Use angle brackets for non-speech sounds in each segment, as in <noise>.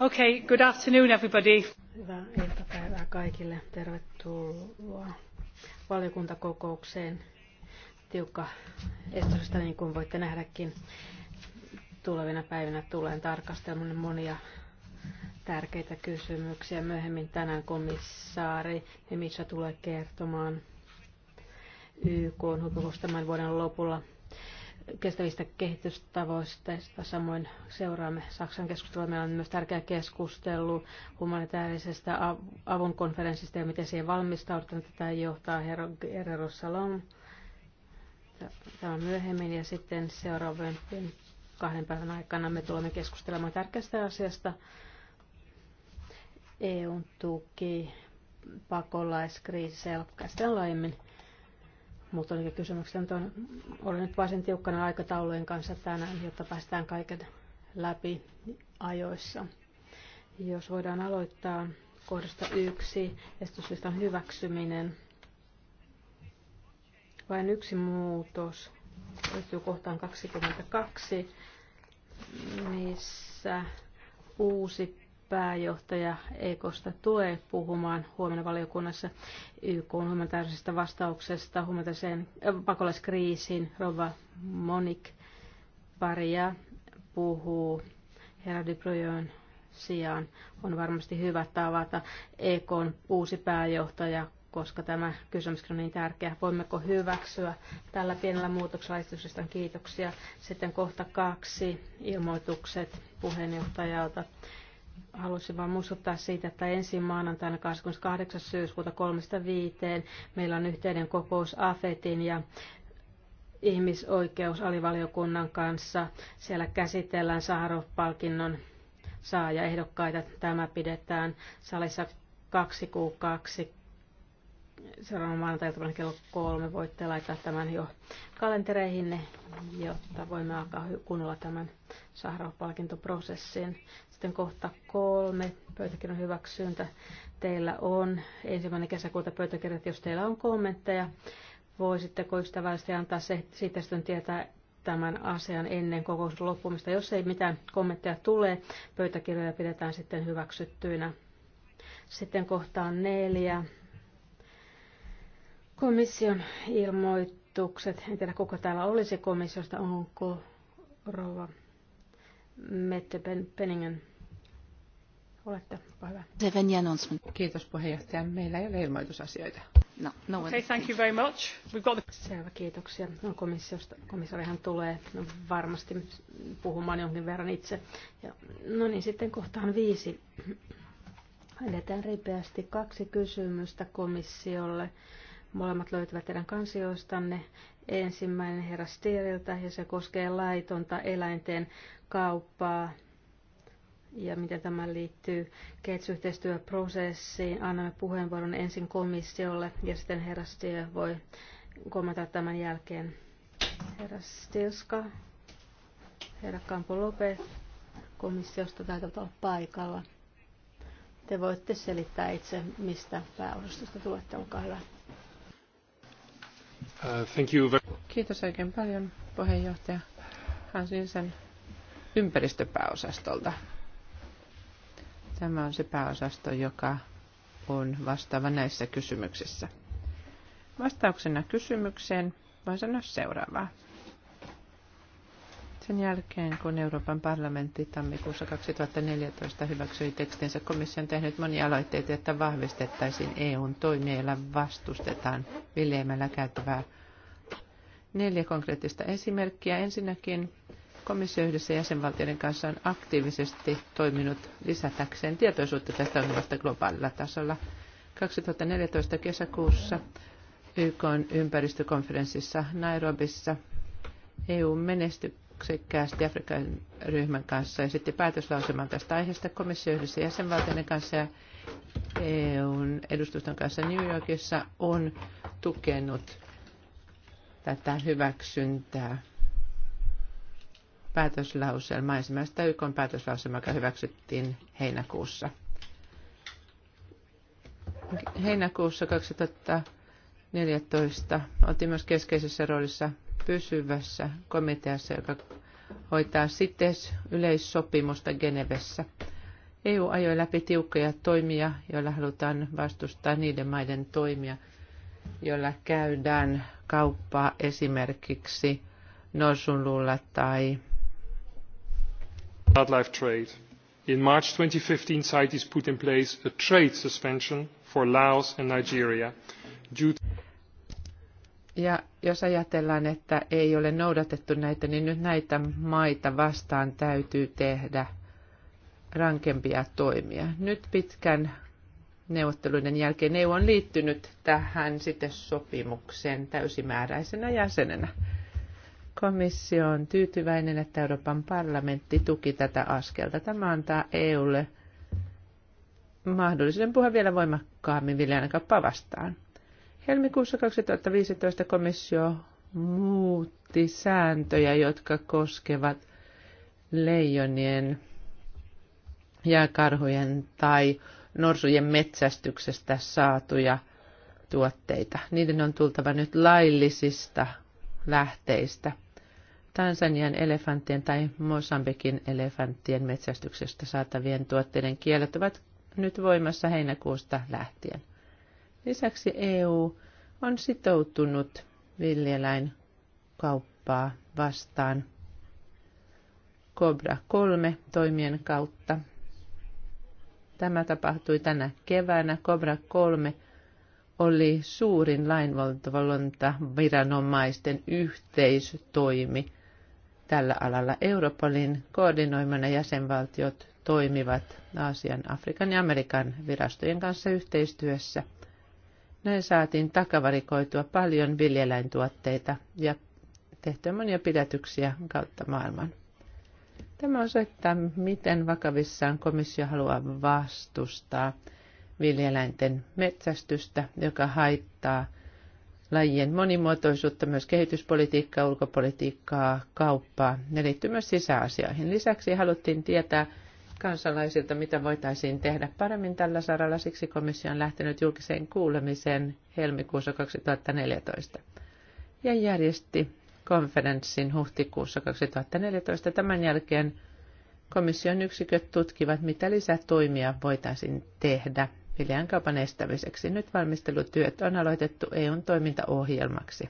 Okay, good afternoon everybody. Hyvää iltapäivää kaikille. Tervetuloa valiokuntakokoukseen. Tiukka estosta, niin kuin voitte nähdäkin, tulevina päivinä tulee tarkastelemaan monia tärkeitä kysymyksiä. Myöhemmin tänään komissaari Mimitsa tulee kertomaan YK huippukokous tämän vuoden lopulla kestävistä kehitystavoista. Samoin seuraamme Saksan keskustelua. Meillä on myös tärkeä keskustelu humanitaarisesta avun konferenssista ja miten siihen valmistaudutaan. Tätä johtaa Herrero Salon tämä myöhemmin ja sitten seuraavien kahden päivän aikana me tulemme keskustelemaan tärkeästä asiasta. EUn tuki pakolaiskriisi selkkäistä laajemmin muuttoliikekysymykset. kysymyksen, on, olen nyt varsin tiukkana aikataulujen kanssa tänään, jotta päästään kaiken läpi ajoissa. Jos voidaan aloittaa kohdasta yksi, esityslistan hyväksyminen. Vain yksi muutos löytyy kohtaan 22, missä uusi pääjohtaja Ekosta tue puhumaan huomenna valiokunnassa YK humanitaarisesta vastauksesta humanitaariseen äh, pakolaiskriisiin. Rova Monik Paria puhuu herra Dybrojön sijaan. On varmasti hyvä tavata EKn uusi pääjohtaja, koska tämä kysymys on niin tärkeä. Voimmeko hyväksyä tällä pienellä muutoksella esityksestä? Kiitoksia. Sitten kohta kaksi ilmoitukset puheenjohtajalta. Haluaisin vain muistuttaa siitä, että ensi maanantaina 28. syyskuuta 3.5. meillä on yhteinen kokous AFETin ja ihmisoikeusalivaliokunnan kanssa. Siellä käsitellään Saharov-palkinnon saajaehdokkaita. Tämä pidetään salissa 2 kuukaksi seuraavan maanantailtavana kello kolme. Voitte laittaa tämän jo kalentereihinne, jotta voimme alkaa kunnolla tämän Saharov-palkintoprosessin. Sitten kohta kolme, pöytäkirjan hyväksyntä. Teillä on ensimmäinen kesäkuuta pöytäkirjat, jos teillä on kommentteja. Voisitteko ystävällisesti antaa se, siitä sitten tietää tämän asian ennen kokouksen loppumista. Jos ei mitään kommentteja tule, pöytäkirjoja pidetään sitten hyväksyttyinä. Sitten kohtaan neljä Komission ilmoitukset, en tiedä kuka täällä olisi komissiosta, onko rouva Mette Penningen olette. Hyvä. Kiitos puheenjohtaja. Meillä ei ole ilmoitusasioita. No, no okay, thank you very much. We've got the... Selvä, kiitoksia. No, komissiosta, komissarihan tulee no, varmasti puhumaan jonkin verran itse. Ja, no niin, sitten kohtaan viisi. Edetään ripeästi kaksi kysymystä komissiolle Molemmat löytyvät teidän kansioistanne. Ensimmäinen herra Stieriltä ja se koskee laitonta eläinten kauppaa ja miten tämä liittyy kehitysyhteistyöprosessiin. Annamme puheenvuoron ensin komissiolle ja sitten herra Stier voi kommentoida tämän jälkeen. Herra Stilska, herra Kampo Lopez komissiosta taitavat olla paikalla. Te voitte selittää itse, mistä pääosastosta tulette. Olkaa hyvä. Uh, thank you very... Kiitos oikein paljon puheenjohtaja Hans Nilsen ympäristöpääosastolta. Tämä on se pääosasto, joka on vastaava näissä kysymyksissä. Vastauksena kysymykseen voin sanoa seuraavaa. Sen jälkeen, kun Euroopan parlamentti tammikuussa 2014 hyväksyi tekstinsä, komissio on tehnyt monia aloitteita, että vahvistettaisiin EUn toimia, joilla vastustetaan viljelemällä käytävää neljä konkreettista esimerkkiä. Ensinnäkin komissio yhdessä jäsenvaltioiden kanssa on aktiivisesti toiminut lisätäkseen tietoisuutta tästä ongelmasta globaalilla tasolla. 2014 kesäkuussa YK ympäristökonferenssissa Nairobissa EU menestyi menestyksekkäästi Afrikan ryhmän kanssa ja sitten päätöslauselman tästä aiheesta komissio yhdessä jäsenvaltioiden kanssa ja EUn edustuston kanssa New Yorkissa on tukenut tätä hyväksyntää päätöslauselmaa, ensimmäistä YK päätöslauselmaa, joka hyväksyttiin heinäkuussa. Heinäkuussa 2014 oltiin myös keskeisessä roolissa pysyvässä komiteassa, joka hoitaa sitten yleissopimusta Genevessä. EU ajoi läpi tiukkoja toimia, joilla halutaan vastustaa niiden maiden toimia, joilla käydään kauppaa esimerkiksi norsunluulla tai wildlife trade. In March 2015, CITES put in place a trade suspension for Laos and Nigeria due to ja jos ajatellaan, että ei ole noudatettu näitä, niin nyt näitä maita vastaan täytyy tehdä rankempia toimia. Nyt pitkän neuvotteluiden jälkeen EU on liittynyt tähän sitten sopimukseen täysimääräisenä jäsenenä. Komissio on tyytyväinen, että Euroopan parlamentti tuki tätä askelta. Tämä antaa EUlle mahdollisuuden puhua vielä voimakkaammin Viljanakappa vastaan. Helmikuussa 2015 komissio muutti sääntöjä, jotka koskevat leijonien, ja karhujen tai norsujen metsästyksestä saatuja tuotteita. Niiden on tultava nyt laillisista lähteistä. Tansanian elefanttien tai Mosambikin elefanttien metsästyksestä saatavien tuotteiden kiellot ovat nyt voimassa heinäkuusta lähtien. Lisäksi EU on sitoutunut kauppaa vastaan Cobra 3 toimien kautta. Tämä tapahtui tänä keväänä. Cobra 3 oli suurin lainvalvonta viranomaisten yhteistoimi tällä alalla. Europolin koordinoimana jäsenvaltiot toimivat Aasian, Afrikan ja Amerikan virastojen kanssa yhteistyössä – näin saatiin takavarikoitua paljon viljeläintuotteita ja tehtyä monia pidätyksiä kautta maailman. Tämä osoittaa, miten vakavissaan komissio haluaa vastustaa viljeläinten metsästystä, joka haittaa lajien monimuotoisuutta, myös kehityspolitiikkaa, ulkopolitiikkaa, kauppaa. Ne liittyy myös sisäasioihin. Lisäksi haluttiin tietää, kansalaisilta, mitä voitaisiin tehdä paremmin tällä saralla. Siksi komissio on lähtenyt julkiseen kuulemiseen helmikuussa 2014 ja järjesti konferenssin huhtikuussa 2014. Tämän jälkeen komission yksiköt tutkivat, mitä lisätoimia voitaisiin tehdä viljan kaupan estämiseksi. Nyt valmistelutyöt on aloitettu EUn toimintaohjelmaksi.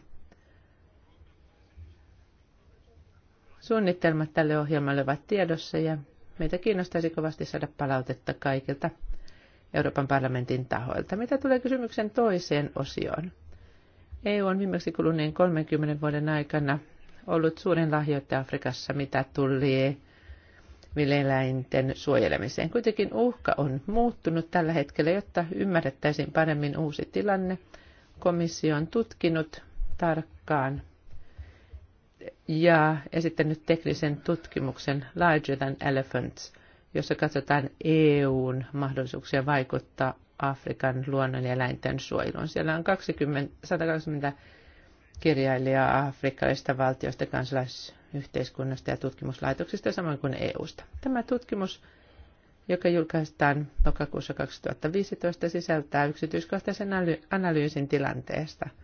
Suunnitelmat tälle ohjelmalle ovat tiedossa ja Meitä kiinnostaisi kovasti saada palautetta kaikilta Euroopan parlamentin tahoilta. Mitä tulee kysymyksen toiseen osioon? EU on viimeksi kuluneen 30 vuoden aikana ollut suurin lahjoittaja Afrikassa, mitä tulee viljeläinten suojelemiseen. Kuitenkin uhka on muuttunut tällä hetkellä, jotta ymmärrettäisiin paremmin uusi tilanne. Komissio on tutkinut tarkkaan ja esittänyt teknisen tutkimuksen Larger Than Elephants, jossa katsotaan EUn mahdollisuuksia vaikuttaa Afrikan luonnon ja eläinten suojeluun. Siellä on 20, 120 kirjailijaa afrikkalaisista valtioista, kansalaisyhteiskunnasta ja tutkimuslaitoksista, samoin kuin EUsta. Tämä tutkimus, joka julkaistaan lokakuussa 2015, sisältää yksityiskohtaisen analyysin tilanteesta –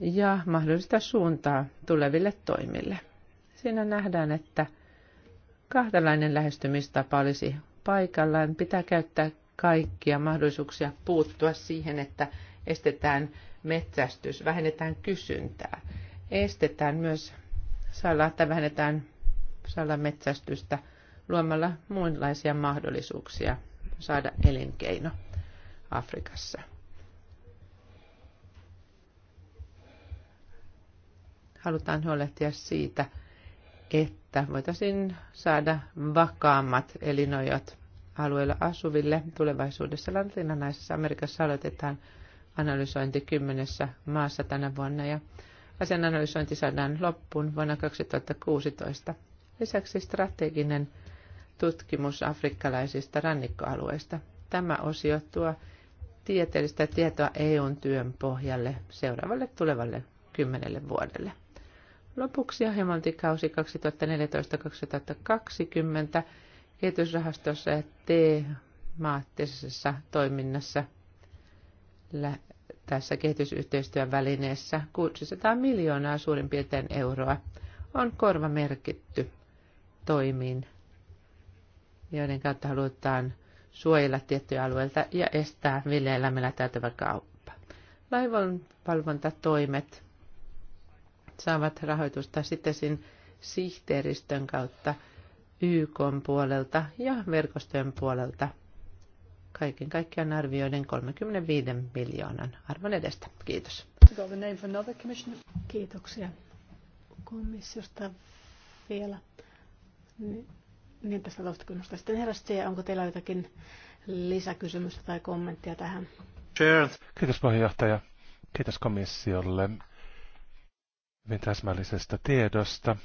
ja mahdollista suuntaa tuleville toimille. Siinä nähdään, että kahtalainen lähestymistapa olisi paikallaan. Pitää käyttää kaikkia mahdollisuuksia puuttua siihen, että estetään metsästys, vähennetään kysyntää, estetään myös salaa, että vähennetään salametsästystä luomalla muunlaisia mahdollisuuksia saada elinkeino Afrikassa. halutaan huolehtia siitä, että voitaisiin saada vakaammat elinojat alueella asuville. Tulevaisuudessa Latinalaisessa Amerikassa aloitetaan analysointi kymmenessä maassa tänä vuonna ja asian analysointi saadaan loppuun vuonna 2016. Lisäksi strateginen tutkimus afrikkalaisista rannikkoalueista. Tämä osio tuo tieteellistä tietoa EUn työn pohjalle seuraavalle tulevalle kymmenelle vuodelle. Lopuksi ohjelmointikausi 2014-2020 kehitysrahastossa ja teemaattisessa toiminnassa tässä kehitysyhteistyön välineessä 600 miljoonaa suurin piirtein euroa on korva merkitty toimiin, joiden kautta halutaan suojella tiettyjä alueita ja estää villieläimillä täytävä kauppa. Laivonvalvontatoimet saavat rahoitusta sitten sihteeristön kautta YK puolelta ja verkostojen puolelta. Kaiken kaikkiaan arvioiden 35 miljoonan arvon edestä. Kiitos. Kiitoksia komissiosta vielä. Niin, niin tästä taustakynnusta sitten herästi. Onko teillä jotakin lisäkysymystä tai kommenttia tähän? Kiitos puheenjohtaja. Kiitos komissiolle hyvin täsmällisestä tiedosta,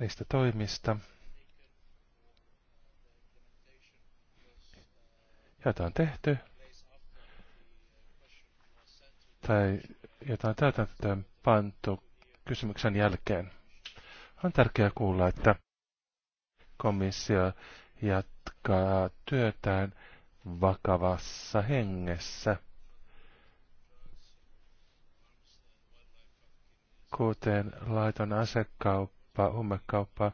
niistä toimista, Jota on tehty tai jotain täytäntöön pantu kysymyksen jälkeen. On tärkeää kuulla, että komissio jatkaa työtään vakavassa hengessä – kuten laiton asekauppa, huumekauppa,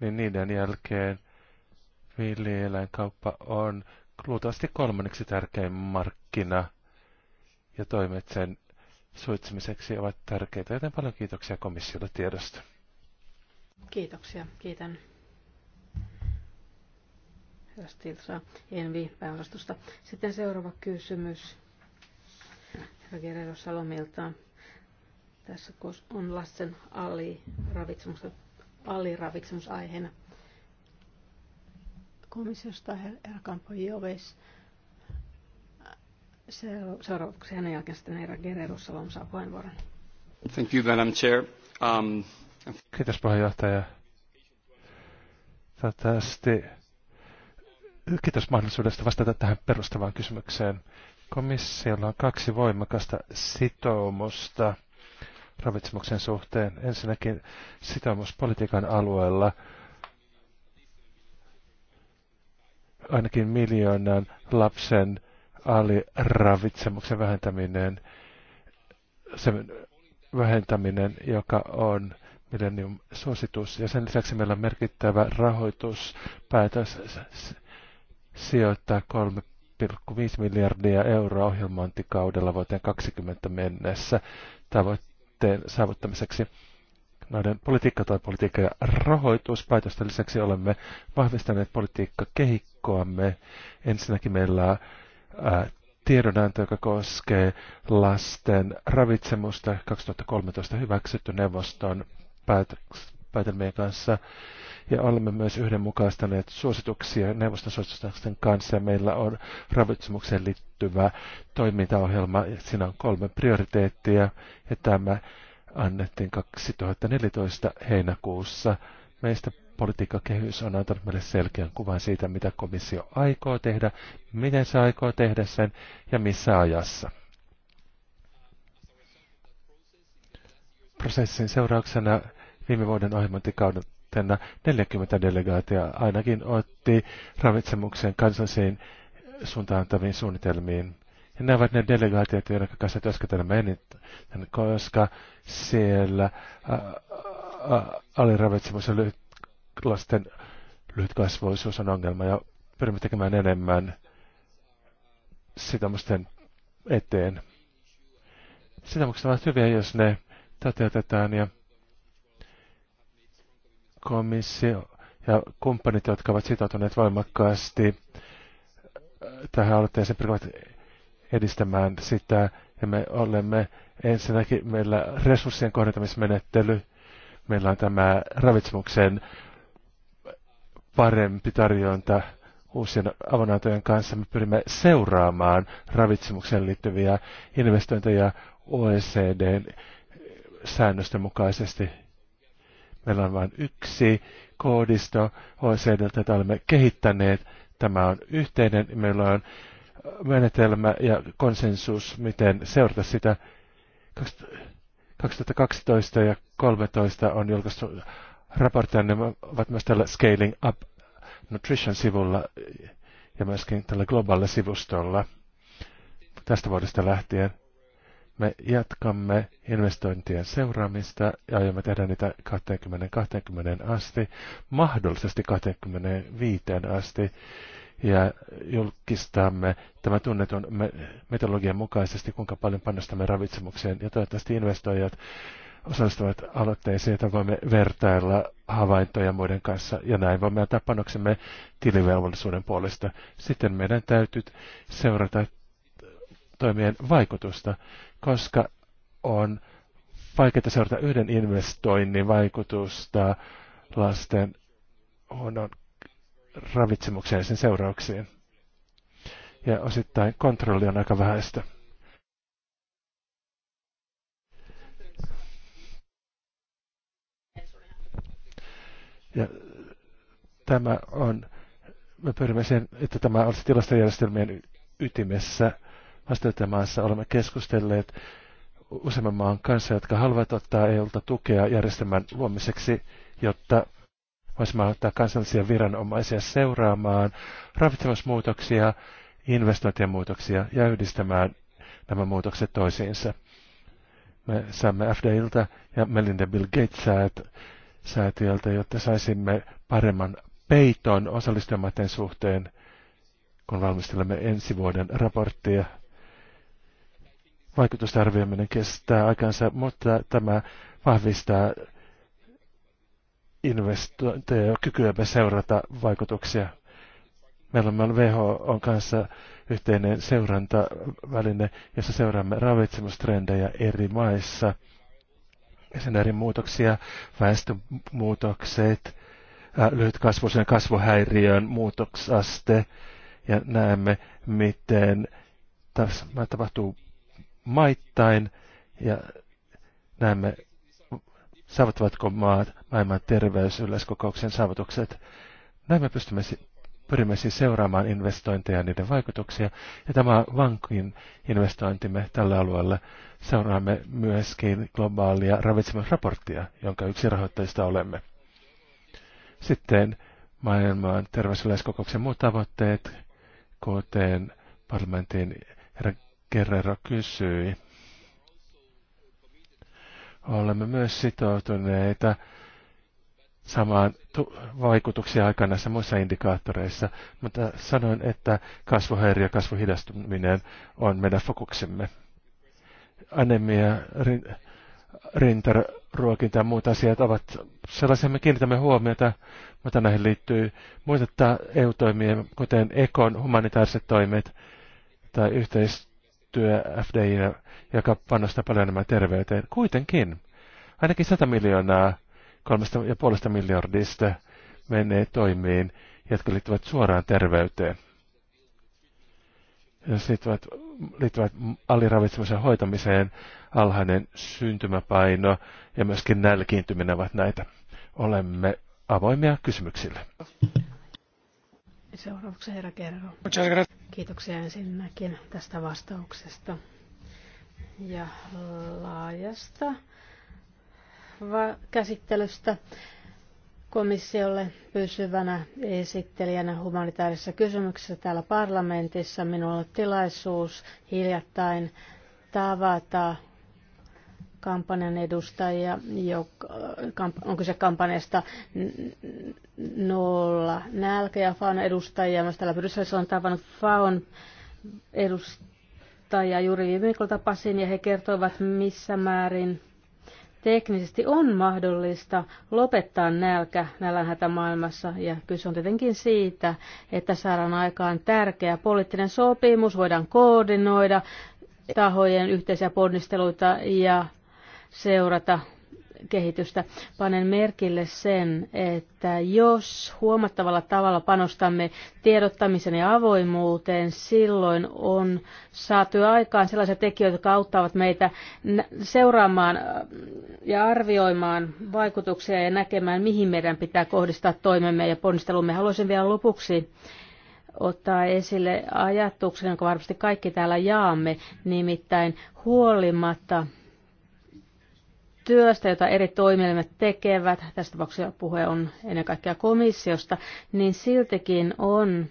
niin niiden jälkeen villieläinkauppa on luultavasti kolmanneksi tärkein markkina ja toimet sen suitsimiseksi ovat tärkeitä, joten paljon kiitoksia komissiolle tiedosta. Kiitoksia, kiitän. Hyvä Stilsa, Envi pääosastosta. Sitten seuraava kysymys. Herra Gerero Salomilta. Tässä on lassen aliravitsemus, aiheena. Komissiosta herra Kampo Joves. Seuraavaksi hänen jälkeen sitten Eira Guerrero Salom saa puheenvuoron. Thank you, Madam Chair. Um... Kiitos puheenjohtaja. tätästi. kiitos mahdollisuudesta vastata tähän perustavaan kysymykseen. Komissiolla on kaksi voimakasta sitoumusta ravitsemuksen suhteen. Ensinnäkin sitoumuspolitiikan alueella ainakin miljoonan lapsen aliravitsemuksen vähentäminen, sen vähentäminen, joka on millennium suositus. Ja sen lisäksi meillä on merkittävä rahoituspäätös sijoittaa 3,5 miljardia euroa ohjelmointikaudella vuoteen 2020 mennessä tavoitteena tavoitteen saavuttamiseksi. Noiden politiikka tai politiikka ja rahoituspäätösten lisäksi olemme vahvistaneet politiikkakehikkoamme. Ensinnäkin meillä on äh, tiedonanto, joka koskee lasten ravitsemusta 2013 hyväksytty neuvoston päätös, päätelmien kanssa. Ja olemme myös yhdenmukaistaneet suosituksia neuvoston suositusten kanssa. Meillä on ravitsemukseen liittyvä toimintaohjelma. Siinä on kolme prioriteettia ja tämä annettiin 2014 heinäkuussa. Meistä politiikkakehys on antanut meille selkeän kuvan siitä, mitä komissio aikoo tehdä, miten se aikoo tehdä sen ja missä ajassa. Prosessin seurauksena viime vuoden ohjelmointikaudena 40 delegaatia ainakin otti ravitsemuksen kansallisiin suuntaantaviin suunnitelmiin. Ja nämä ovat ne delegaatiot, joiden kanssa työskentelemme eniten, koska siellä aliravitsemus ja lyhyt, lasten lyhytkasvuisuus on ongelma ja pyrimme tekemään enemmän sitomusten eteen. Sitomukset ovat hyviä, jos ne toteutetaan ja komissio ja kumppanit, jotka ovat sitoutuneet voimakkaasti äh, tähän aloitteeseen, pyrkivät edistämään sitä. Ja me olemme ensinnäkin, meillä resurssien kohdentamismenettely, meillä on tämä ravitsemuksen parempi tarjonta uusien avunantojen kanssa. Me pyrimme seuraamaan ravitsemukseen liittyviä investointeja OECDn säännösten mukaisesti Meillä on vain yksi koodisto OECDltä, jota olemme kehittäneet. Tämä on yhteinen. Meillä on menetelmä ja konsensus, miten seurata sitä. 2012 ja 2013 on julkaistu raportteja, ne ovat myös tällä Scaling Up Nutrition-sivulla ja myöskin tällä globaalilla sivustolla tästä vuodesta lähtien. Me jatkamme investointien seuraamista ja aiomme tehdä niitä 20-20 asti, mahdollisesti 25 asti. Ja julkistamme tämän tunnetun metodologian mukaisesti, kuinka paljon panostamme ravitsemukseen. Ja toivottavasti investoijat osallistuvat aloitteisiin, että voimme vertailla havaintoja muiden kanssa ja näin voimme antaa panoksemme tilivelvollisuuden puolesta. Sitten meidän täytyy seurata toimien vaikutusta, koska on vaikeaa seurata yhden investoinnin vaikutusta lasten huonon ravitsemukseen ja sen seurauksiin. Ja osittain kontrolli on aika vähäistä. Ja tämä on, me pyrimme siihen, että tämä olisi tilastojärjestelmien ytimessä vastaanottajamaassa olemme keskustelleet useamman maan kanssa, jotka haluavat ottaa EUlta tukea järjestelmän luomiseksi, jotta voisimme ottaa kansallisia viranomaisia seuraamaan ravitsemusmuutoksia, investointien muutoksia ja yhdistämään nämä muutokset toisiinsa. Me saamme FDIltä ja Melinda Bill Gates-säätiöltä, jotta saisimme paremman peiton osallistujamaiden suhteen, kun valmistelemme ensi vuoden raporttia – vaikutusarvioiminen kestää aikansa, mutta tämä vahvistaa investointeja kykyämme seurata vaikutuksia. Meillä on WHO on kanssa yhteinen seurantaväline, jossa seuraamme ravitsemustrendejä eri maissa, sen eri muutoksia, väestönmuutokset, lyhytkasvuisen kasvuhäiriön muutoksaste, ja näemme, miten tässä tapahtuu maittain ja näemme, saavuttavatko maat maailman terveysyleiskokouksen saavutukset. Näin me pystymme, pyrimme siis seuraamaan investointeja ja niiden vaikutuksia, ja tämä vankin investointimme tällä alueella seuraamme myöskin globaalia ravitsemusraporttia, jonka yksi rahoittajista olemme. Sitten maailman terveysyleiskokouksen muut tavoitteet, kuten parlamentin Guerrero kysyi. Olemme myös sitoutuneita samaan vaikutuksia aikana näissä muissa indikaattoreissa, mutta sanoin, että kasvuhäiriö ja kasvuhidastuminen on meidän fokuksemme. Anemia, rin, rintaruokinta ja muut asiat ovat sellaisia, me kiinnitämme huomiota, mutta näihin liittyy muita EU-toimia, kuten ekon humanitaariset toimet tai yhteistyö työ FDI, joka panostaa paljon enemmän terveyteen. Kuitenkin ainakin 100 miljoonaa kolmesta ja puolesta miljardista menee toimiin, jotka liittyvät suoraan terveyteen. Ja liittyvät, liittyvät aliravitsemisen hoitamiseen, alhainen syntymäpaino ja myöskin nälkiintyminen ovat näitä. Olemme avoimia kysymyksille. Seuraavaksi herra Kerro. Kiitoksia ensinnäkin tästä vastauksesta ja laajasta käsittelystä komissiolle pysyvänä esittelijänä humanitaarisessa kysymyksessä täällä parlamentissa. Minulla on tilaisuus hiljattain tavata kampanjan edustajia, joka, on kyse kampanjasta nolla nälkä ja faun edustajia. Myös täällä Brysselissä on tavannut faun edustajia juuri viime viikolla tapasin ja he kertoivat missä määrin teknisesti on mahdollista lopettaa nälkä nälänhätä maailmassa ja kyse on tietenkin siitä, että saadaan aikaan tärkeä poliittinen sopimus, voidaan koordinoida tahojen yhteisiä ponnisteluita ja seurata kehitystä. Panen merkille sen, että jos huomattavalla tavalla panostamme tiedottamisen ja avoimuuteen, silloin on saatu aikaan sellaisia tekijöitä, jotka auttavat meitä seuraamaan äh, ja arvioimaan vaikutuksia ja näkemään, mihin meidän pitää kohdistaa toimemme ja ponnistelumme. Haluaisin vielä lopuksi ottaa esille ajatuksen, jonka varmasti kaikki täällä jaamme, nimittäin huolimatta työstä, jota eri toimielimet tekevät, tässä tapauksessa puhe on ennen kaikkea komissiosta, niin siltikin on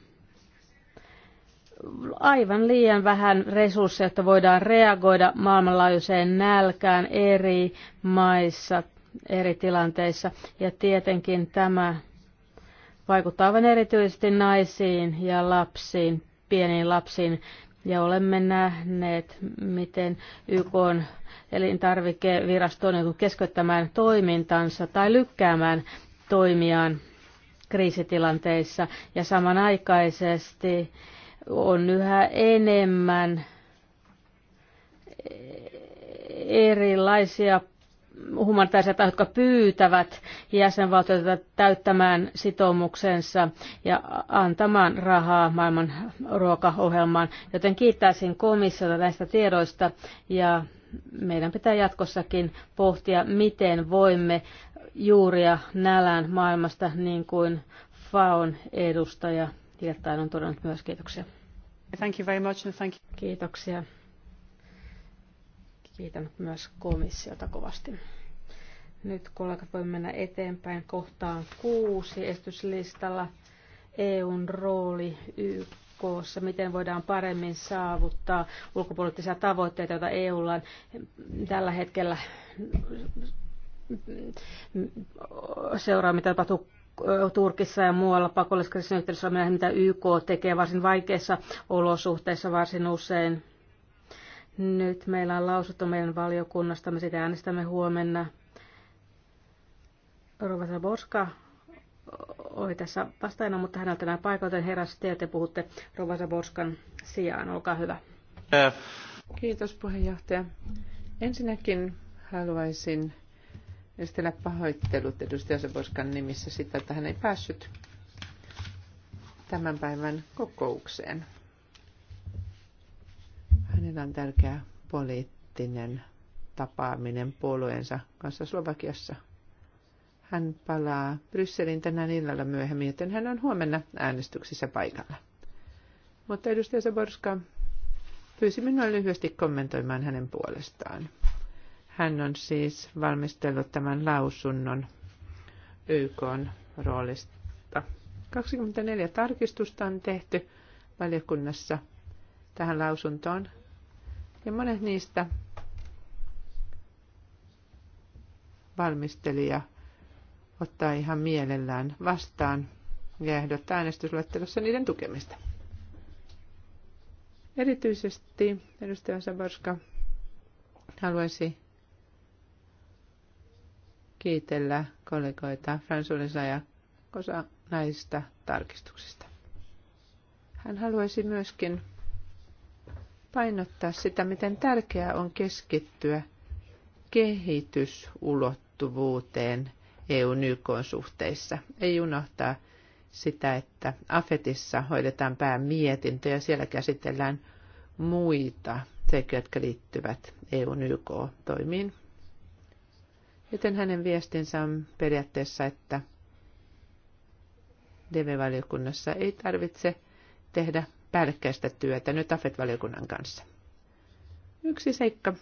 aivan liian vähän resursseja, että voidaan reagoida maailmanlaajuiseen nälkään eri maissa, eri tilanteissa. Ja tietenkin tämä vaikuttaa aivan erityisesti naisiin ja lapsiin, pieniin lapsiin, ja olemme nähneet, miten YK on elintarvikevirasto on joutunut keskeyttämään toimintansa tai lykkäämään toimiaan kriisitilanteissa. Ja samanaikaisesti on yhä enemmän erilaisia humanitaarisia tahoja, jotka pyytävät jäsenvaltioita täyttämään sitoumuksensa ja antamaan rahaa maailman ruokaohjelmaan. Joten kiittäisin komissiota näistä tiedoista ja meidän pitää jatkossakin pohtia, miten voimme juuria nälän maailmasta, niin kuin FAON edustaja hiljattain on todennut myös. Kiitoksia. Thank you very much and thank you. Kiitoksia. Kiitän myös komissiota kovasti. Nyt kollegat voi mennä eteenpäin kohtaan kuusi esityslistalla EUn rooli YKssa, miten voidaan paremmin saavuttaa ulkopoliittisia tavoitteita, joita EUlla on tällä hetkellä seuraa, mitä tapahtuu Turkissa ja muualla pakolliskriisin yhteydessä mitä YK tekee varsin vaikeissa olosuhteissa varsin usein nyt meillä on lausuttu meidän valiokunnasta, me sitä äänestämme huomenna. Rovasa Boska oli tässä vastaajana, mutta häneltä nämä paikalta heräsi te, te puhutte Rovasa Boskan sijaan. Olkaa hyvä. Kiitos puheenjohtaja. Ensinnäkin haluaisin esitellä pahoittelut edustaja Boskan nimissä sitä, että hän ei päässyt tämän päivän kokoukseen. Hänellä on tärkeä poliittinen tapaaminen puolueensa kanssa Slovakiassa. Hän palaa Brysselin tänään illalla myöhemmin, joten hän on huomenna äänestyksissä paikalla. Mutta edustaja Saborska pyysi minua lyhyesti kommentoimaan hänen puolestaan. Hän on siis valmistellut tämän lausunnon YK roolista. 24 tarkistusta on tehty valiokunnassa tähän lausuntoon. Ja monet niistä valmistelija ottaa ihan mielellään vastaan ja ehdottaa äänestysluettelossa niiden tukemista. Erityisesti edustaja Saborska haluaisi kiitellä kollegoita Fransuulisa ja Kosa näistä tarkistuksista. Hän haluaisi myöskin painottaa sitä, miten tärkeää on keskittyä kehitysulottuvuuteen eu YK-suhteissa. Ei unohtaa sitä, että AFETissa hoidetaan päämietintö ja siellä käsitellään muita tekijöitä jotka liittyvät eu YK-toimiin. Joten hänen viestinsä on periaatteessa, että DV-valiokunnassa ei tarvitse tehdä päällekkäistä työtä nyt AFET-valiokunnan kanssa. Yksi seikka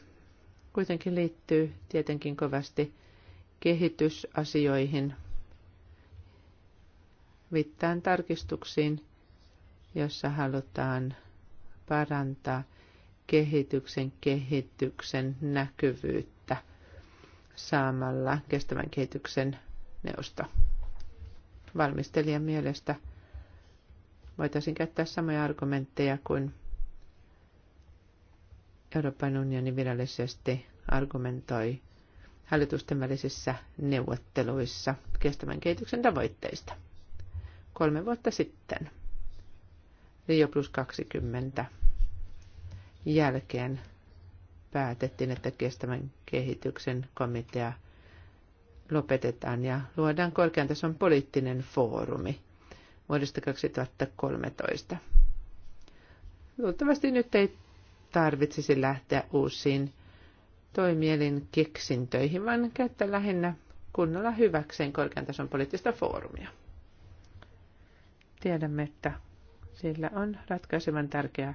kuitenkin liittyy tietenkin kovasti kehitysasioihin. Viittaan tarkistuksiin, jossa halutaan parantaa kehityksen kehityksen näkyvyyttä saamalla kestävän kehityksen neuvosto. Valmistelijan mielestä – voitaisiin käyttää samoja argumentteja kuin Euroopan unioni virallisesti argumentoi hallitusten välisissä neuvotteluissa kestävän kehityksen tavoitteista kolme vuotta sitten. Rio plus 20 jälkeen päätettiin, että kestävän kehityksen komitea lopetetaan ja luodaan korkean tason poliittinen foorumi vuodesta 2013. Luultavasti nyt ei tarvitsisi lähteä uusiin toimielin keksintöihin, vaan käyttää lähinnä kunnolla hyväkseen korkean tason poliittista foorumia. Tiedämme, että sillä on ratkaisevan tärkeä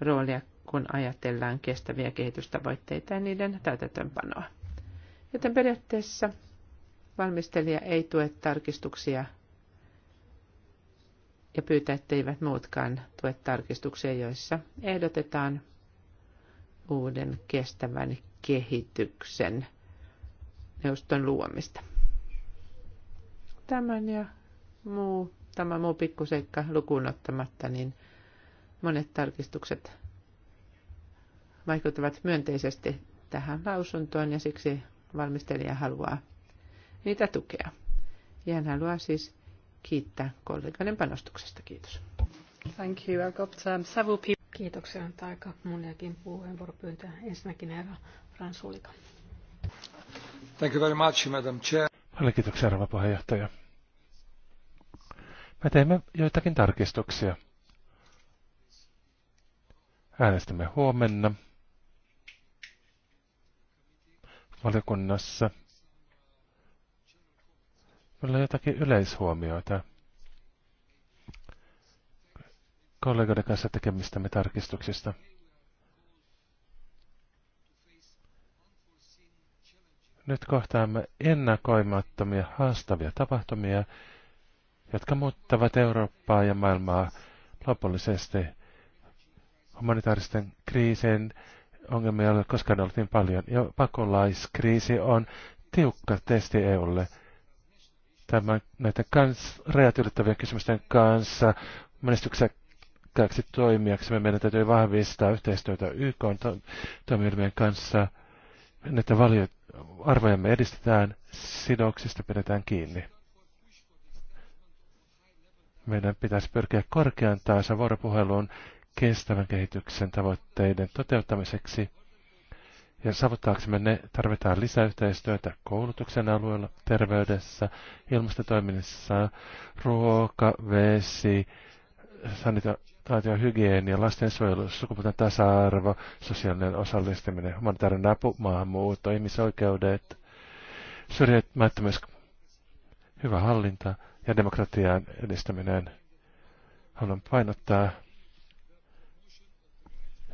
roolia, kun ajatellaan kestäviä kehitystavoitteita ja niiden täytäntöönpanoa. Joten periaatteessa valmistelija ei tue tarkistuksia ja pyytää, etteivät muutkaan tue tarkistuksia, joissa ehdotetaan uuden kestävän kehityksen neuvoston luomista. Tämän ja muu, tämä muu pikkuseikka lukuun ottamatta, niin monet tarkistukset vaikuttavat myönteisesti tähän lausuntoon ja siksi valmistelija haluaa niitä tukea. Ja hän haluaa siis kiittää kollegoiden panostuksesta. Kiitos. Thank you. I've got, um, several people. Kiitoksia. On aika moniakin puheenvuoropyyntöjä. Ensinnäkin herra Frans Ulika. Thank you very much, Madam Chair. Paljon kiitoksia, arva puheenjohtaja. Me teemme joitakin tarkistuksia. Äänestämme huomenna valiokunnassa. Meillä on jotakin yleishuomioita. Kollegoiden kanssa tekemistämme tarkistuksista. Nyt kohtaamme ennakoimattomia haastavia tapahtumia, jotka muuttavat Eurooppaa ja maailmaa lopullisesti. Humanitaaristen kriisien ongelmia ei ole koskaan ollut niin paljon, ja pakolaiskriisi on tiukka testi EUlle tämän, näiden kans, rajat ylittävien kysymysten kanssa menestyksekkääksi toimijaksi. Meidän täytyy vahvistaa yhteistyötä YK toimielmien kanssa, että valio, arvojamme edistetään, sidoksista pidetään kiinni. Meidän pitäisi pyrkiä korkean taas vuoropuheluun kestävän kehityksen tavoitteiden toteuttamiseksi ja saavuttaaksemme ne tarvitaan lisäyhteistyötä koulutuksen alueella, terveydessä, ilmastotoiminnassa, ruoka, vesi, sanitaatio, hygienia, lastensuojelu, sukupuolten tasa-arvo, sosiaalinen osallistuminen, humanitaarinen apu, maahanmuutto, ihmisoikeudet, syrjimättömyys, hyvä hallinta ja demokratian edistäminen. Haluan painottaa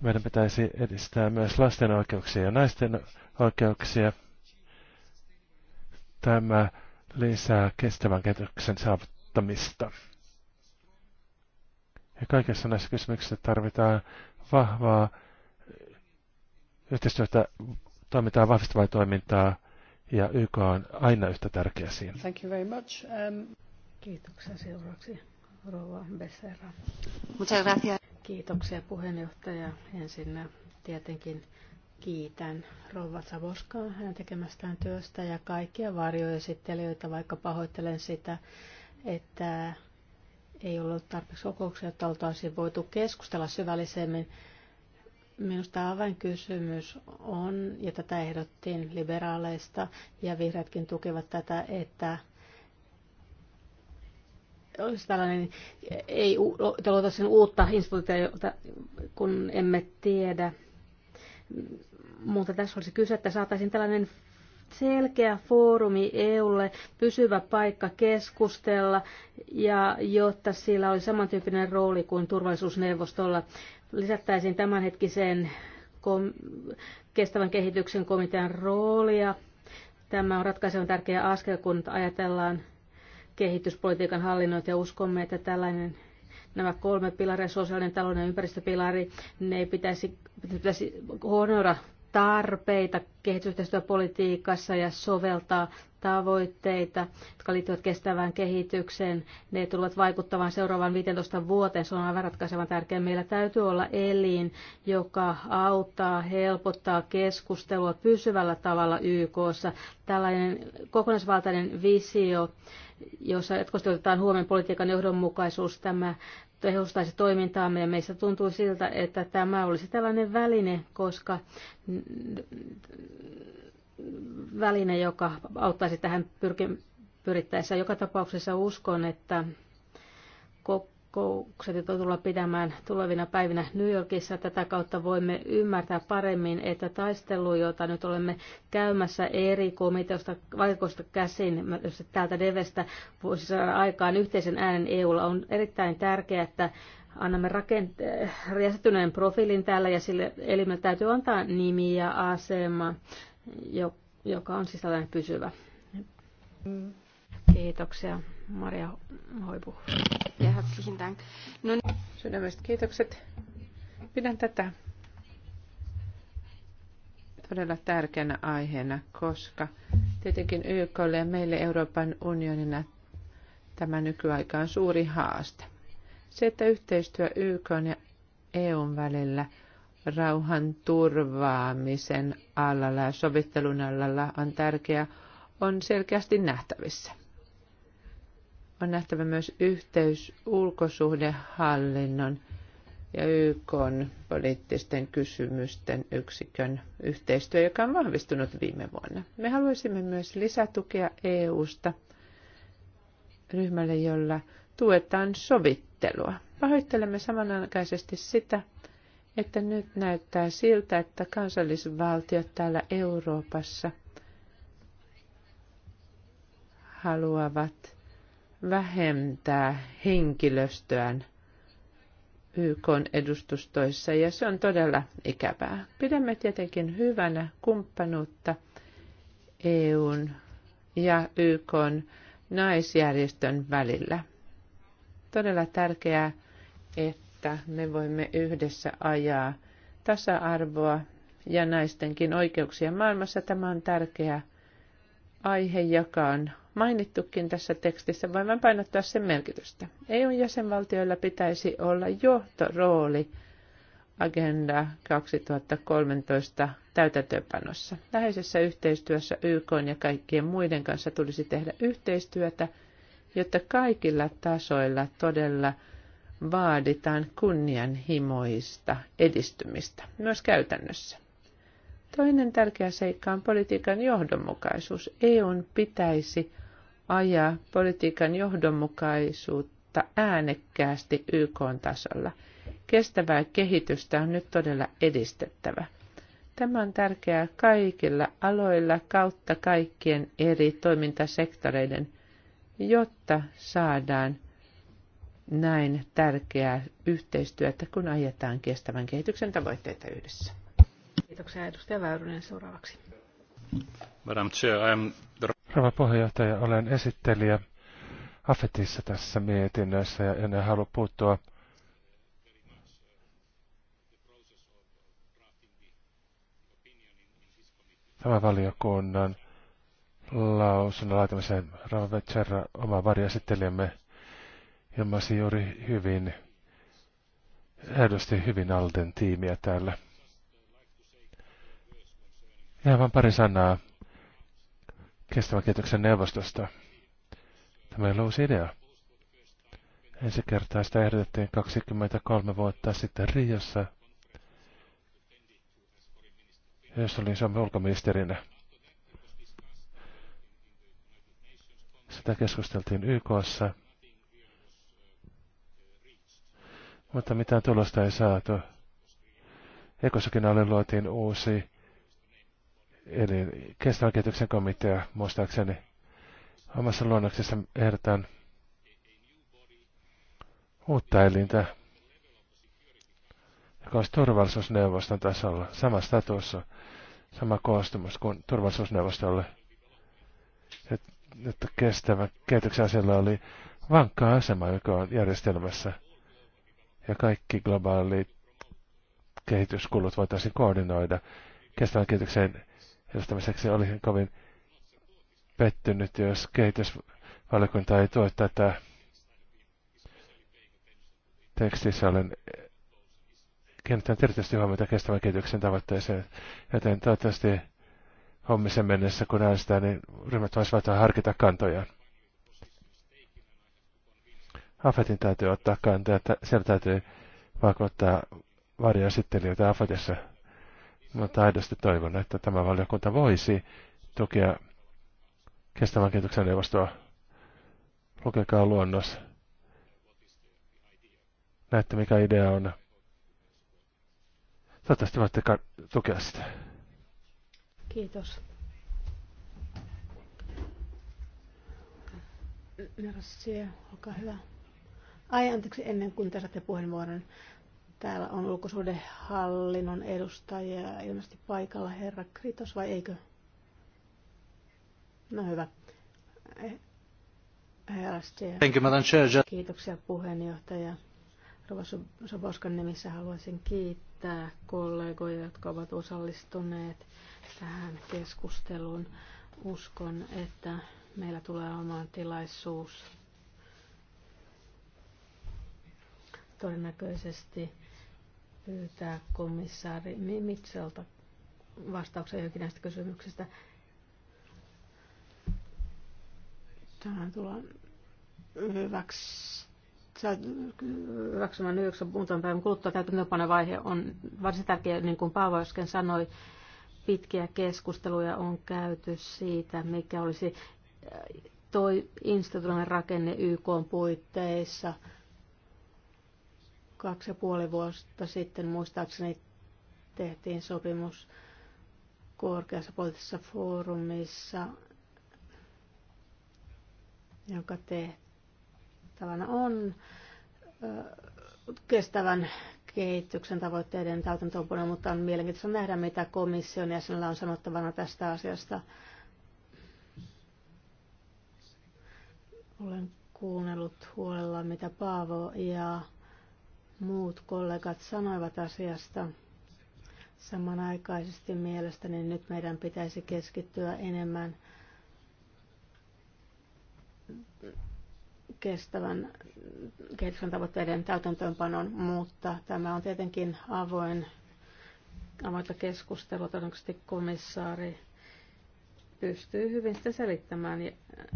meidän pitäisi edistää myös lasten oikeuksia ja naisten oikeuksia. Tämä lisää kestävän kehityksen saavuttamista. Ja kaikessa näissä kysymyksissä tarvitaan vahvaa yhteistyötä, toimintaa, vahvistavaa toimintaa, ja YK on aina yhtä tärkeä siinä. Thank you very much. Um... Kiitoksia seuraavaksi, Rova Becerra. Muchas gracias. Kiitoksia puheenjohtaja. Ensin tietenkin kiitän Rouva Savoskaa hänen tekemästään työstä ja kaikkia varjoesittelijöitä, vaikka pahoittelen sitä, että ei ollut tarpeeksi kokouksia, että oltaisiin voitu keskustella syvällisemmin. Minusta avainkysymys on, ja tätä ehdottiin liberaaleista, ja vihreätkin tukevat tätä, että olisi tällainen, ei sen uutta jota, kun emme tiedä. Mutta tässä olisi kyse, että saataisiin tällainen selkeä foorumi EUlle, pysyvä paikka keskustella ja jotta sillä oli samantyyppinen rooli kuin turvallisuusneuvostolla. Lisättäisiin tämänhetkiseen kestävän kehityksen komitean roolia. Tämä on ratkaisevan tärkeä askel, kun ajatellaan kehityspolitiikan hallinnoita ja uskomme, että tällainen nämä kolme pilaria, sosiaalinen, talouden ja ympäristöpilari, ne ei pitäisi, pitäisi huonoida tarpeita kehitysyhteistyöpolitiikassa ja soveltaa tavoitteita, jotka liittyvät kestävään kehitykseen. Ne tulevat vaikuttamaan seuraavan 15 vuoteen. Se on aivan ratkaisevan tärkeää. Meillä täytyy olla elin, joka auttaa, helpottaa keskustelua pysyvällä tavalla YKssa. Tällainen kokonaisvaltainen visio jossa jatkuvasti otetaan huomioon politiikan johdonmukaisuus, tämä tehostaisi toimintaamme ja meistä tuntuu siltä, että tämä olisi tällainen väline, koska väline, joka auttaisi tähän pyrittäessä. Joka tapauksessa uskon, että kokoukset tullaan pitämään tulevina päivinä New Yorkissa. Tätä kautta voimme ymmärtää paremmin, että taistelu, jota nyt olemme käymässä eri komiteosta valikosta käsin, täältä Devestä voisi saada aikaan yhteisen äänen EUlla, on erittäin tärkeää, että annamme rakentuneen profiilin täällä ja sille elimelle täytyy antaa nimi ja asema, joka on siis tällainen pysyvä. Mm. Kiitoksia, Maria Hoipu. Ja herzlichen Dank. No, sydämestä kiitokset. Pidän tätä todella tärkeänä aiheena, koska tietenkin YKlle ja meille Euroopan unionina tämä nykyaika on suuri haaste. Se, että yhteistyö YK ja EUn välillä rauhan turvaamisen alalla ja sovittelun alalla on tärkeää, on selkeästi nähtävissä on nähtävä myös yhteys ulkosuhdehallinnon ja YK poliittisten kysymysten yksikön yhteistyö, joka on vahvistunut viime vuonna. Me haluaisimme myös lisätukea e sta ryhmälle, jolla tuetaan sovittelua. Pahoittelemme samanaikaisesti sitä, että nyt näyttää siltä, että kansallisvaltiot täällä Euroopassa haluavat vähentää henkilöstöään YK edustustoissa ja se on todella ikävää. Pidämme tietenkin hyvänä kumppanuutta EUn ja YK naisjärjestön välillä. Todella tärkeää, että me voimme yhdessä ajaa tasa-arvoa ja naistenkin oikeuksia maailmassa. Tämä on tärkeä aihe, joka on mainittukin tässä tekstissä, voin vain painottaa sen merkitystä. EUn jäsenvaltioilla pitäisi olla johtorooli Agenda 2013 täytäntöönpanossa. Läheisessä yhteistyössä YK ja kaikkien muiden kanssa tulisi tehdä yhteistyötä, jotta kaikilla tasoilla todella vaaditaan kunnianhimoista edistymistä, myös käytännössä. Toinen tärkeä seikka on politiikan johdonmukaisuus. EUn pitäisi ajaa politiikan johdonmukaisuutta äänekkäästi YK-tasolla. Kestävää kehitystä on nyt todella edistettävä. Tämä on tärkeää kaikilla aloilla kautta kaikkien eri toimintasektoreiden, jotta saadaan näin tärkeää yhteistyötä, kun ajetaan kestävän kehityksen tavoitteita yhdessä. Kiitoksia edustaja Väyrynen seuraavaksi. Madam Chair, I am the Rouva puheenjohtaja, olen esittelijä Afetissa tässä mietinnössä ja en halua puuttua tämän valiokunnan lausunnon laitamiseen. Rauha Vetserra, oma varjaesittelijämme, ilmaisi juuri hyvin, edusti hyvin Alden tiimiä täällä. Ja vain pari sanaa kestävän kehityksen neuvostosta. Tämä oli uusi idea. Ensi kertaa sitä ehdotettiin 23 vuotta sitten Riossa, jossa olin Suomen ulkoministerinä. Sitä keskusteltiin YKssa, mutta mitään tulosta ei saatu. Ekossakin alle luotiin uusi eli kestävän kehityksen komitea, muistaakseni omassa luonnoksessa ehdotan uutta elintä, joka olisi turvallisuusneuvoston tasolla, sama status, sama koostumus kuin turvallisuusneuvostolle. Että kestävän kehityksen asialla oli vankka asema, joka on järjestelmässä, ja kaikki globaalit kehityskulut voitaisiin koordinoida kestävän kehityksen edustamiseksi. Oli kovin pettynyt, jos kehitysvaliokunta ei tue tätä. Tekstissä olen kiinnittänyt erityisesti huomiota kestävän kehityksen tavoitteeseen, joten toivottavasti hommisen mennessä, kun äänestää, niin ryhmät voisivat harkita kantoja. Afetin täytyy ottaa kantaa, sieltä täytyy vaikuttaa varjoesittelijöitä Afetissa. Mutta aidosti toivon, että tämä valiokunta voisi tukea kestävän kehityksen neuvostoa. Lukekaa luonnos. Näette, mikä idea on. Toivottavasti voitte tukea sitä. Kiitos. Merci, olkaa hyvä. Ai anteeksi, ennen kuin te saatte puheenvuoron. Täällä on ulkosuhdehallinnon edustajia ilmeisesti paikalla. Herra Kritos, vai eikö? No hyvä. Eh, Thank you, Madam Chair. Kiitoksia puheenjohtaja. Rova Soboskan nimissä haluaisin kiittää kollegoja, jotka ovat osallistuneet tähän keskusteluun. Uskon, että meillä tulee olemaan tilaisuus todennäköisesti pyytää komissaari Mimitselta vastauksia jokin näistä kysymyksistä. Tähän tullaan hyväksi hyväksymään yhdeksän muutaman päivän kuluttua vaihe on varsin tärkeä, niin kuin Paavo äsken sanoi, pitkiä keskusteluja on käyty siitä, mikä olisi äh, toi instituutioiden rakenne YK puitteissa – Kaksi ja puoli vuotta sitten muistaakseni tehtiin sopimus korkeassa poliittisessa foorumissa, jonka tehtävänä on kestävän kehityksen tavoitteiden täytäntöönpano, mutta on mielenkiintoista nähdä, mitä komission jäsenellä on sanottavana tästä asiasta. Olen kuunnellut huolella, mitä Paavo ja muut kollegat sanoivat asiasta. Samanaikaisesti mielestäni nyt meidän pitäisi keskittyä enemmän kestävän kehityksen tavoitteiden täytäntöönpanon, mutta tämä on tietenkin avoin avointa keskustelua. Todennäköisesti komissaari pystyy hyvin sitä selittämään, äh,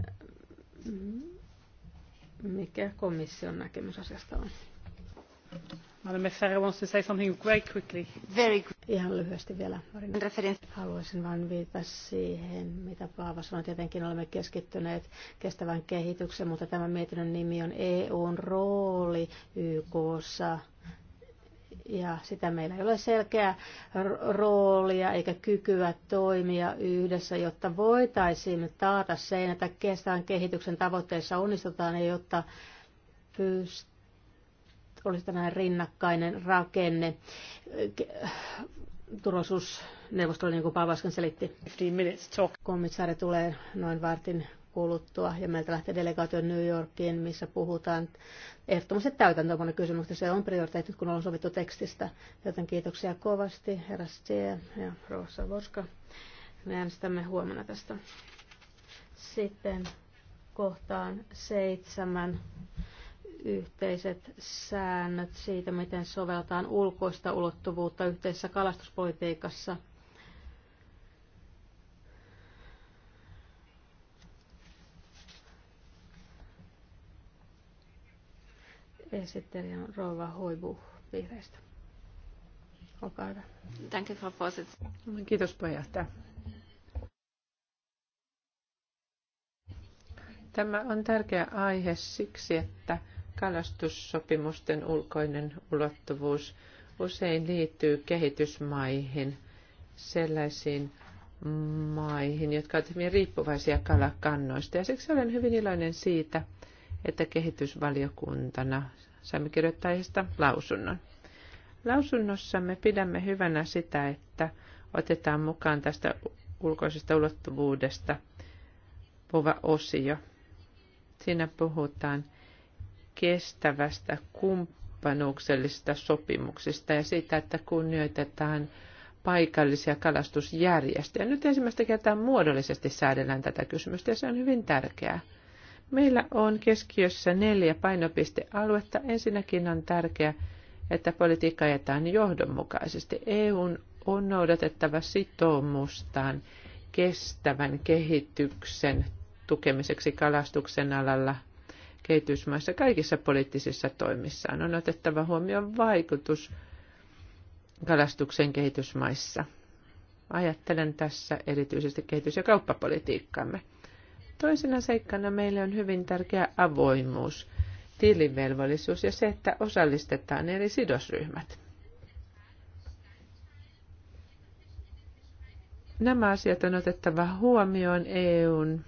mikä komission näkemys asiasta on. Ihan lyhyesti vielä. Haluaisin vain viitata siihen, mitä Paavo sanoi. Tietenkin olemme keskittyneet kestävän kehityksen, mutta tämän mietinnön nimi on EUn rooli YKssa. Ja sitä meillä ei ole selkeää roolia eikä kykyä toimia yhdessä, jotta voitaisiin taata sen, että kestävän kehityksen tavoitteissa onnistutaan ja jotta pystytään olisi tällainen rinnakkainen rakenne oli niin kuin Paavo äsken selitti. Komissaari tulee noin vartin kuluttua ja meiltä lähtee delegaatio New Yorkiin, missä puhutaan ehdottomasti täytäntöönpanon kysymyksiä. Se on prioriteetti, kun on sovittu tekstistä. Joten kiitoksia kovasti, herra Stie ja Rosa Voska. Me äänestämme huomenna tästä. Sitten kohtaan seitsemän yhteiset säännöt siitä, miten sovelletaan ulkoista ulottuvuutta yhteisessä kalastuspolitiikassa. Esittelijä on Rova Hoibu vihreistä. Olkaa hyvä. you for Kiitos puheenjohtaja. Tämä on tärkeä aihe siksi, että kalastussopimusten ulkoinen ulottuvuus usein liittyy kehitysmaihin, sellaisiin maihin, jotka ovat hyvin riippuvaisia kalakannoista. Ja siksi olen hyvin iloinen siitä, että kehitysvaliokuntana saimme kirjoittajista lausunnon. me pidämme hyvänä sitä, että otetaan mukaan tästä ulkoisesta ulottuvuudesta puhuva osio. Siinä puhutaan kestävästä kumppanuuksellisesta sopimuksesta ja siitä, että kunnioitetaan paikallisia kalastusjärjestöjä. Nyt ensimmäistä kertaa muodollisesti säädellään tätä kysymystä ja se on hyvin tärkeää. Meillä on keskiössä neljä painopistealuetta. Ensinnäkin on tärkeää, että politiikka ajetaan johdonmukaisesti. EUn on noudatettava sitoumustaan kestävän kehityksen tukemiseksi kalastuksen alalla kehitysmaissa kaikissa poliittisissa toimissaan. On otettava huomioon vaikutus kalastuksen kehitysmaissa. Ajattelen tässä erityisesti kehitys- ja kauppapolitiikkaamme. Toisena seikkana meille on hyvin tärkeä avoimuus, tilivelvollisuus ja se, että osallistetaan eri sidosryhmät. Nämä asiat on otettava huomioon EUn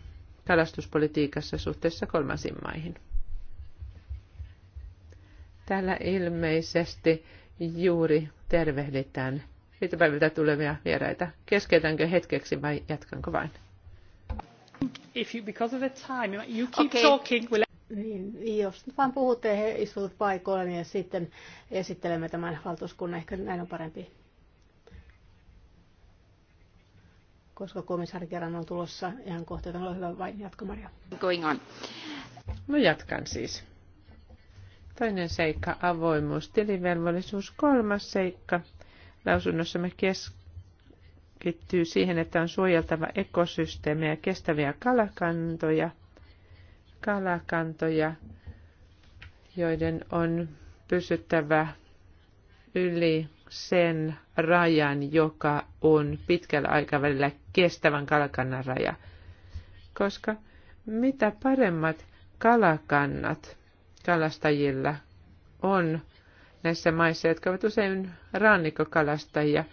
kalastuspolitiikassa suhteessa kolmansiin maihin. Täällä ilmeisesti juuri tervehditään iltapäiviltä tulevia vieraita. Keskeytänkö hetkeksi vai jatkanko vain? If you, because of the time, you keep okay. talking, we'll... Niin, jos nyt vaan puhutte he istuvat paikoille, niin sitten esittelemme tämän valtuuskunnan. Ehkä näin on parempi. Koska komissaari kerran on tulossa ihan kohta, joten ole hyvä vain jatko, Maria. Going on. No jatkan siis. Toinen seikka, avoimuus, tilivelvollisuus. Kolmas seikka, lausunnossamme keskittyy siihen, että on suojeltava ekosysteemejä, kestäviä kalakantoja, kalakantoja, joiden on pysyttävä yli sen rajan, joka on pitkällä aikavälillä kestävän kalakannan raja. Koska mitä paremmat kalakannat, kalastajilla on näissä maissa, jotka ovat usein rannikkokalastajia.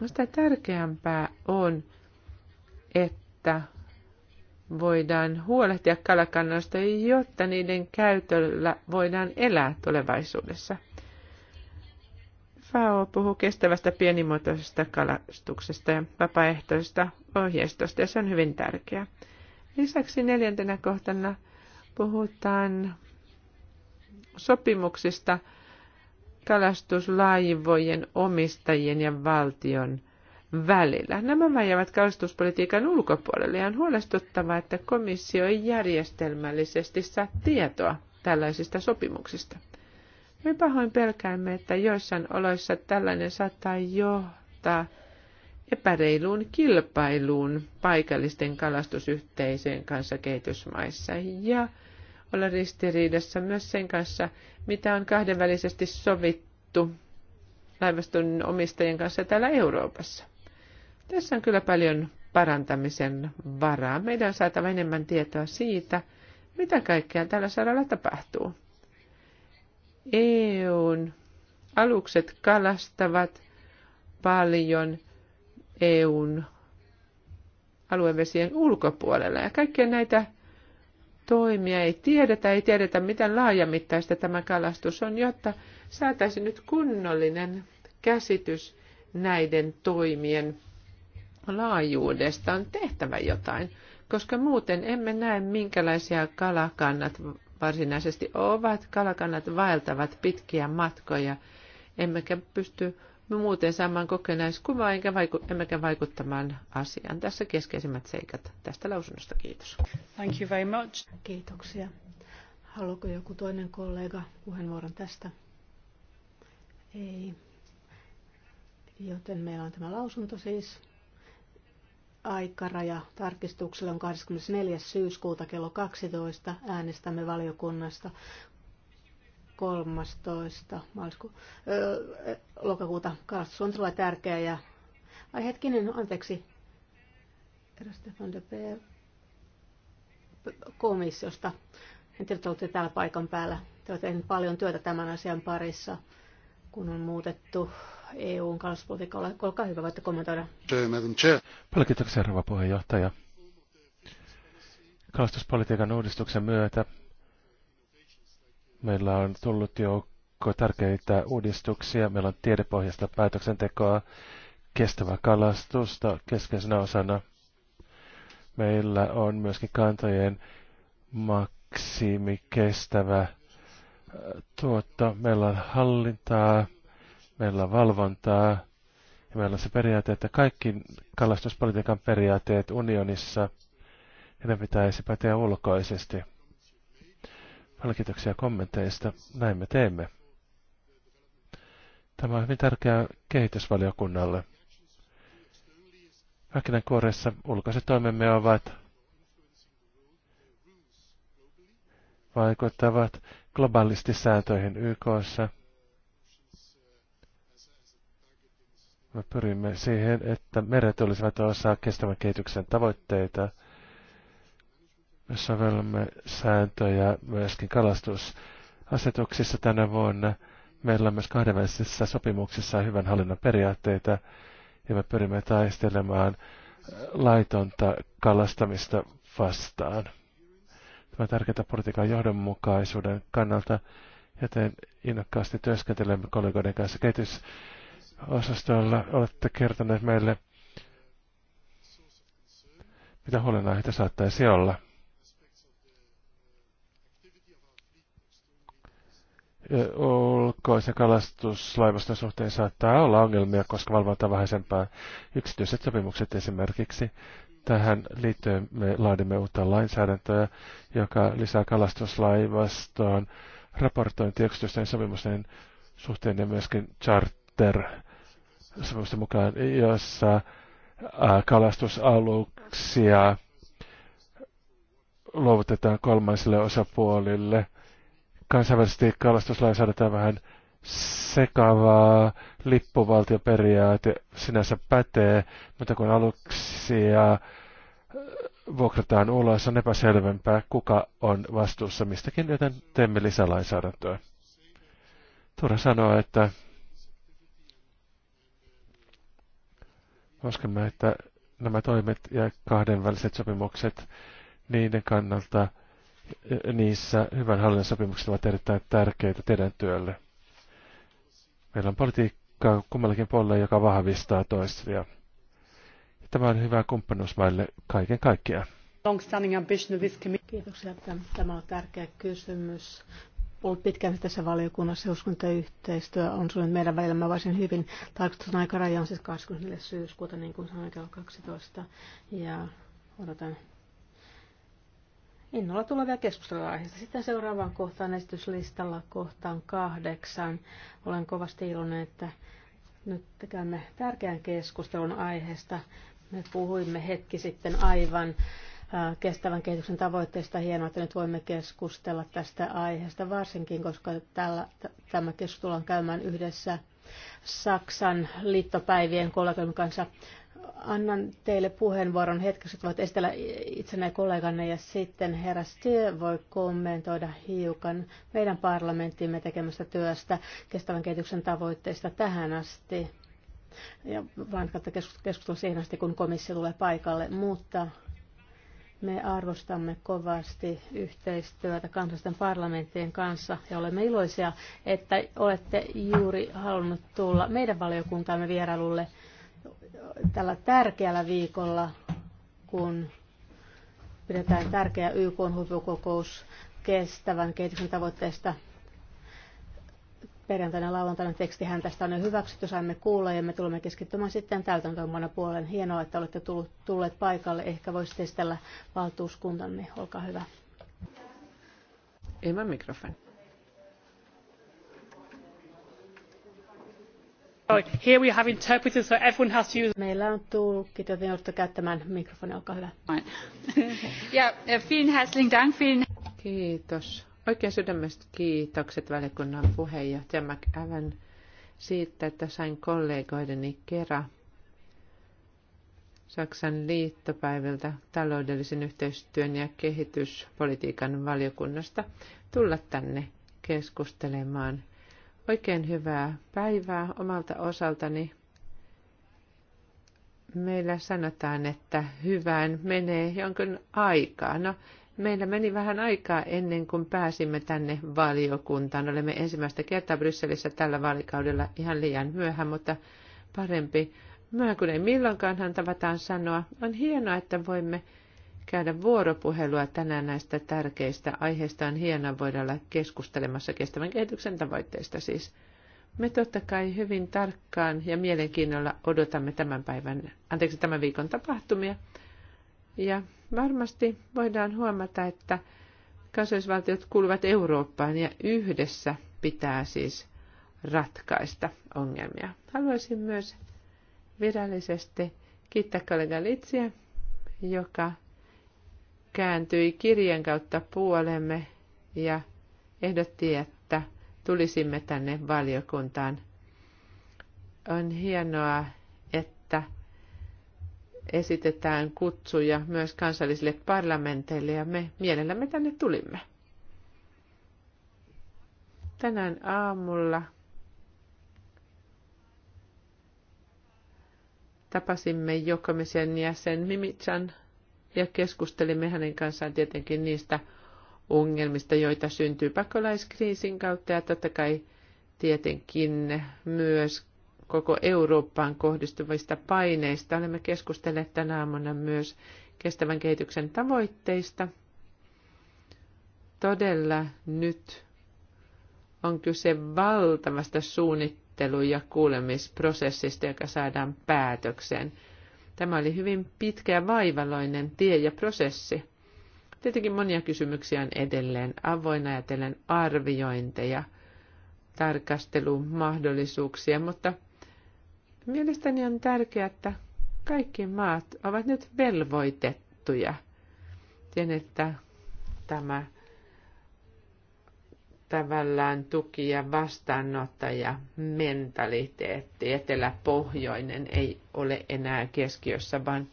Mutta tärkeämpää on, että voidaan huolehtia kalakannoista, jotta niiden käytöllä voidaan elää tulevaisuudessa. FAO puhuu kestävästä pienimuotoisesta kalastuksesta ja vapaaehtoisesta ohjeistosta, ja se on hyvin tärkeää. Lisäksi neljäntenä kohtana – puhutaan sopimuksista kalastuslaivojen omistajien ja valtion välillä. Nämä jäävät kalastuspolitiikan ulkopuolelle ja on huolestuttavaa, että komissio ei järjestelmällisesti saa tietoa tällaisista sopimuksista. Me pahoin pelkäämme, että joissain oloissa tällainen saattaa johtaa epäreiluun kilpailuun paikallisten kalastusyhteisöjen kanssa kehitysmaissa ja olla ristiriidassa myös sen kanssa, mitä on kahdenvälisesti sovittu laivaston omistajien kanssa täällä Euroopassa. Tässä on kyllä paljon parantamisen varaa. Meidän on saatava enemmän tietoa siitä, mitä kaikkea tällä saralla tapahtuu. EUn alukset kalastavat paljon EUn aluevesien ulkopuolella ja kaikkia näitä toimia ei tiedetä, ei tiedetä miten laajamittaista tämä kalastus on, jotta saataisiin nyt kunnollinen käsitys näiden toimien laajuudesta. On tehtävä jotain, koska muuten emme näe minkälaisia kalakannat varsinaisesti ovat. Kalakannat vaeltavat pitkiä matkoja, emmekä pysty muuten saamaan kokonaiskuvaa enkä vaiku, emmekä vaikuttamaan asiaan. Tässä keskeisimmät seikat tästä lausunnosta. Kiitos. Thank you very much. Kiitoksia. Haluaako joku toinen kollega puheenvuoron tästä? Ei. Joten meillä on tämä lausunto siis. Aikaraja tarkistukselle on 24. syyskuuta kello 12. Äänestämme valiokunnasta 13. Maalisku- ö, lokakuuta kalastus on todella tärkeä ja ai hetkinen, anteeksi, Stefan de Beer komissiosta. En tiedä, että olette täällä paikan päällä. Te olette tehneet paljon työtä tämän asian parissa, kun on muutettu EUn kalastuspolitiikkaa. Olkaa hyvä, voitte kommentoida. Paljon kiitoksia, rouva puheenjohtaja. Kalastuspolitiikan uudistuksen myötä Meillä on tullut joukko tärkeitä uudistuksia. Meillä on tiedepohjasta päätöksentekoa, kestävä kalastusta keskeisenä osana. Meillä on myöskin kantojen maksimi kestävä äh, tuotto. Meillä on hallintaa, meillä on valvontaa ja meillä on se periaate, että kaikki kalastuspolitiikan periaatteet unionissa, ne pitäisi päteä ulkoisesti. Paljon kiitoksia kommenteista. Näin me teemme. Tämä on hyvin tärkeää kehitysvaliokunnalle. Väkinän kuoressa ulkoiset toimemme ovat vaikuttavat globaalisti sääntöihin YKssa. Me pyrimme siihen, että meret olisivat osa kestävän kehityksen tavoitteita – me sovellamme sääntöjä myöskin kalastusasetuksissa tänä vuonna. Meillä on myös kahdenvälisissä sopimuksissa hyvän hallinnan periaatteita ja me pyrimme taistelemaan laitonta kalastamista vastaan. Tämä on tärkeää politiikan johdonmukaisuuden kannalta, joten innokkaasti työskentelemme kollegoiden kanssa kehitysosastolla. Olette kertoneet meille, mitä huolenaiheita saattaisi olla. ulkoisen kalastuslaivaston suhteen saattaa olla ongelmia, koska valvonta on vähäisempää. Yksityiset sopimukset esimerkiksi. Tähän liittyen me laadimme uutta lainsäädäntöä, joka lisää kalastuslaivastoon raportointi yksityisten sopimusten suhteen ja myöskin charter sopimusten mukaan, jossa kalastusaluksia luovutetaan kolmansille osapuolille – kansainvälisesti kalastuslainsäädäntö vähän sekavaa lippuvaltioperiaate sinänsä pätee, mutta kun aluksia äh, vuokrataan ulos, on epäselvempää, kuka on vastuussa mistäkin, joten teemme lisälainsäädäntöä. Turha sanoa, että uskomme, että nämä toimet ja kahdenväliset sopimukset niiden kannalta niissä hyvän hallinnan sopimukset ovat erittäin tärkeitä teidän työlle. Meillä on politiikkaa kummallakin puolella, joka vahvistaa toisia. Tämä on hyvä kumppanuus meille kaiken kaikkiaan. Kiitoksia. Tämä on tärkeä kysymys. Ollut pitkään tässä valiokunnassa yhteistyö on sujunut meidän välillämme varsin hyvin. Tarkoitus aikaraja on siis 24. syyskuuta, niin kuin sanoin, kello 12. Ja odotan innolla tulevia keskustelua aiheesta. Sitten seuraavaan kohtaan esityslistalla kohtaan kahdeksan. Olen kovasti iloinen, että nyt käymme tärkeän keskustelun aiheesta. Me puhuimme hetki sitten aivan kestävän kehityksen tavoitteista. Hienoa, että nyt voimme keskustella tästä aiheesta, varsinkin koska tällä, tämä keskustelu on käymään yhdessä Saksan liittopäivien kollegan kanssa annan teille puheenvuoron hetkessä, että voit esitellä itsenäinen kolleganne ja sitten herra Stier voi kommentoida hiukan meidän parlamenttimme tekemästä työstä kestävän kehityksen tavoitteista tähän asti. Ja vankatta keskustelua siihen asti, kun komissio tulee paikalle, mutta me arvostamme kovasti yhteistyötä kansallisten parlamenttien kanssa ja olemme iloisia, että olette juuri halunnut tulla meidän valiokuntamme vierailulle – tällä tärkeällä viikolla, kun pidetään tärkeä YK-huippukokous kestävän kehityksen tavoitteesta perjantaina lauantaina tekstihän tästä on jo hyväksytty, saimme kuulla ja me tulemme keskittymään sitten täytäntöönpanon puolen. Hienoa, että olette tullut, tulleet paikalle. Ehkä voisitte esitellä valtuuskuntanne. Olkaa hyvä. Ilman mikrofoni. Here we have interpreters, so everyone has to use... Meillä on tulkit, joten joudutte käyttämään mikrofonia, olkaa hyvä. <laughs> ja, vielen Dank, Kiitos. Oikein sydämestä kiitokset valiokunnan puheenjohtaja McAvan siitä, että sain kollegoideni kerran Saksan liittopäiviltä taloudellisen yhteistyön ja kehityspolitiikan valiokunnasta tulla tänne keskustelemaan – Oikein hyvää päivää omalta osaltani. Meillä sanotaan, että hyvään menee jonkun aikaa. No, meillä meni vähän aikaa ennen kuin pääsimme tänne valiokuntaan. Olemme ensimmäistä kertaa Brysselissä tällä vaalikaudella ihan liian myöhään, mutta parempi myöhään kuin ei milloinkaan hän tavataan sanoa. On hienoa, että voimme käydä vuoropuhelua tänään näistä tärkeistä aiheista. On hienoa voida olla keskustelemassa kestävän kehityksen tavoitteista siis. Me totta kai hyvin tarkkaan ja mielenkiinnolla odotamme tämän päivän, anteeksi tämän viikon tapahtumia. Ja varmasti voidaan huomata, että kansallisvaltiot kuuluvat Eurooppaan ja yhdessä pitää siis ratkaista ongelmia. Haluaisin myös virallisesti kiittää kollega Litsiä, joka kääntyi kirjan kautta puolemme ja ehdotti, että tulisimme tänne valiokuntaan. On hienoa, että esitetään kutsuja myös kansallisille parlamenteille ja me mielellämme tänne tulimme. Tänään aamulla tapasimme jokamisen jäsen Mimitsan ja keskustelimme hänen kanssaan tietenkin niistä ongelmista, joita syntyy pakolaiskriisin kautta ja totta kai tietenkin myös koko Eurooppaan kohdistuvista paineista. Olemme keskustelleet tänä aamuna myös kestävän kehityksen tavoitteista. Todella nyt on kyse valtavasta suunnittelu- ja kuulemisprosessista, joka saadaan päätökseen. Tämä oli hyvin pitkä ja vaivalloinen tie ja prosessi. Tietenkin monia kysymyksiä on edelleen avoin ajatellen arviointeja, tarkastelumahdollisuuksia, mutta mielestäni on tärkeää, että kaikki maat ovat nyt velvoitettuja Tien, että tämä tavallaan tuki- ja vastaanottaja mentaliteetti, eteläpohjoinen ei ole enää keskiössä, vaan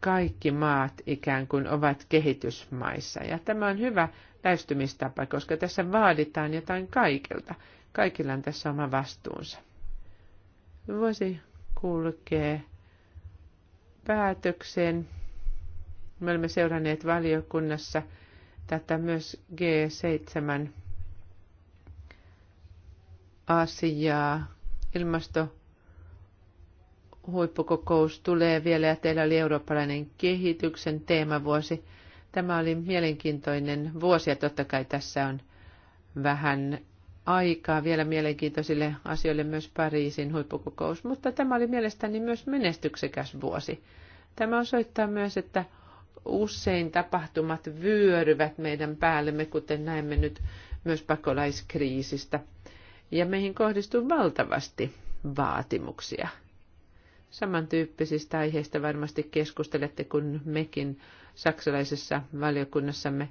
kaikki maat ikään kuin ovat kehitysmaissa. Ja tämä on hyvä lähestymistapa, koska tässä vaaditaan jotain kaikilta. Kaikilla on tässä oma vastuunsa. Voisi kulkee päätökseen, Me olemme seuranneet valiokunnassa tätä myös G7 asiaa. Ilmasto huippukokous tulee vielä ja teillä oli eurooppalainen kehityksen teemavuosi. Tämä oli mielenkiintoinen vuosi ja totta kai tässä on vähän aikaa vielä mielenkiintoisille asioille myös Pariisin huippukokous, mutta tämä oli mielestäni myös menestyksekäs vuosi. Tämä osoittaa myös, että usein tapahtumat vyöryvät meidän päällemme, kuten näemme nyt myös pakolaiskriisistä – ja meihin kohdistuu valtavasti vaatimuksia. Samantyyppisistä aiheista varmasti keskustelette kuin mekin saksalaisessa valiokunnassamme,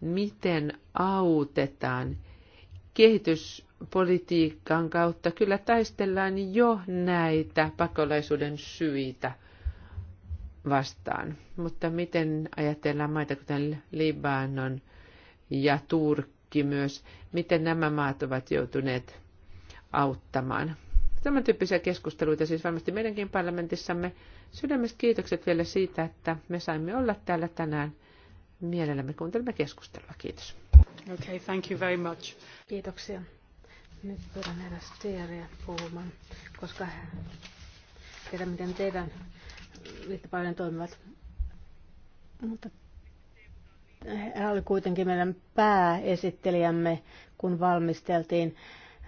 miten autetaan kehityspolitiikan kautta. Kyllä taistellaan jo näitä pakolaisuuden syitä vastaan, mutta miten ajatellaan maita kuten Libanon ja Turkki, kaikki myös, miten nämä maat ovat joutuneet auttamaan. Tämän tyyppisiä keskusteluita siis varmasti meidänkin parlamentissamme. Sydämestä kiitokset vielä siitä, että me saimme olla täällä tänään. Mielellämme kuuntelemme keskustelua. Kiitos. Okay, thank you very much. Kiitoksia. Nyt pyydän herra Steeria puhumaan, koska tiedän, miten teidän liittopäivän toimivat. Mutta hän oli kuitenkin meidän pääesittelijämme, kun valmisteltiin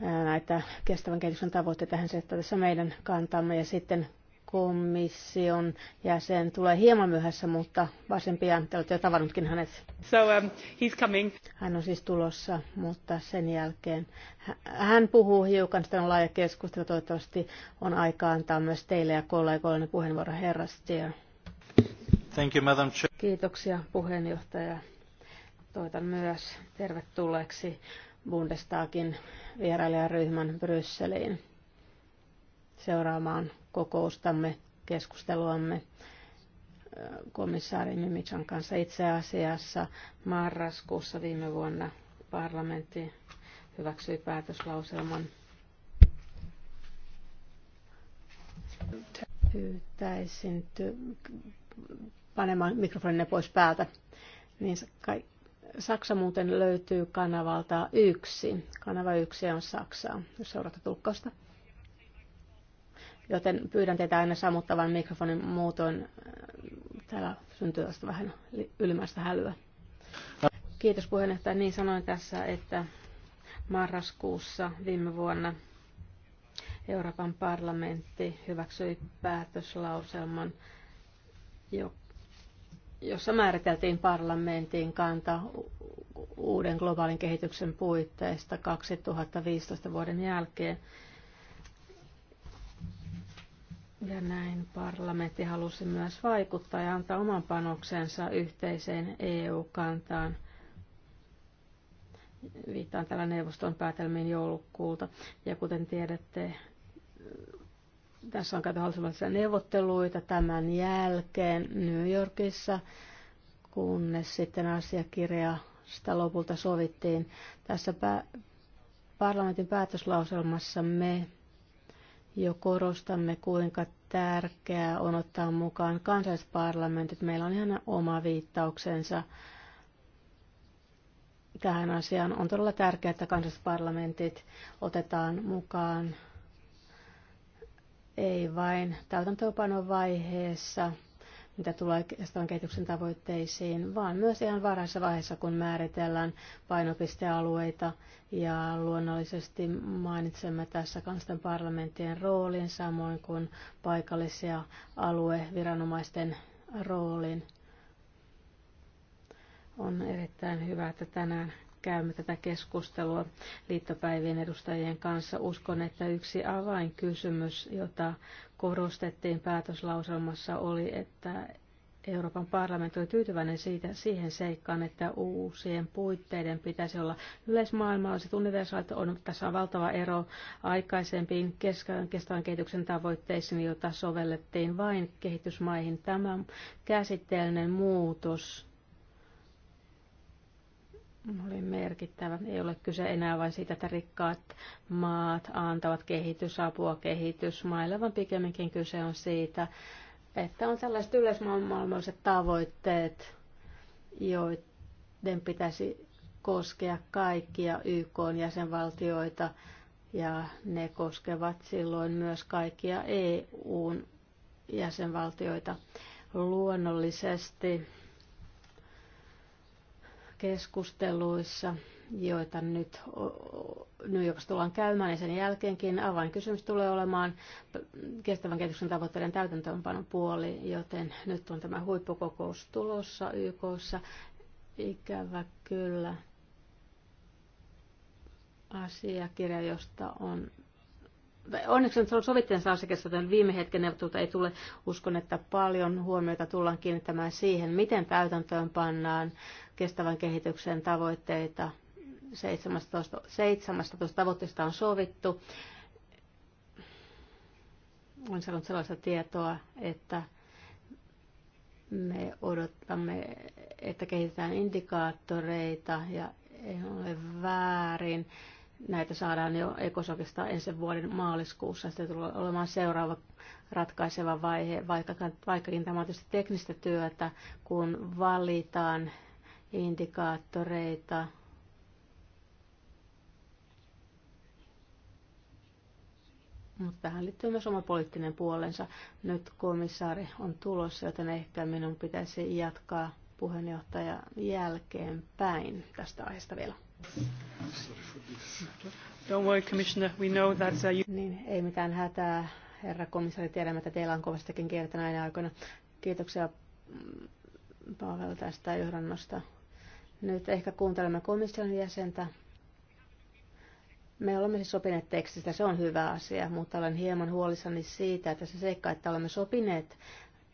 näitä kestävän kehityksen tavoitteita. Hän se, tässä meidän kantamme ja sitten komission jäsen tulee hieman myöhässä, mutta varsin pian te olette jo tavannutkin hänet. So, um, he's coming. Hän on siis tulossa, mutta sen jälkeen hän puhuu hiukan, sitten on laaja keskustelu, toivottavasti on aika antaa myös teille ja kollegoille puheenvuoro herra Stier. Thank you, Madam Chair. Kiitoksia puheenjohtaja. Toitan myös tervetulleeksi Bundestagin vierailijaryhmän Brysseliin seuraamaan kokoustamme, keskusteluamme komissaari Mimitsan kanssa. Itse asiassa marraskuussa viime vuonna parlamentti hyväksyi päätöslauselman pyytäisin panemaan mikrofoninne pois päältä. Niin Saksa muuten löytyy kanavalta yksi. Kanava yksi on Saksaa, jos seuraatte tulkkausta. Joten pyydän teitä aina sammuttavan mikrofonin, muutoin äh, täällä syntyy tästä vähän ylimääräistä hälyä. Kiitos puheenjohtaja. Niin sanoin tässä, että marraskuussa viime vuonna Euroopan parlamentti hyväksyi päätöslauselman, joka jossa määriteltiin parlamentin kanta uuden globaalin kehityksen puitteista 2015 vuoden jälkeen. Ja näin parlamentti halusi myös vaikuttaa ja antaa oman panoksensa yhteiseen EU-kantaan. Viittaan tällä neuvoston päätelmiin joulukuulta. Ja kuten tiedätte, tässä on käyty hallitusvälisiä neuvotteluita tämän jälkeen New Yorkissa, kunnes sitten asiakirja sitä lopulta sovittiin. Tässä parlamentin päätöslauselmassa me jo korostamme, kuinka tärkeää on ottaa mukaan kansallisparlamentit. Meillä on ihan oma viittauksensa tähän asiaan. On todella tärkeää, että kansallisparlamentit otetaan mukaan ei vain täytäntöönpanon vaiheessa, mitä tulee kestävän kehityksen tavoitteisiin, vaan myös ihan varhaisessa vaiheessa, kun määritellään painopistealueita ja luonnollisesti mainitsemme tässä kansan parlamenttien roolin, samoin kuin paikallisia alueviranomaisten roolin. On erittäin hyvä, että tänään käymme tätä keskustelua liittopäivien edustajien kanssa. Uskon, että yksi avainkysymys, jota korostettiin päätöslauselmassa, oli, että Euroopan parlamentti oli tyytyväinen siitä, siihen seikkaan, että uusien puitteiden pitäisi olla yleismaailmalliset universaalit. On, tässä on valtava ero aikaisempiin kestävän kehityksen tavoitteisiin, joita sovellettiin vain kehitysmaihin. Tämä käsitteellinen muutos oli merkittävä. Ei ole kyse enää vain siitä, että rikkaat maat antavat kehitysapua kehitysmaille, vaan pikemminkin kyse on siitä, että on sellaiset yleismaailmalliset tavoitteet, joiden pitäisi koskea kaikkia YK jäsenvaltioita ja ne koskevat silloin myös kaikkia eu jäsenvaltioita luonnollisesti keskusteluissa, joita nyt New Yorkissa tullaan käymään niin sen jälkeenkin avainkysymys tulee olemaan kestävän kehityksen tavoitteiden täytäntöönpanon puoli, joten nyt on tämä huippukokous tulossa YKssa. Ikävä kyllä asiakirja, josta on onneksi on sovittajan asiakirjassa, että viime hetken neuvottelulta ei tule. Uskon, että paljon huomiota tullaan kiinnittämään siihen, miten täytäntöön pannaan kestävän kehityksen tavoitteita. 17, 17 tavoitteista on sovittu. On saanut sellaista tietoa, että me odotamme, että kehitetään indikaattoreita ja ei ole väärin Näitä saadaan jo ekosokista ensi vuoden maaliskuussa. Se tulee olemaan seuraava ratkaiseva vaihe, vaikkakin, vaikkakin tämä on tietysti teknistä työtä, kun valitaan indikaattoreita, mutta tähän liittyy myös oma poliittinen puolensa. Nyt komissaari on tulossa, joten ehkä minun pitäisi jatkaa puheenjohtajan jälkeen päin tästä aiheesta vielä. Don't worry, Commissioner. We know that's a... Uh, niin, ei mitään hätää, herra komissaari. Tiedämme, että teillä on kovastakin kieltä näinä aikoina. Kiitoksia mm, Pavel tästä johdannosta. Nyt ehkä kuuntelemme komission jäsentä. Me olemme siis sopineet tekstistä, se on hyvä asia, mutta olen hieman huolissani siitä, että se seikka, että olemme sopineet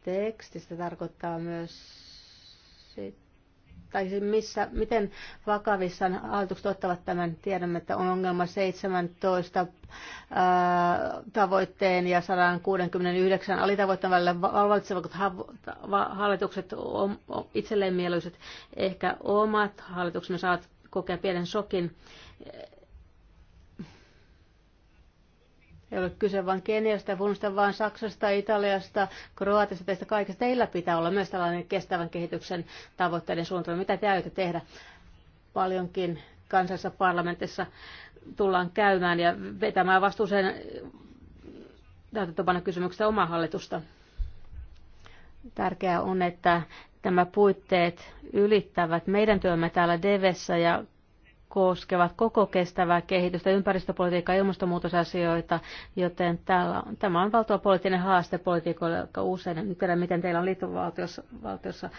tekstistä, tarkoittaa myös sitä, tai missä, miten vakavissaan hallitukset ottavat tämän? Tiedämme, että on ongelma 17 ää, äh, tavoitteen ja 169 alitavoitteen välillä. Valitsevatko hallitukset itselleen mieluiset? Ehkä omat hallituksemme saat kokea pienen sokin Ei ole kyse vain Keniasta, Funsta, vaan Saksasta, Italiasta, Kroatiasta, teistä kaikista. Teillä pitää olla myös tällainen kestävän kehityksen tavoitteiden suunnitelma. Mitä te aiotte tehdä? Paljonkin kansallisessa parlamentissa tullaan käymään ja vetämään vastuuseen täytäntöpana kysymyksestä omaa hallitusta. Tärkeää on, että nämä puitteet ylittävät meidän työmme täällä Devessä ja koskevat koko kestävää kehitystä, ympäristöpolitiikkaa ja ilmastonmuutosasioita, joten täällä, tämä on valtava poliittinen haaste politiikoille, jotka usein, en tiedä miten teillä on liittovaltiossa, valtiossa,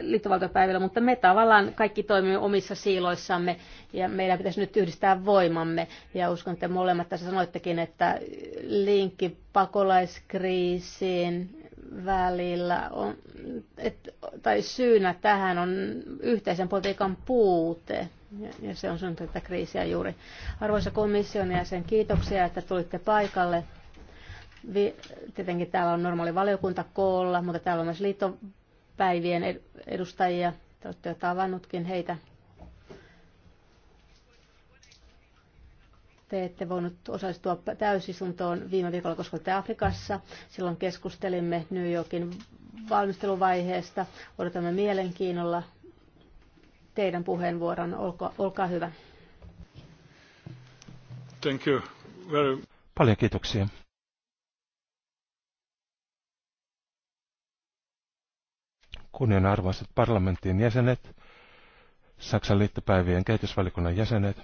liittovaltiopäivillä, mutta me tavallaan kaikki toimimme omissa siiloissamme ja meidän pitäisi nyt yhdistää voimamme. Ja uskon, että molemmat tässä sanoittekin, että linkki pakolaiskriisiin, välillä on, et, tai syynä tähän on yhteisen politiikan puute ja se on syntynyt tätä kriisiä juuri. Arvoisa komission jäsen, kiitoksia, että tulitte paikalle. Tietenkin täällä on normaali valiokunta koolla, mutta täällä on myös liittopäivien edustajia. Te olette jo tavannutkin heitä. Te ette voinut osallistua täysisuntoon viime viikolla, koska olette Afrikassa. Silloin keskustelimme New Yorkin valmisteluvaiheesta. Odotamme mielenkiinnolla teidän puheenvuoron. Olko, olkaa hyvä. Thank you very... Paljon kiitoksia. Kunnianarvoiset parlamentin jäsenet, Saksan liittopäivien kehitysvalikunnan jäsenet,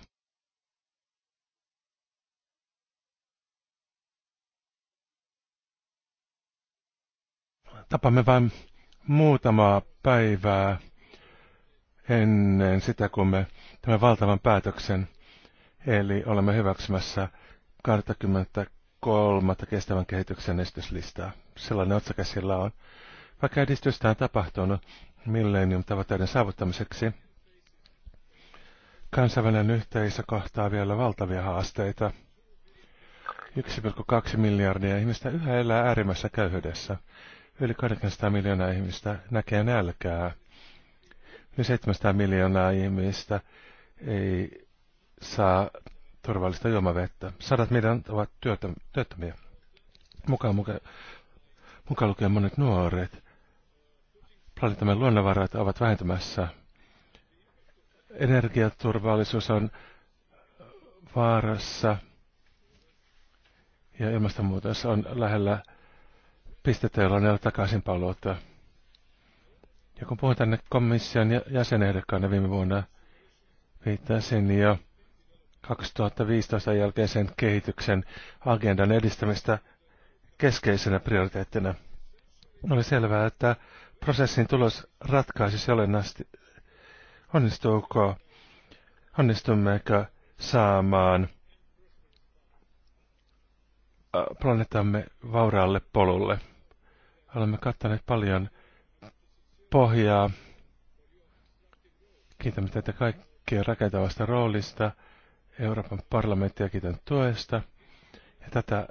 tapamme vain muutamaa päivää ennen sitä, kun me tämän valtavan päätöksen, eli olemme hyväksymässä 23. kestävän kehityksen esityslistaa. Sellainen otsake sillä on. Vaikka edistystä on tapahtunut millennium-tavoitteiden saavuttamiseksi, kansainvälinen yhteisö kohtaa vielä valtavia haasteita. 1,2 miljardia ihmistä yhä elää äärimmäisessä köyhyydessä. Yli 800 miljoonaa ihmistä näkee nälkää. Yli niin 700 miljoonaa ihmistä ei saa turvallista juomavettä. Sadat miljoonat ovat työttömiä. Mukaan, mukaan, mukaan lukien monet nuoret. Planeettamme luonnonvarat ovat vähentymässä. Energiaturvallisuus on vaarassa ja ilmastonmuutos on lähellä pistettä, jolla ne takaisin paluuta. Ja kun puhun tänne komission jäsenehdokkaana viime vuonna, viittasin jo 2015 jälkeisen kehityksen agendan edistämistä keskeisenä prioriteettina. Oli selvää, että prosessin tulos ratkaisisi olennaisesti, onnistuuko, onnistummeko saamaan planeetamme vauraalle polulle. Olemme kattaneet paljon pohjaa. Kiitämme teitä kaikkia rakentavasta roolista, Euroopan parlamenttia kiitän tuesta ja tätä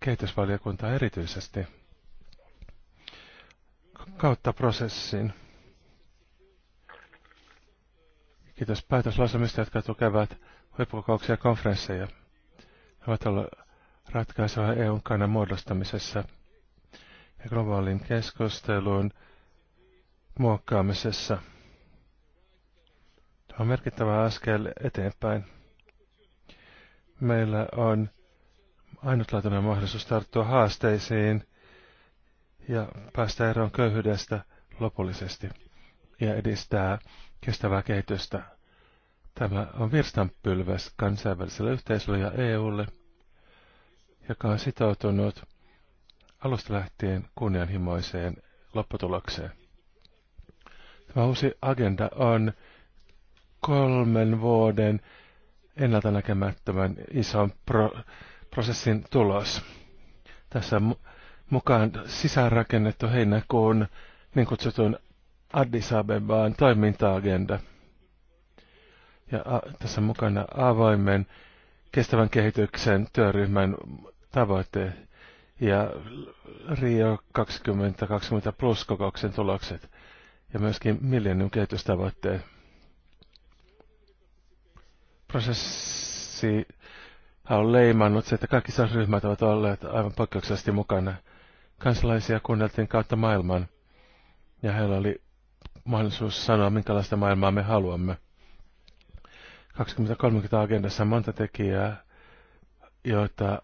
kehitysvaliokuntaa erityisesti kautta prosessin. Kiitos päätöslauselmista, jotka tukevat huippukokouksia ja konferensseja. He ovat olleet ratkaisua EUn kannan muodostamisessa ja globaalin keskusteluun muokkaamisessa. Tämä on merkittävä askel eteenpäin. Meillä on ainutlaatuinen mahdollisuus tarttua haasteisiin ja päästä eroon köyhyydestä lopullisesti ja edistää kestävää kehitystä. Tämä on virstanpylväs kansainväliselle yhteisölle ja EUlle, joka on sitoutunut alusta lähtien kunnianhimoiseen lopputulokseen. Tämä uusi agenda on kolmen vuoden ennalta näkemättömän ison pro- prosessin tulos. Tässä mukaan sisäänrakennettu heinäkuun niin kutsutun Addis Abebaan toiminta-agenda. Ja tässä mukana avoimen kestävän kehityksen työryhmän tavoite ja Rio 2020 plus kokouksen tulokset ja myöskin millennium kehitystavoitteet. Prosessi on leimannut se, että kaikki ryhmät ovat olleet aivan poikkeuksellisesti mukana. Kansalaisia kuunneltiin kautta maailman ja heillä oli mahdollisuus sanoa, minkälaista maailmaa me haluamme. 2030 agendassa on monta tekijää, joita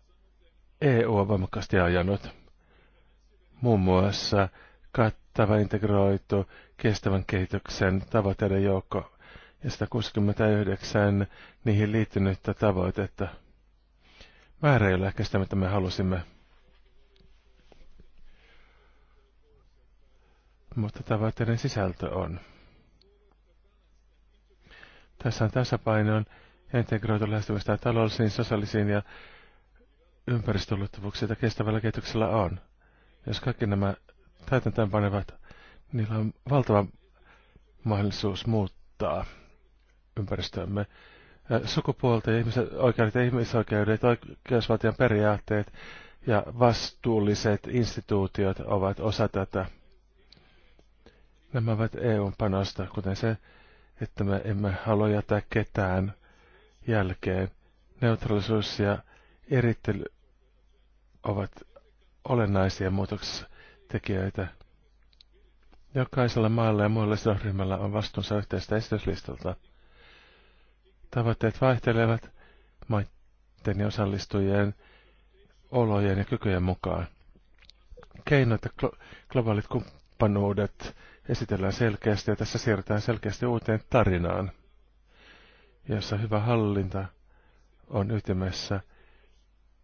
EU on voimakkaasti ajanut. Muun muassa kattava integroitu kestävän kehityksen tavoitteiden joukko ja 169 niihin liittynyttä tavoitetta. Määrä ei ole ehkä sitä, mitä me halusimme. Mutta tavoitteiden sisältö on. Tässä on tasapainoon integroitu lähestymistä taloudellisiin, sosiaalisiin ja ympäristöulottuvuuksiin, joita kestävällä kehityksellä on. Jos kaikki nämä täytäntöön panevat Niillä on valtava mahdollisuus muuttaa ympäristöämme. Sukupuolta ja ihmiset, oikeudet ja ihmisoikeudet, oikeusvaltion periaatteet ja vastuulliset instituutiot ovat osa tätä. Nämä ovat eu panosta, kuten se, että me emme halua jättää ketään jälkeen. Neutraalisuus ja erittely ovat olennaisia muutostekijöitä. Jokaisella maalla ja muilla sidosryhmällä on vastuunsa yhteistä esityslistalta. Tavoitteet vaihtelevat maiden ja osallistujien olojen ja kykyjen mukaan. Keinot ja glo- globaalit kumppanuudet esitellään selkeästi ja tässä siirrytään selkeästi uuteen tarinaan, jossa hyvä hallinta on ytimessä.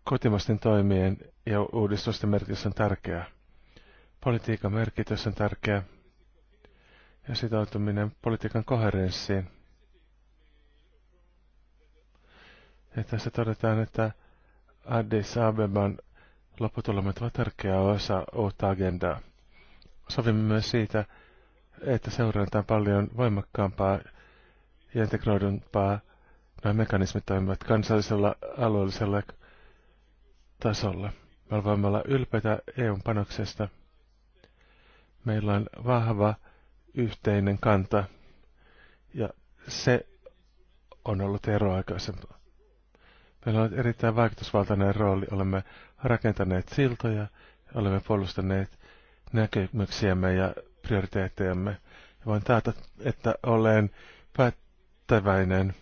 Kotimaisten toimien ja uudistusten merkitys on tärkeää. Politiikan merkitys on tärkeä ja sitoutuminen politiikan koherenssiin. Ja tässä todetaan, että Addis Abeban lopputulemat ovat tärkeä osa uutta agendaa. Sovimme myös siitä, että seurataan paljon voimakkaampaa ja integroidumpaa nämä mekanismit toimivat kansallisella, alueellisella tasolla. Me voimme olla ylpeitä EUn panoksesta. Meillä on vahva yhteinen kanta. Ja se on ollut eroaikaisempaa. Meillä on erittäin vaikutusvaltainen rooli. Olemme rakentaneet siltoja, olemme puolustaneet näkemyksiämme ja prioriteettejamme. Ja voin taata, että olen päättäväinen.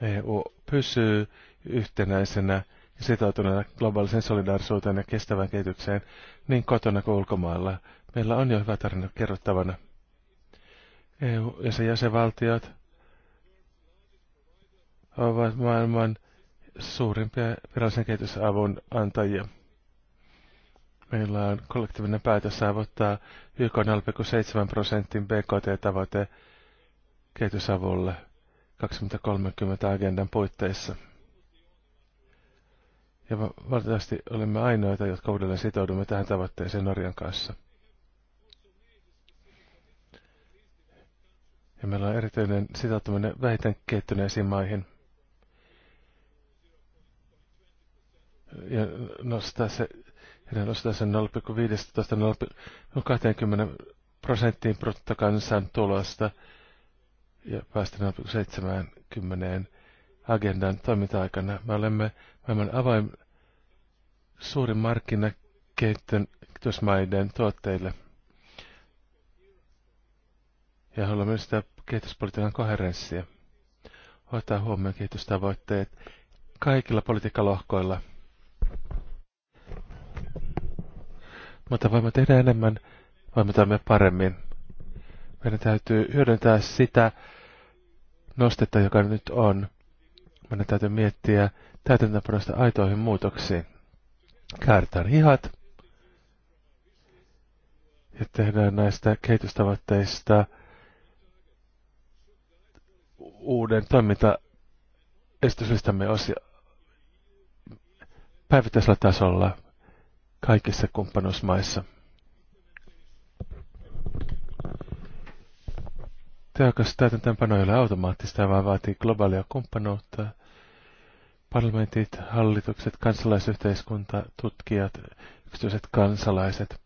EU pysyy yhtenäisenä ja sitoutuneena globaaliseen solidaarisuuteen ja kestävään kehitykseen niin kotona kuin ulkomailla. Meillä on jo hyvä tarina kerrottavana. EU ja sen jäsenvaltiot ovat maailman suurimpia virallisen kehitysavun antajia. Meillä on kollektiivinen päätös saavuttaa YK 0,7 prosentin BKT-tavoite kehitysavulle 2030 agendan puitteissa. Ja valitettavasti olemme ainoita, jotka uudelleen sitoudumme tähän tavoitteeseen Norjan kanssa. Ja meillä on erityinen sitoutuminen vähiten kehittyneisiin maihin. Ja nostaa se, ja nostaa se 0,15-0,20 prosenttiin tulosta ja päästä 0,70 agendan toiminta-aikana. Me olemme maailman avoin suurin markkina maiden tuotteille ja haluamme sitä kehityspolitiikan koherenssia. Ottaa huomioon kehitystavoitteet kaikilla politiikkalohkoilla. Mutta voimme tehdä enemmän, voimme toimia paremmin. Meidän täytyy hyödyntää sitä nostetta, joka nyt on. Meidän täytyy miettiä täytäntöpanosta aitoihin muutoksiin. Kääritään hihat ja tehdään näistä kehitystavoitteista – uuden toiminta esityslistamme osia päivittäisellä tasolla kaikissa kumppanuusmaissa. Tehokas täytäntöönpano ei ole automaattista, vaan vaatii globaalia kumppanuutta. Parlamentit, hallitukset, kansalaisyhteiskunta, tutkijat, yksityiset kansalaiset.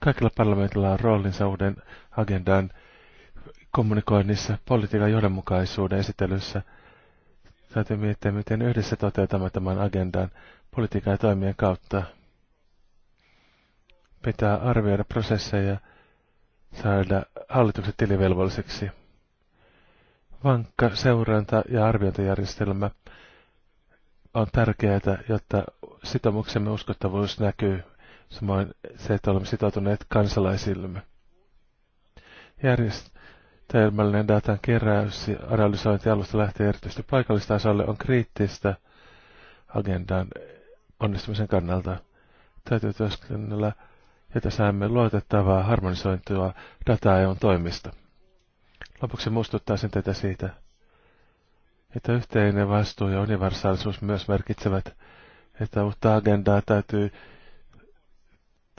Kaikilla parlamentilla on roolinsa uuden agendan kommunikoinnissa, politiikan johdonmukaisuuden esittelyssä täytyy miettiä, miten yhdessä toteutamme tämän agendan politiikan ja toimien kautta. Pitää arvioida prosesseja, saada hallitukset tilivelvolliseksi. Vankka seuranta- ja arviointijärjestelmä on tärkeää, jotta sitoumuksemme uskottavuus näkyy, samoin se, että olemme sitoutuneet kansalaisillemme. Järjest- Teemällinen datan keräys ja analysointi alusta lähtien erityisesti paikallistasolle on kriittistä agendan onnistumisen kannalta. Täytyy työskennellä, että saamme luotettavaa harmonisointua dataa ja on toimista. Lopuksi muistuttaisin teitä siitä, että yhteinen vastuu ja universaalisuus myös merkitsevät, että uutta agendaa täytyy,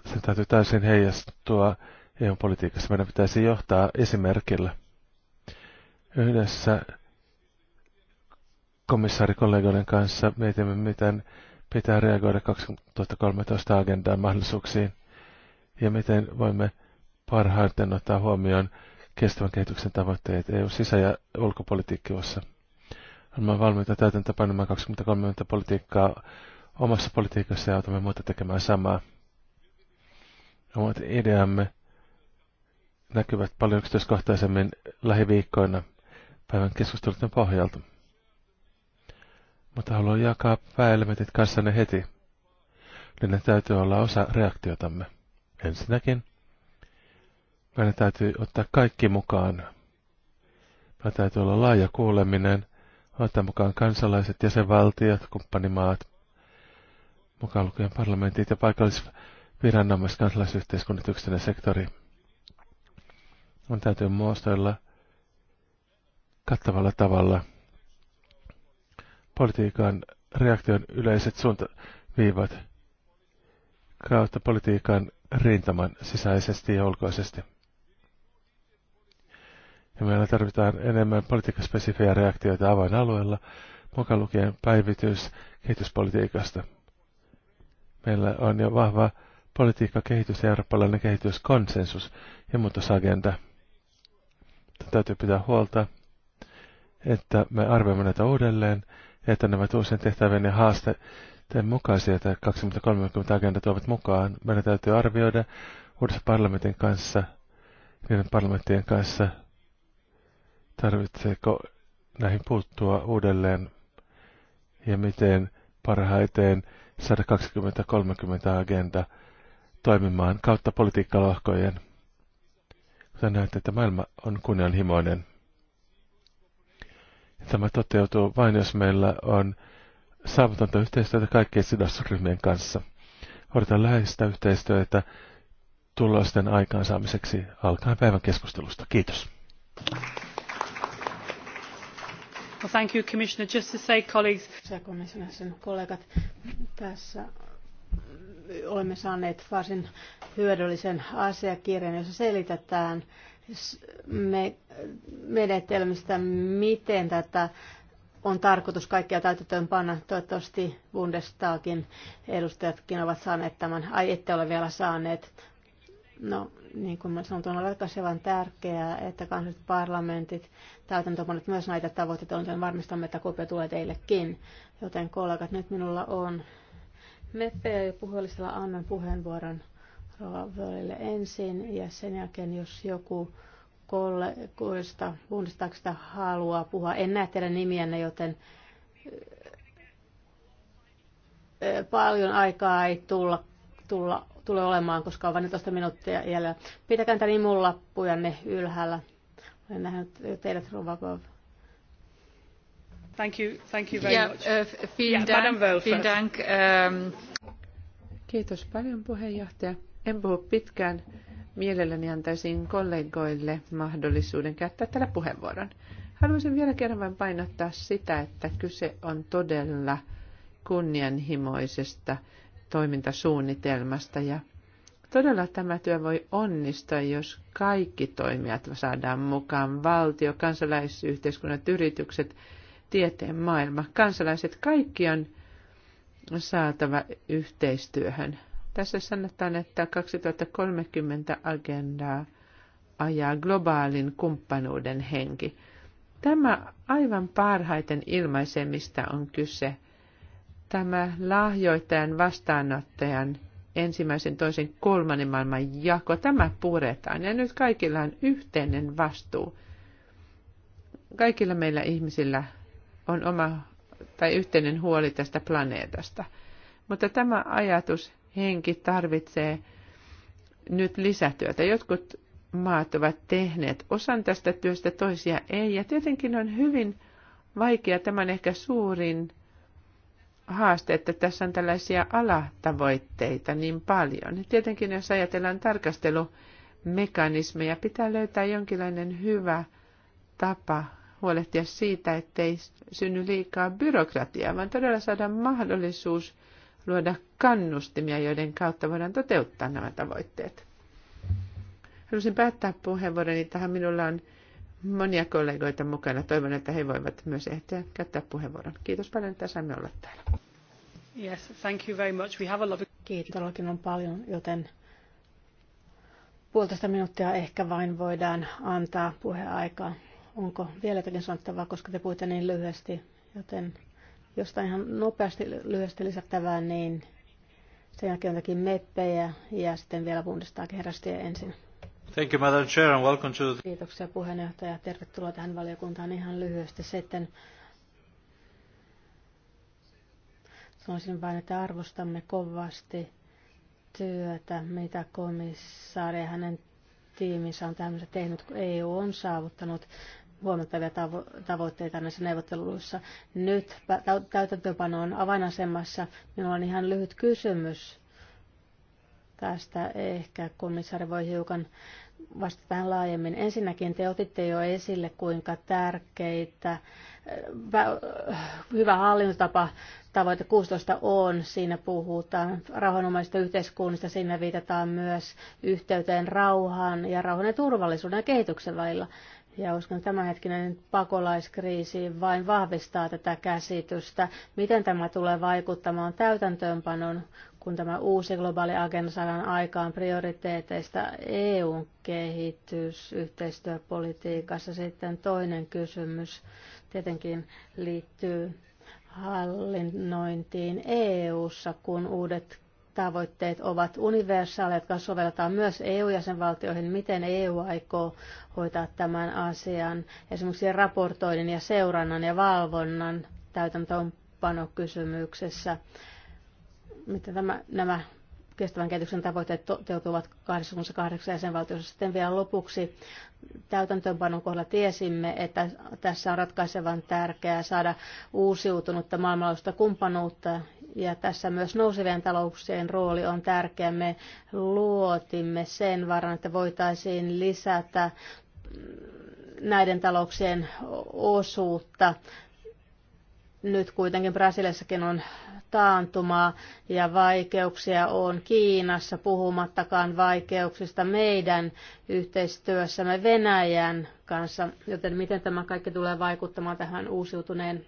sen täytyy täysin heijastua EU-politiikassa. Meidän pitäisi johtaa esimerkillä. Yhdessä komissaarikollegoiden kanssa mietimme, miten pitää reagoida 2013 agendaan mahdollisuuksiin ja miten voimme parhaiten ottaa huomioon kestävän kehityksen tavoitteet EU-sisä- ja ulkopolitiikkiossa. Olemme valmiita täytäntöpanemaan 2030 politiikkaa omassa politiikassa ja autamme muuta tekemään samaa. Omat ideamme näkyvät paljon yksityiskohtaisemmin lähiviikkoina päivän keskustelun pohjalta. Mutta haluan jakaa pääelementit kanssanne heti. Niiden täytyy olla osa reaktiotamme. Ensinnäkin meidän täytyy ottaa kaikki mukaan. Meidän täytyy olla laaja kuuleminen, ottaa mukaan kansalaiset, jäsenvaltiot, kumppanimaat, mukaan lukien parlamentit ja paikallisviranomaiset, kansalaisyhteiskunnat, yksityinen sektori – on täytyy muostoilla kattavalla tavalla politiikan reaktion yleiset suuntaviivat kautta politiikan rintaman sisäisesti ja ulkoisesti. Ja meillä tarvitaan enemmän politiikkaspesifiä reaktioita avainalueella, mukaan lukien päivitys kehityspolitiikasta. Meillä on jo vahva politiikka, kehitys ja eurooppalainen kehityskonsensus ja muutosagenda – täytyy pitää huolta, että me arvioimme näitä uudelleen, että nämä uusien tehtävien ja haasteiden mukaisia, että 2030 agenda tuovat mukaan. Meidän täytyy arvioida uudessa parlamentin kanssa, niiden parlamenttien kanssa, tarvitseeko näihin puuttua uudelleen ja miten parhaiten 120-30 agenda toimimaan kautta politiikkalohkojen. Kuten näette, että maailma on kunnianhimoinen. tämä toteutuu vain, jos meillä on saavutonta yhteistyötä kaikkien sidosryhmien kanssa. Odotan läheistä yhteistyötä tulosten aikaansaamiseksi alkaen päivän keskustelusta. Kiitos. Well, thank you, Commissioner. Just to say, colleagues, kollegat, tässä olemme saaneet varsin hyödyllisen asiakirjan, jossa selitetään me, menetelmistä, miten tätä on tarkoitus kaikkia täytettyön panna. Toivottavasti Bundestagin edustajatkin ovat saaneet tämän. Ai, ette ole vielä saaneet. No, niin kuin mä sanoin, on ratkaisevan tärkeää, että kansalliset parlamentit täytäntöönpanet myös näitä tavoitteita on, sen varmistamme, että kopio tulee teillekin. Joten kollegat, nyt minulla on MEP-puhujallistalla annan puheenvuoron Völille ensin ja sen jälkeen, jos joku kollegoista Bundestagista haluaa puhua. En näe teidän nimiänne, joten paljon aikaa ei tulla, tulla, tule olemaan, koska on vain 14 minuuttia jäljellä. Pitäkää niitä nimulappujanne ylhäällä. Olen nähnyt teidät, Ruvapov. Ja, ähm. Kiitos paljon puheenjohtaja. En puhu pitkään. Mielelläni antaisin kollegoille mahdollisuuden käyttää tällä puheenvuoron. Haluaisin vielä kerran vain painottaa sitä, että kyse on todella kunnianhimoisesta toimintasuunnitelmasta ja todella tämä työ voi onnistua, jos kaikki toimijat saadaan mukaan, valtio, kansalaisyhteiskunnat, yritykset, tieteen maailma. Kansalaiset kaikki on saatava yhteistyöhön. Tässä sanotaan, että 2030 agendaa ajaa globaalin kumppanuuden henki. Tämä aivan parhaiten ilmaisemista on kyse. Tämä lahjoittajan vastaanottajan ensimmäisen, toisen, kolmannen maailman jako, tämä puretaan. Ja nyt kaikilla on yhteinen vastuu. Kaikilla meillä ihmisillä on oma tai yhteinen huoli tästä planeetasta. Mutta tämä ajatus henki tarvitsee nyt lisätyötä. Jotkut maat ovat tehneet osan tästä työstä, toisia ei. Ja tietenkin on hyvin vaikea, tämän ehkä suurin haaste, että tässä on tällaisia alatavoitteita niin paljon. Tietenkin jos ajatellaan tarkastelumekanismeja, pitää löytää jonkinlainen hyvä tapa huolehtia siitä, ettei synny liikaa byrokratiaa, vaan todella saada mahdollisuus luoda kannustimia, joiden kautta voidaan toteuttaa nämä tavoitteet. Haluaisin päättää puheenvuoroni tähän. Minulla on monia kollegoita mukana. Toivon, että he voivat myös ehtiä käyttää puheenvuoron. Kiitos paljon, että saimme olla täällä. Yes, thank you very much. We have a lot of... Kiitos, todellakin on paljon, joten puolitoista minuuttia ehkä vain voidaan antaa puheaikaa. Onko vielä jotakin sanottavaa, koska te puhuitte niin lyhyesti, joten jostain ihan nopeasti lyhyesti lisättävää, niin sen jälkeen jotakin meppejä ja sitten vielä Bundestagin herästiä ensin. Thank you, Madam Chair, and welcome to the... Kiitoksia puheenjohtaja. Tervetuloa tähän valiokuntaan ihan lyhyesti sitten. Sanoisin vain, että arvostamme kovasti työtä, mitä komissaari ja hänen tiiminsä on tämmöistä tehnyt, kun EU on saavuttanut huomattavia tavo- tavoitteita näissä neuvotteluissa. Nyt täytäntöpano on avainasemassa. Minulla on ihan lyhyt kysymys tästä. Ehkä komissaari voi hiukan vastata tähän laajemmin. Ensinnäkin te otitte jo esille, kuinka tärkeitä hyvä hallintotapa tavoite 16 on. Siinä puhutaan rauhanomaisista yhteiskunnista. Siinä viitataan myös yhteyteen rauhaan ja rauhan ja turvallisuuden ja kehityksen välillä. Ja uskon, että tämänhetkinen pakolaiskriisi vain vahvistaa tätä käsitystä, miten tämä tulee vaikuttamaan täytäntöönpanon, kun tämä uusi globaali agenda saadaan aikaan prioriteeteista EUn kehitys-yhteistyöpolitiikassa? Sitten toinen kysymys tietenkin liittyy hallinnointiin EU:ssa, kun uudet tavoitteet ovat universaaleja, jotka sovelletaan myös EU-jäsenvaltioihin. Miten EU aikoo hoitaa tämän asian, esimerkiksi raportoinnin ja seurannan ja valvonnan täytäntöönpanokysymyksessä? Miten tämä, nämä kestävän kehityksen tavoitteet toteutuvat 28 jäsenvaltiossa. Sitten vielä lopuksi täytäntöönpanon kohdalla tiesimme, että tässä on ratkaisevan tärkeää saada uusiutunutta maailmanlaajuista kumppanuutta, ja tässä myös nousevien talouksien rooli on tärkeä. Me luotimme sen varan, että voitaisiin lisätä näiden talouksien osuutta. Nyt kuitenkin Brasiliassakin on taantumaa ja vaikeuksia on Kiinassa, puhumattakaan vaikeuksista meidän yhteistyössämme Venäjän kanssa. Joten miten tämä kaikki tulee vaikuttamaan tähän uusiutuneen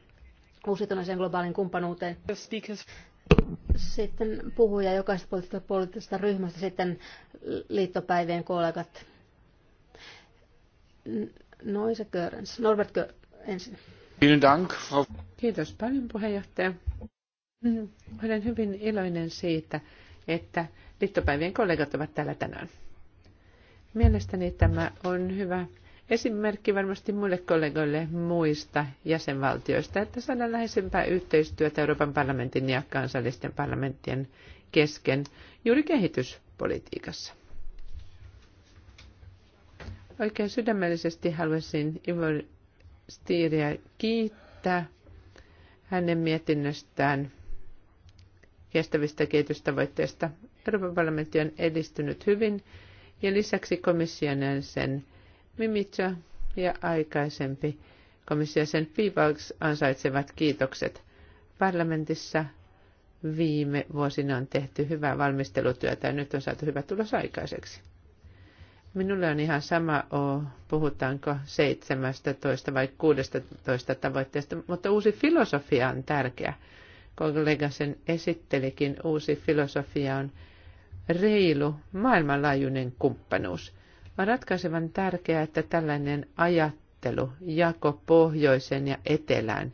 uusituneeseen globaalin kumppanuuteen. Sitten puhuja jokaisesta poliittisesta, poliittisesta ryhmästä, sitten liittopäivien kollegat. Noise Görens. Norbert Gör, ensin. Kiitos paljon puheenjohtaja. Olen hyvin iloinen siitä, että liittopäivien kollegat ovat täällä tänään. Mielestäni tämä on hyvä esimerkki varmasti muille kollegoille muista jäsenvaltioista, että saadaan läheisempää yhteistyötä Euroopan parlamentin ja kansallisten parlamenttien kesken juuri kehityspolitiikassa. Oikein sydämellisesti haluaisin Ivo Stiiriä kiittää hänen mietinnöstään kestävistä kehitystavoitteista. Euroopan parlamentti on edistynyt hyvin ja lisäksi komission sen Mimitsa ja aikaisempi komissiosen Piipaus ansaitsevat kiitokset. Parlamentissa viime vuosina on tehty hyvää valmistelutyötä ja nyt on saatu hyvä tulos aikaiseksi. Minulle on ihan sama, oo, puhutaanko 17 vai 16 tavoitteesta, mutta uusi filosofia on tärkeä. Kollega sen esittelikin, uusi filosofia on reilu maailmanlaajuinen kumppanuus – on ratkaisevan tärkeää, että tällainen ajattelu, jako pohjoisen ja etelän,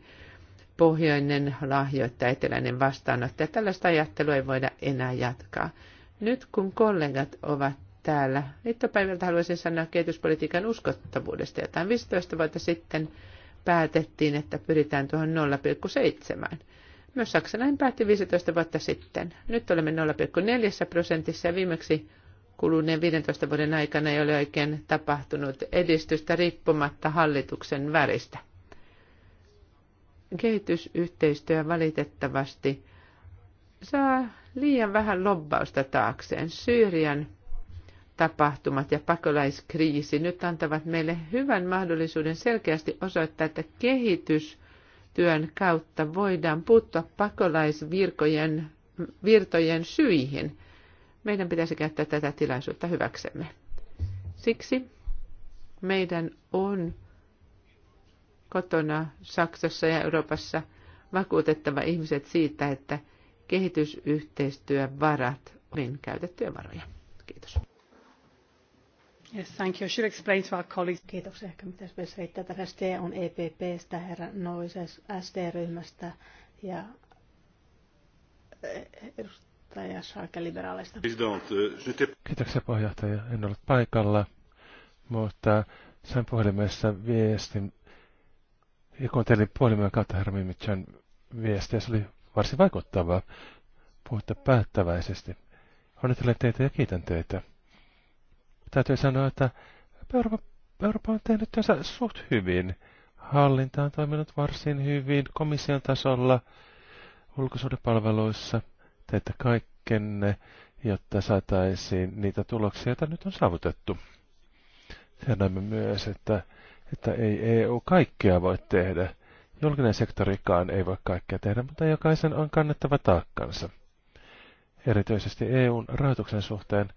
pohjoinen lahjoittaa eteläinen vastaanottaja, tällaista ajattelua ei voida enää jatkaa. Nyt kun kollegat ovat täällä, liittopäivältä haluaisin sanoa kehityspolitiikan uskottavuudesta. Jotain 15 vuotta sitten päätettiin, että pyritään tuohon 0,7. Myös Saksa näin päätti 15 vuotta sitten. Nyt olemme 0,4 prosentissa ja viimeksi kuluneen 15 vuoden aikana ei ole oikein tapahtunut edistystä riippumatta hallituksen väristä. Kehitysyhteistyö valitettavasti saa liian vähän lobbausta taakseen. Syyrian tapahtumat ja pakolaiskriisi nyt antavat meille hyvän mahdollisuuden selkeästi osoittaa, että kehitystyön kautta voidaan puuttua pakolaisvirtojen syihin – meidän pitäisi käyttää tätä tilaisuutta hyväksemme. Siksi meidän on kotona Saksassa ja Euroopassa vakuutettava ihmiset siitä, että kehitysyhteistyövarat ovat käytettyjä varoja. Kiitos. Yes, thank you. I should explain to our colleagues. Kiitoksia. Ehkä mitä riittää. tässä ST on EPPstä, herra Noises SD-ryhmästä ja eh, puheenjohtaja Schalke liberaaleista. Euh, Kiitoksia puheenjohtaja. En ollut paikalla, mutta sain puhelimessa viestin ja kuuntelin puhelimen kautta herra Mimitsan viestiä. Se oli varsin vaikuttavaa. Puhutte päättäväisesti. Onnittelen teitä ja kiitän teitä. Täytyy sanoa, että Euroopan Euroopan on tehnyt työnsä suht hyvin. Hallinta on toiminut varsin hyvin komission tasolla, ulkosuhdepalveluissa – teette kaikkenne, jotta saataisiin niitä tuloksia, joita nyt on saavutettu. näemme myös, että, että ei EU kaikkea voi tehdä. Julkinen sektorikaan ei voi kaikkea tehdä, mutta jokaisen on kannettava taakkansa. Erityisesti EUn rahoituksen suhteen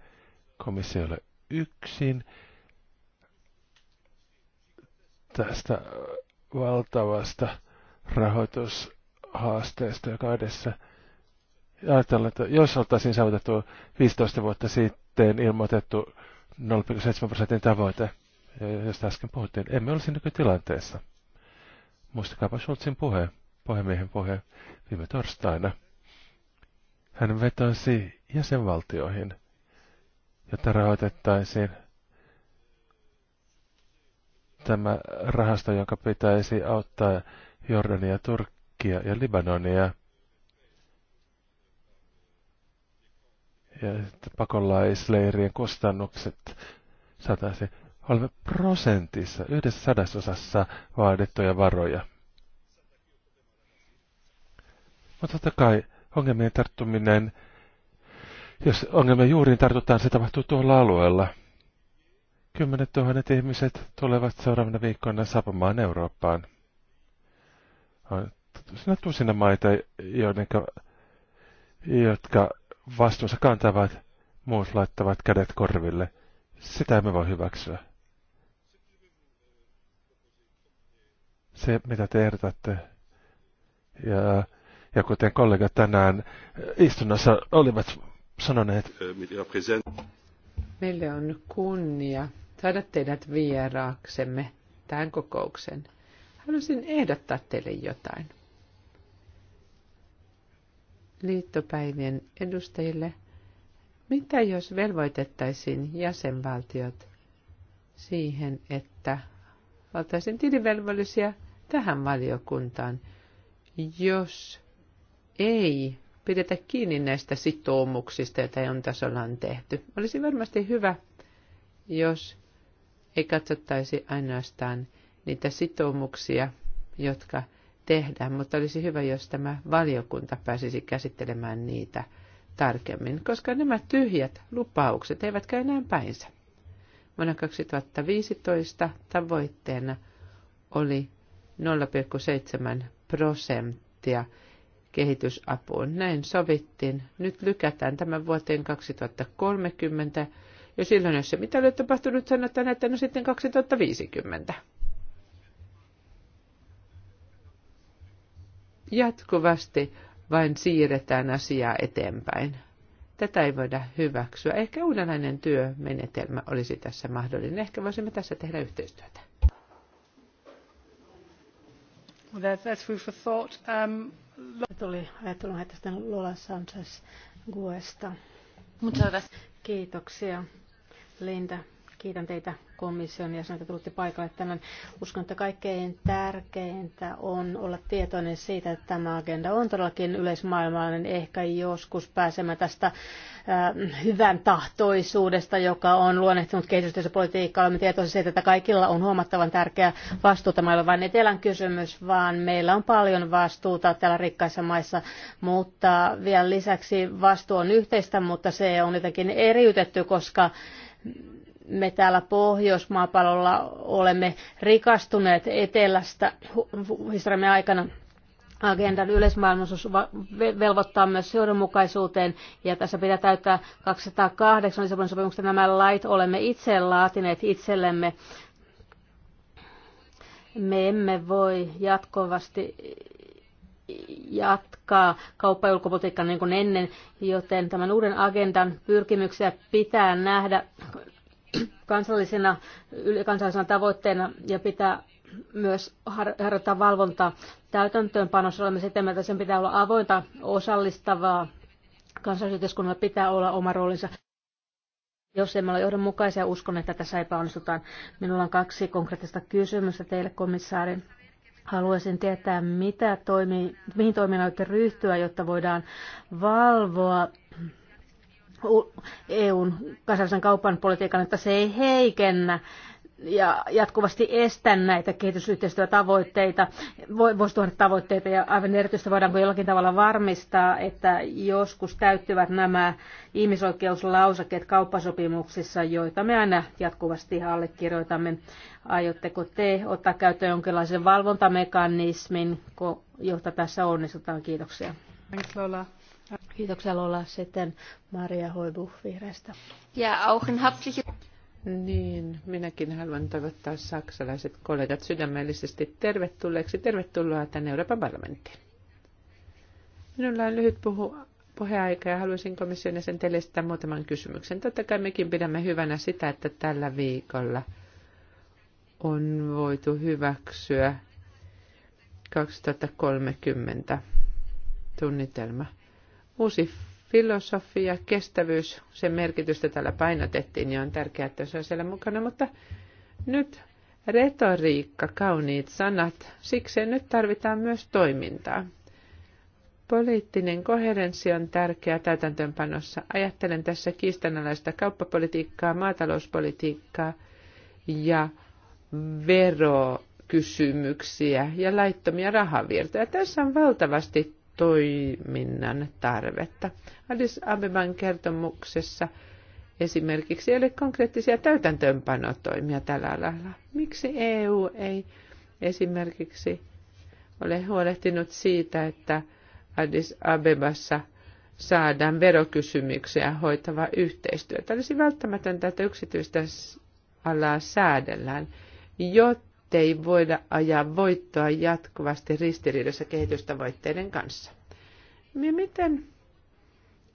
komissiolle yksin tästä valtavasta rahoitushaasteesta, joka edessä – ajatellaan, että jos oltaisiin saavutettu 15 vuotta sitten ilmoitettu 0,7 prosentin tavoite, eh, josta äsken puhuttiin, emme olisi nykytilanteessa. Muistakaapa Schulzin puhe, puhemiehen puhe viime torstaina. Hän vetosi jäsenvaltioihin, jotta rahoitettaisiin tämä rahasto, jonka pitäisi auttaa Jordania, Turkkia ja Libanonia – ja pakolaisleirien kustannukset saataisiin. Olemme prosentissa, yhdessä sadasosassa vaadittuja varoja. Mutta totta kai ongelmien tarttuminen, jos ongelmien juuriin tartutaan, se tapahtuu tuolla alueella. Kymmenet tuhannet ihmiset tulevat seuraavana viikkoina saapumaan Eurooppaan. On sinä tusina maita, joiden, jotka vastuunsa kantavat, muut laittavat kädet korville. Sitä emme voi hyväksyä. Se, mitä te ehdotatte, ja, ja kuten kollegat tänään istunnossa olivat sanoneet. Meille on kunnia saada teidät vieraaksemme tämän kokouksen, Haluaisin ehdottaa teille jotain liittopäivien edustajille, mitä jos velvoitettaisiin jäsenvaltiot siihen, että oltaisiin tilivelvollisia tähän valiokuntaan, jos ei pidetä kiinni näistä sitoumuksista, joita on tasolla on tehty. Olisi varmasti hyvä, jos ei katsottaisi ainoastaan niitä sitoumuksia, jotka – tehdään, mutta olisi hyvä, jos tämä valiokunta pääsisi käsittelemään niitä tarkemmin, koska nämä tyhjät lupaukset eivät käy enää päinsä. Vuonna 2015 tavoitteena oli 0,7 prosenttia kehitysapuun. Näin sovittiin. Nyt lykätään tämän vuoteen 2030. Ja silloin, jos se mitä oli tapahtunut, sanotaan, että no sitten 2050. jatkuvasti vain siirretään asiaa eteenpäin. Tätä ei voida hyväksyä. Ehkä uudenlainen työmenetelmä olisi tässä mahdollinen. Ehkä voisimme tässä tehdä yhteistyötä. Well, that's food for thought. Um, tuli ajattelun tästä Lola Sanchez Guesta. Kiitoksia, Linda. Kiitän teitä komission ja että tulitte paikalle tänään. Uskon, että kaikkein tärkeintä on olla tietoinen siitä, että tämä agenda on todellakin yleismaailmallinen. Ehkä joskus pääsemme tästä äh, hyvän tahtoisuudesta, joka on kehitystyössä politiikkaa. Olemme tietoisia siitä, että kaikilla on huomattavan tärkeä vastuu. Tämä ei ole vain etelän kysymys, vaan meillä on paljon vastuuta täällä rikkaissa maissa. Mutta vielä lisäksi vastuu on yhteistä, mutta se on jotenkin eriytetty, koska me täällä Pohjoismaapallolla olemme rikastuneet etelästä historiamme aikana. Agendan yleismaailmallisuus velvoittaa myös johdonmukaisuuteen ja tässä pitää täyttää 208 Lissabonin sopimuksesta nämä lait olemme itse laatineet itsellemme. Me emme voi jatkuvasti jatkaa kauppa- ja niin kuin ennen, joten tämän uuden agendan pyrkimyksiä pitää nähdä kansallisena ylikansallisena tavoitteena ja pitää myös harjoittaa valvontaa täytäntöönpanossa. Olemme sitä mieltä, sen pitää olla avointa, osallistavaa. Kansallisyhteiskunnalla pitää olla oma roolinsa. Jos emme ole johdonmukaisia, uskon, että tässä epäonnistutaan. Minulla on kaksi konkreettista kysymystä teille, komissaari. Haluaisin tietää, mitä toimi, mihin toimiin ryhtyä, jotta voidaan valvoa EUn kansallisen kaupan politiikan, että se ei heikennä ja jatkuvasti estä näitä kehitysyhteistyötavoitteita, tavoitteita ja aivan erityisesti voidaanko jollakin tavalla varmistaa, että joskus täyttyvät nämä ihmisoikeuslausakkeet kauppasopimuksissa, joita me aina jatkuvasti allekirjoitamme. Aiotteko te ottaa käyttöön jonkinlaisen valvontamekanismin, jotta tässä onnistutaan? Kiitoksia. Thanks, Lola. Kiitoksia Lola. Sitten Maria Hoibu vihreästä. Ja auchen herzliche... Niin, minäkin haluan toivottaa saksalaiset kollegat sydämellisesti tervetulleeksi. Tervetuloa tänne Euroopan parlamenttiin. Minulla on lyhyt puhu, puheaika ja haluaisin komission jäsentelle esittää muutaman kysymyksen. Totta kai mekin pidämme hyvänä sitä, että tällä viikolla on voitu hyväksyä 2030 tunnitelma uusi filosofia, kestävyys, sen merkitystä täällä painotettiin niin on tärkeää, että se on siellä mukana, mutta nyt retoriikka, kauniit sanat, siksi nyt tarvitaan myös toimintaa. Poliittinen koherenssi on tärkeä täytäntöönpanossa. Ajattelen tässä kiistanalaista kauppapolitiikkaa, maatalouspolitiikkaa ja verokysymyksiä ja laittomia rahavirtoja. Tässä on valtavasti toiminnan tarvetta. Addis Abeban kertomuksessa esimerkiksi ei ole konkreettisia täytäntöönpanotoimia tällä alalla. Miksi EU ei esimerkiksi ole huolehtinut siitä, että Addis Abebassa saadaan verokysymyksiä hoitava yhteistyötä. Olisi välttämätöntä, että yksityistä alaa säädellään, jotta ettei voida ajaa voittoa jatkuvasti ristiriidassa kehitystavoitteiden kanssa. Ja miten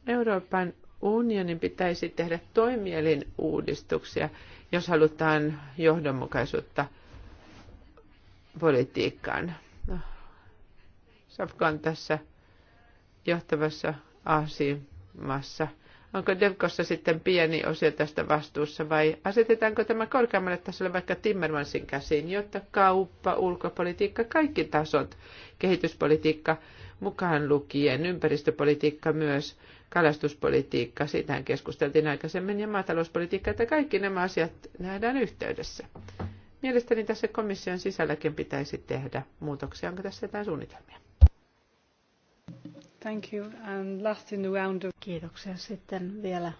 Euroopan unionin pitäisi tehdä toimielin uudistuksia, jos halutaan johdonmukaisuutta politiikkaan? No, Safka on tässä johtavassa asemassa – Onko Devkossa sitten pieni osio tästä vastuussa vai asetetaanko tämä korkeammalle tasolle vaikka Timmermansin käsiin, jotta kauppa, ulkopolitiikka, kaikki tasot, kehityspolitiikka mukaan lukien, ympäristöpolitiikka myös, kalastuspolitiikka, sitähän keskusteltiin aikaisemmin, ja maatalouspolitiikka, että kaikki nämä asiat nähdään yhteydessä. Mielestäni tässä komission sisälläkin pitäisi tehdä muutoksia. Onko tässä jotain suunnitelmia? Thank you. And last in the round of... Kiitoksia sitten vielä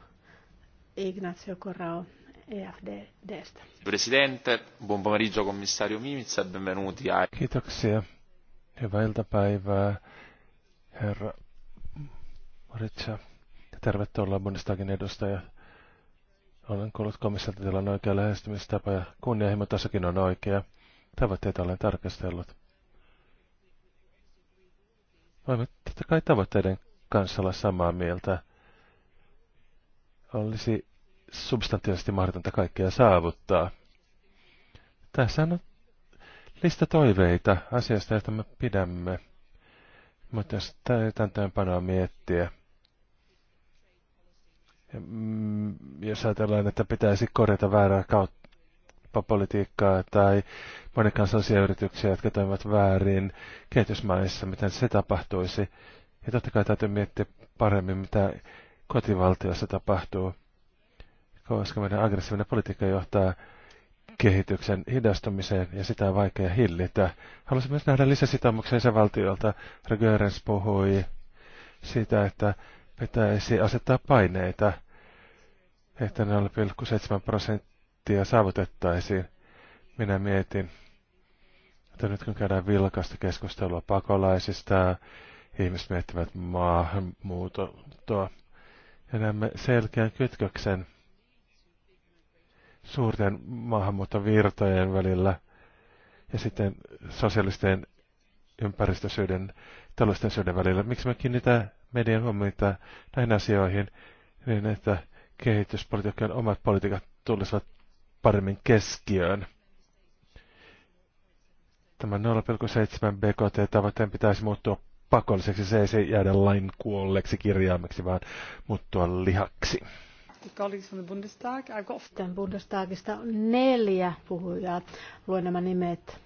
Ignazio Corrao EFDstä. Presidente, buon pomeriggio commissario Mimic ja benvenuti a... Kiitoksia. Hyvää iltapäivää, herra Maritsa. Tervetuloa Bundestagin edustaja. Olen kuullut komissiolta, teillä on oikea lähestymistapa ja kunnianhimo tässäkin on oikea. Tavoitteita olen tarkastellut. Voimme totta kai tavoitteiden kanssa olla samaa mieltä. Olisi substantiaalisesti mahdotonta kaikkea saavuttaa. Tässä on lista toiveita asiasta, joita me pidämme. Mutta jos täytäntöönpanoa miettiä, ja, mm, jos ajatellaan, että pitäisi korjata väärää kautta, kauppapolitiikkaa tai monikansallisia yrityksiä, jotka toimivat väärin kehitysmaissa, miten se tapahtuisi. Ja totta kai täytyy miettiä paremmin, mitä kotivaltiossa tapahtuu, koska meidän aggressiivinen politiikka johtaa kehityksen hidastumiseen ja sitä on vaikea hillitä. Haluaisin myös nähdä lisäsitoumuksen isävaltiolta. Ragörens puhui siitä, että pitäisi asettaa paineita, että 0,7 prosenttia ja saavutettaisiin. Minä mietin, että nyt kun käydään vilkasta keskustelua pakolaisista, ihmiset miettivät maahanmuuttoa, ja näemme selkeän kytköksen suurten maahanmuuttovirtojen välillä ja sitten sosiaalisten ympäristösyyden, taloudellisten syyden välillä. Miksi me kiinnitämme median huomiota näihin asioihin niin, että kehityspolitiikan omat politiikat tulisivat paremmin keskiöön. Tämä 0,7 BKT-tavoitteen pitäisi muuttua pakolliseksi. Se ei jäädä lain kuolleeksi kirjaimeksi, vaan muuttua lihaksi. Bundestag. Sitten Bundestagista neljä puhujaa. Luen nämä nimet.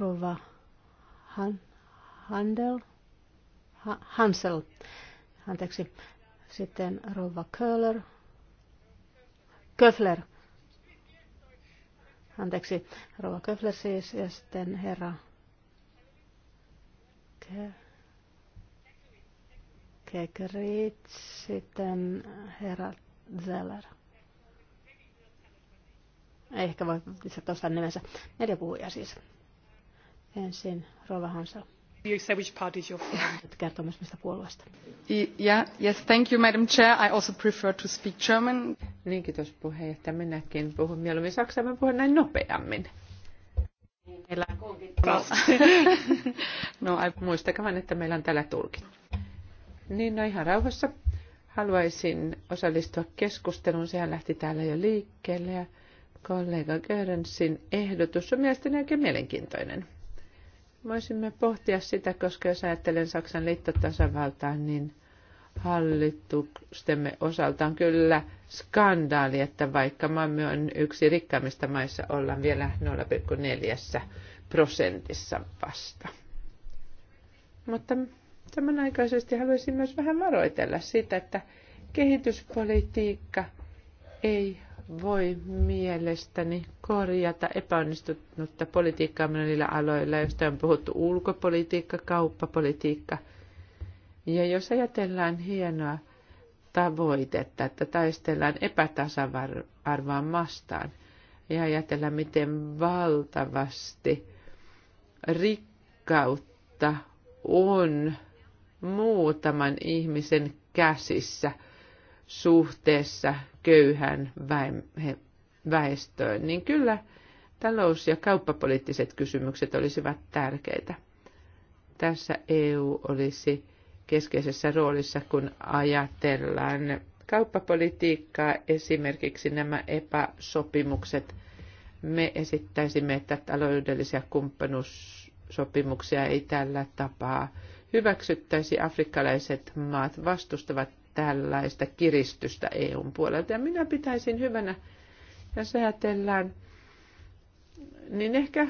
Rova Han, Handel, ha, Hansel, anteeksi. Sitten Rova Köhler, Köhler. Anteeksi, Rova Köfler siis ja sitten herra Kekrit, sitten herra Zeller. Ehkä voi itse tuosta nimensä. Neljä puhujaa siis. Ensin Rova Hansel. Which party is your <laughs> friend? Kertomus mistä puolueesta. Yeah, yes, thank you, Madam Chair. I also prefer to speak German. Niin, kiitos puheenjohtaja. Minäkin puhun mieluummin saksaa, mä puhun näin nopeammin. Meillä on kunkin No, <laughs> no muistakaa että meillä on täällä tulkin. Niin, no ihan rauhassa. Haluaisin osallistua keskusteluun. Sehän lähti täällä jo liikkeelle ja kollega Görensin ehdotus on mielestäni oikein mielenkiintoinen. Voisimme pohtia sitä, koska jos ajattelen Saksan liittotasavaltaa, niin hallitustemme osalta on kyllä skandaali, että vaikka maamme on yksi rikkaimmista maissa, ollaan vielä 0,4 prosentissa vasta. Mutta samanaikaisesti haluaisin myös vähän varoitella sitä, että kehityspolitiikka ei voi mielestäni korjata epäonnistunutta politiikkaa monilla aloilla, joista on puhuttu ulkopolitiikka, kauppapolitiikka. Ja jos ajatellaan hienoa tavoitetta, että taistellaan epätasa-arvoa vastaan ja ajatellaan, miten valtavasti rikkautta on muutaman ihmisen käsissä – suhteessa köyhän väestöön, niin kyllä talous- ja kauppapoliittiset kysymykset olisivat tärkeitä. Tässä EU olisi keskeisessä roolissa, kun ajatellaan kauppapolitiikkaa, esimerkiksi nämä epäsopimukset. Me esittäisimme, että taloudellisia kumppanuussopimuksia ei tällä tapaa hyväksyttäisi. Afrikkalaiset maat vastustavat tällaista kiristystä EUn puolelta. Ja minä pitäisin hyvänä, jos ajatellaan, niin ehkä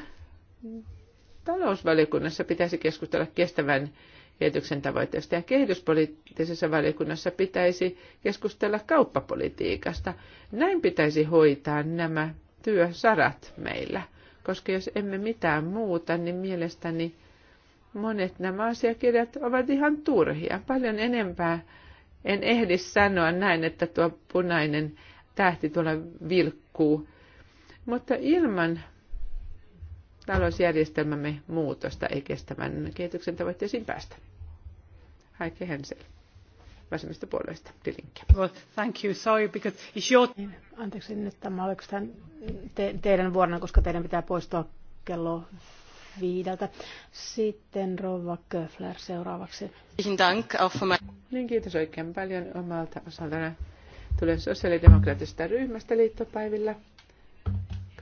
talousvaliokunnassa pitäisi keskustella kestävän kehityksen tavoitteesta ja kehityspoliittisessa valiokunnassa pitäisi keskustella kauppapolitiikasta. Näin pitäisi hoitaa nämä työsarat meillä, koska jos emme mitään muuta, niin mielestäni monet nämä asiakirjat ovat ihan turhia. Paljon enempää en ehdi sanoa näin, että tuo punainen tähti tuolla vilkkuu, mutta ilman talousjärjestelmämme muutosta ei kestävän kehityksen tavoitteisiin päästä. Heike Hensel vasemmista puolueista. Dilinkki. Well, thank you. Sorry, because it's your... Anteeksi, nyt tämä oliko tämän te, teidän vuorona, koska teidän pitää poistua kello viideltä. Sitten Rova Köfler seuraavaksi. Niin, kiitos oikein paljon omalta osaltani. Tulen sosiaalidemokraattisesta ryhmästä liittopäivillä.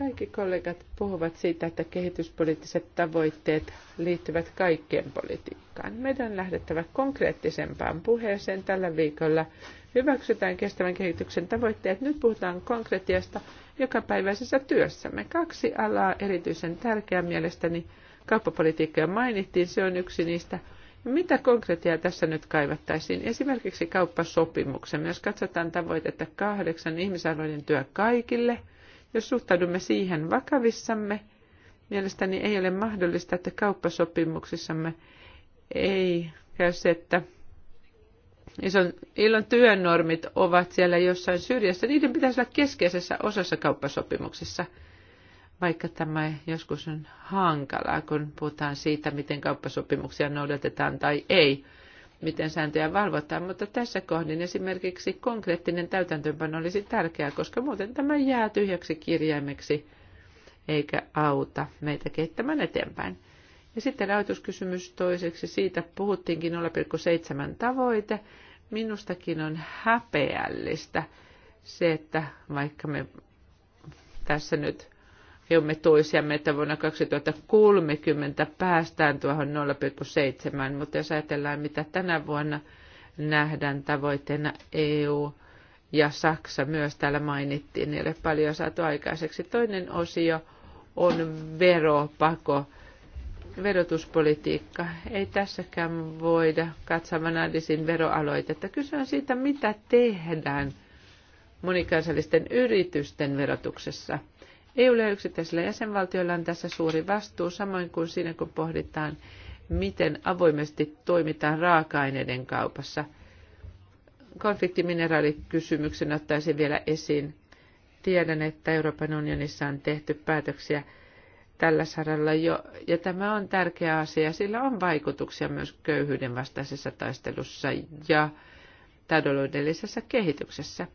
Kaikki kollegat puhuvat siitä, että kehityspoliittiset tavoitteet liittyvät kaikkeen politiikkaan. Meidän on lähdettävä konkreettisempaan puheeseen tällä viikolla. Hyväksytään kestävän kehityksen tavoitteet. Nyt puhutaan konkretiasta jokapäiväisessä työssämme. Kaksi alaa erityisen tärkeää mielestäni. Kauppapolitiikka jo mainittiin, se on yksi niistä. Mitä konkretiaa tässä nyt kaivattaisiin? Esimerkiksi kauppasopimuksen. Jos katsotaan tavoitetta kahdeksan ihmisarvoinen työ kaikille – jos suhtaudumme siihen vakavissamme, mielestäni ei ole mahdollista, että kauppasopimuksissamme ei käy se, että ison, ilon työnormit ovat siellä jossain syrjässä. Niiden pitäisi olla keskeisessä osassa kauppasopimuksissa, vaikka tämä joskus on hankalaa, kun puhutaan siitä, miten kauppasopimuksia noudatetaan tai ei – miten sääntöjä valvotaan, mutta tässä kohdin esimerkiksi konkreettinen täytäntöönpano olisi tärkeää, koska muuten tämä jää tyhjäksi kirjaimeksi eikä auta meitä kehittämään eteenpäin. Ja sitten rahoituskysymys toiseksi, siitä puhuttiinkin 0,7 tavoite. Minustakin on häpeällistä se, että vaikka me tässä nyt hiomme toisiamme, että vuonna 2030 päästään tuohon 0,7, mutta jos ajatellaan, mitä tänä vuonna nähdään tavoitteena EU ja Saksa myös täällä mainittiin, niin ei ole paljon saatu aikaiseksi. Toinen osio on veropako, verotuspolitiikka. Ei tässäkään voida katsoa Vanadisin veroaloitetta. Kyse on siitä, mitä tehdään monikansallisten yritysten verotuksessa – EUlla ja yksittäisillä jäsenvaltioilla on tässä suuri vastuu, samoin kuin siinä kun pohditaan, miten avoimesti toimitaan raaka-aineiden kaupassa. Konfliktimineraalikysymyksen ottaisin vielä esiin. Tiedän, että Euroopan unionissa on tehty päätöksiä tällä saralla jo, ja tämä on tärkeä asia. Sillä on vaikutuksia myös köyhyyden vastaisessa taistelussa ja taloudellisessa kehityksessä.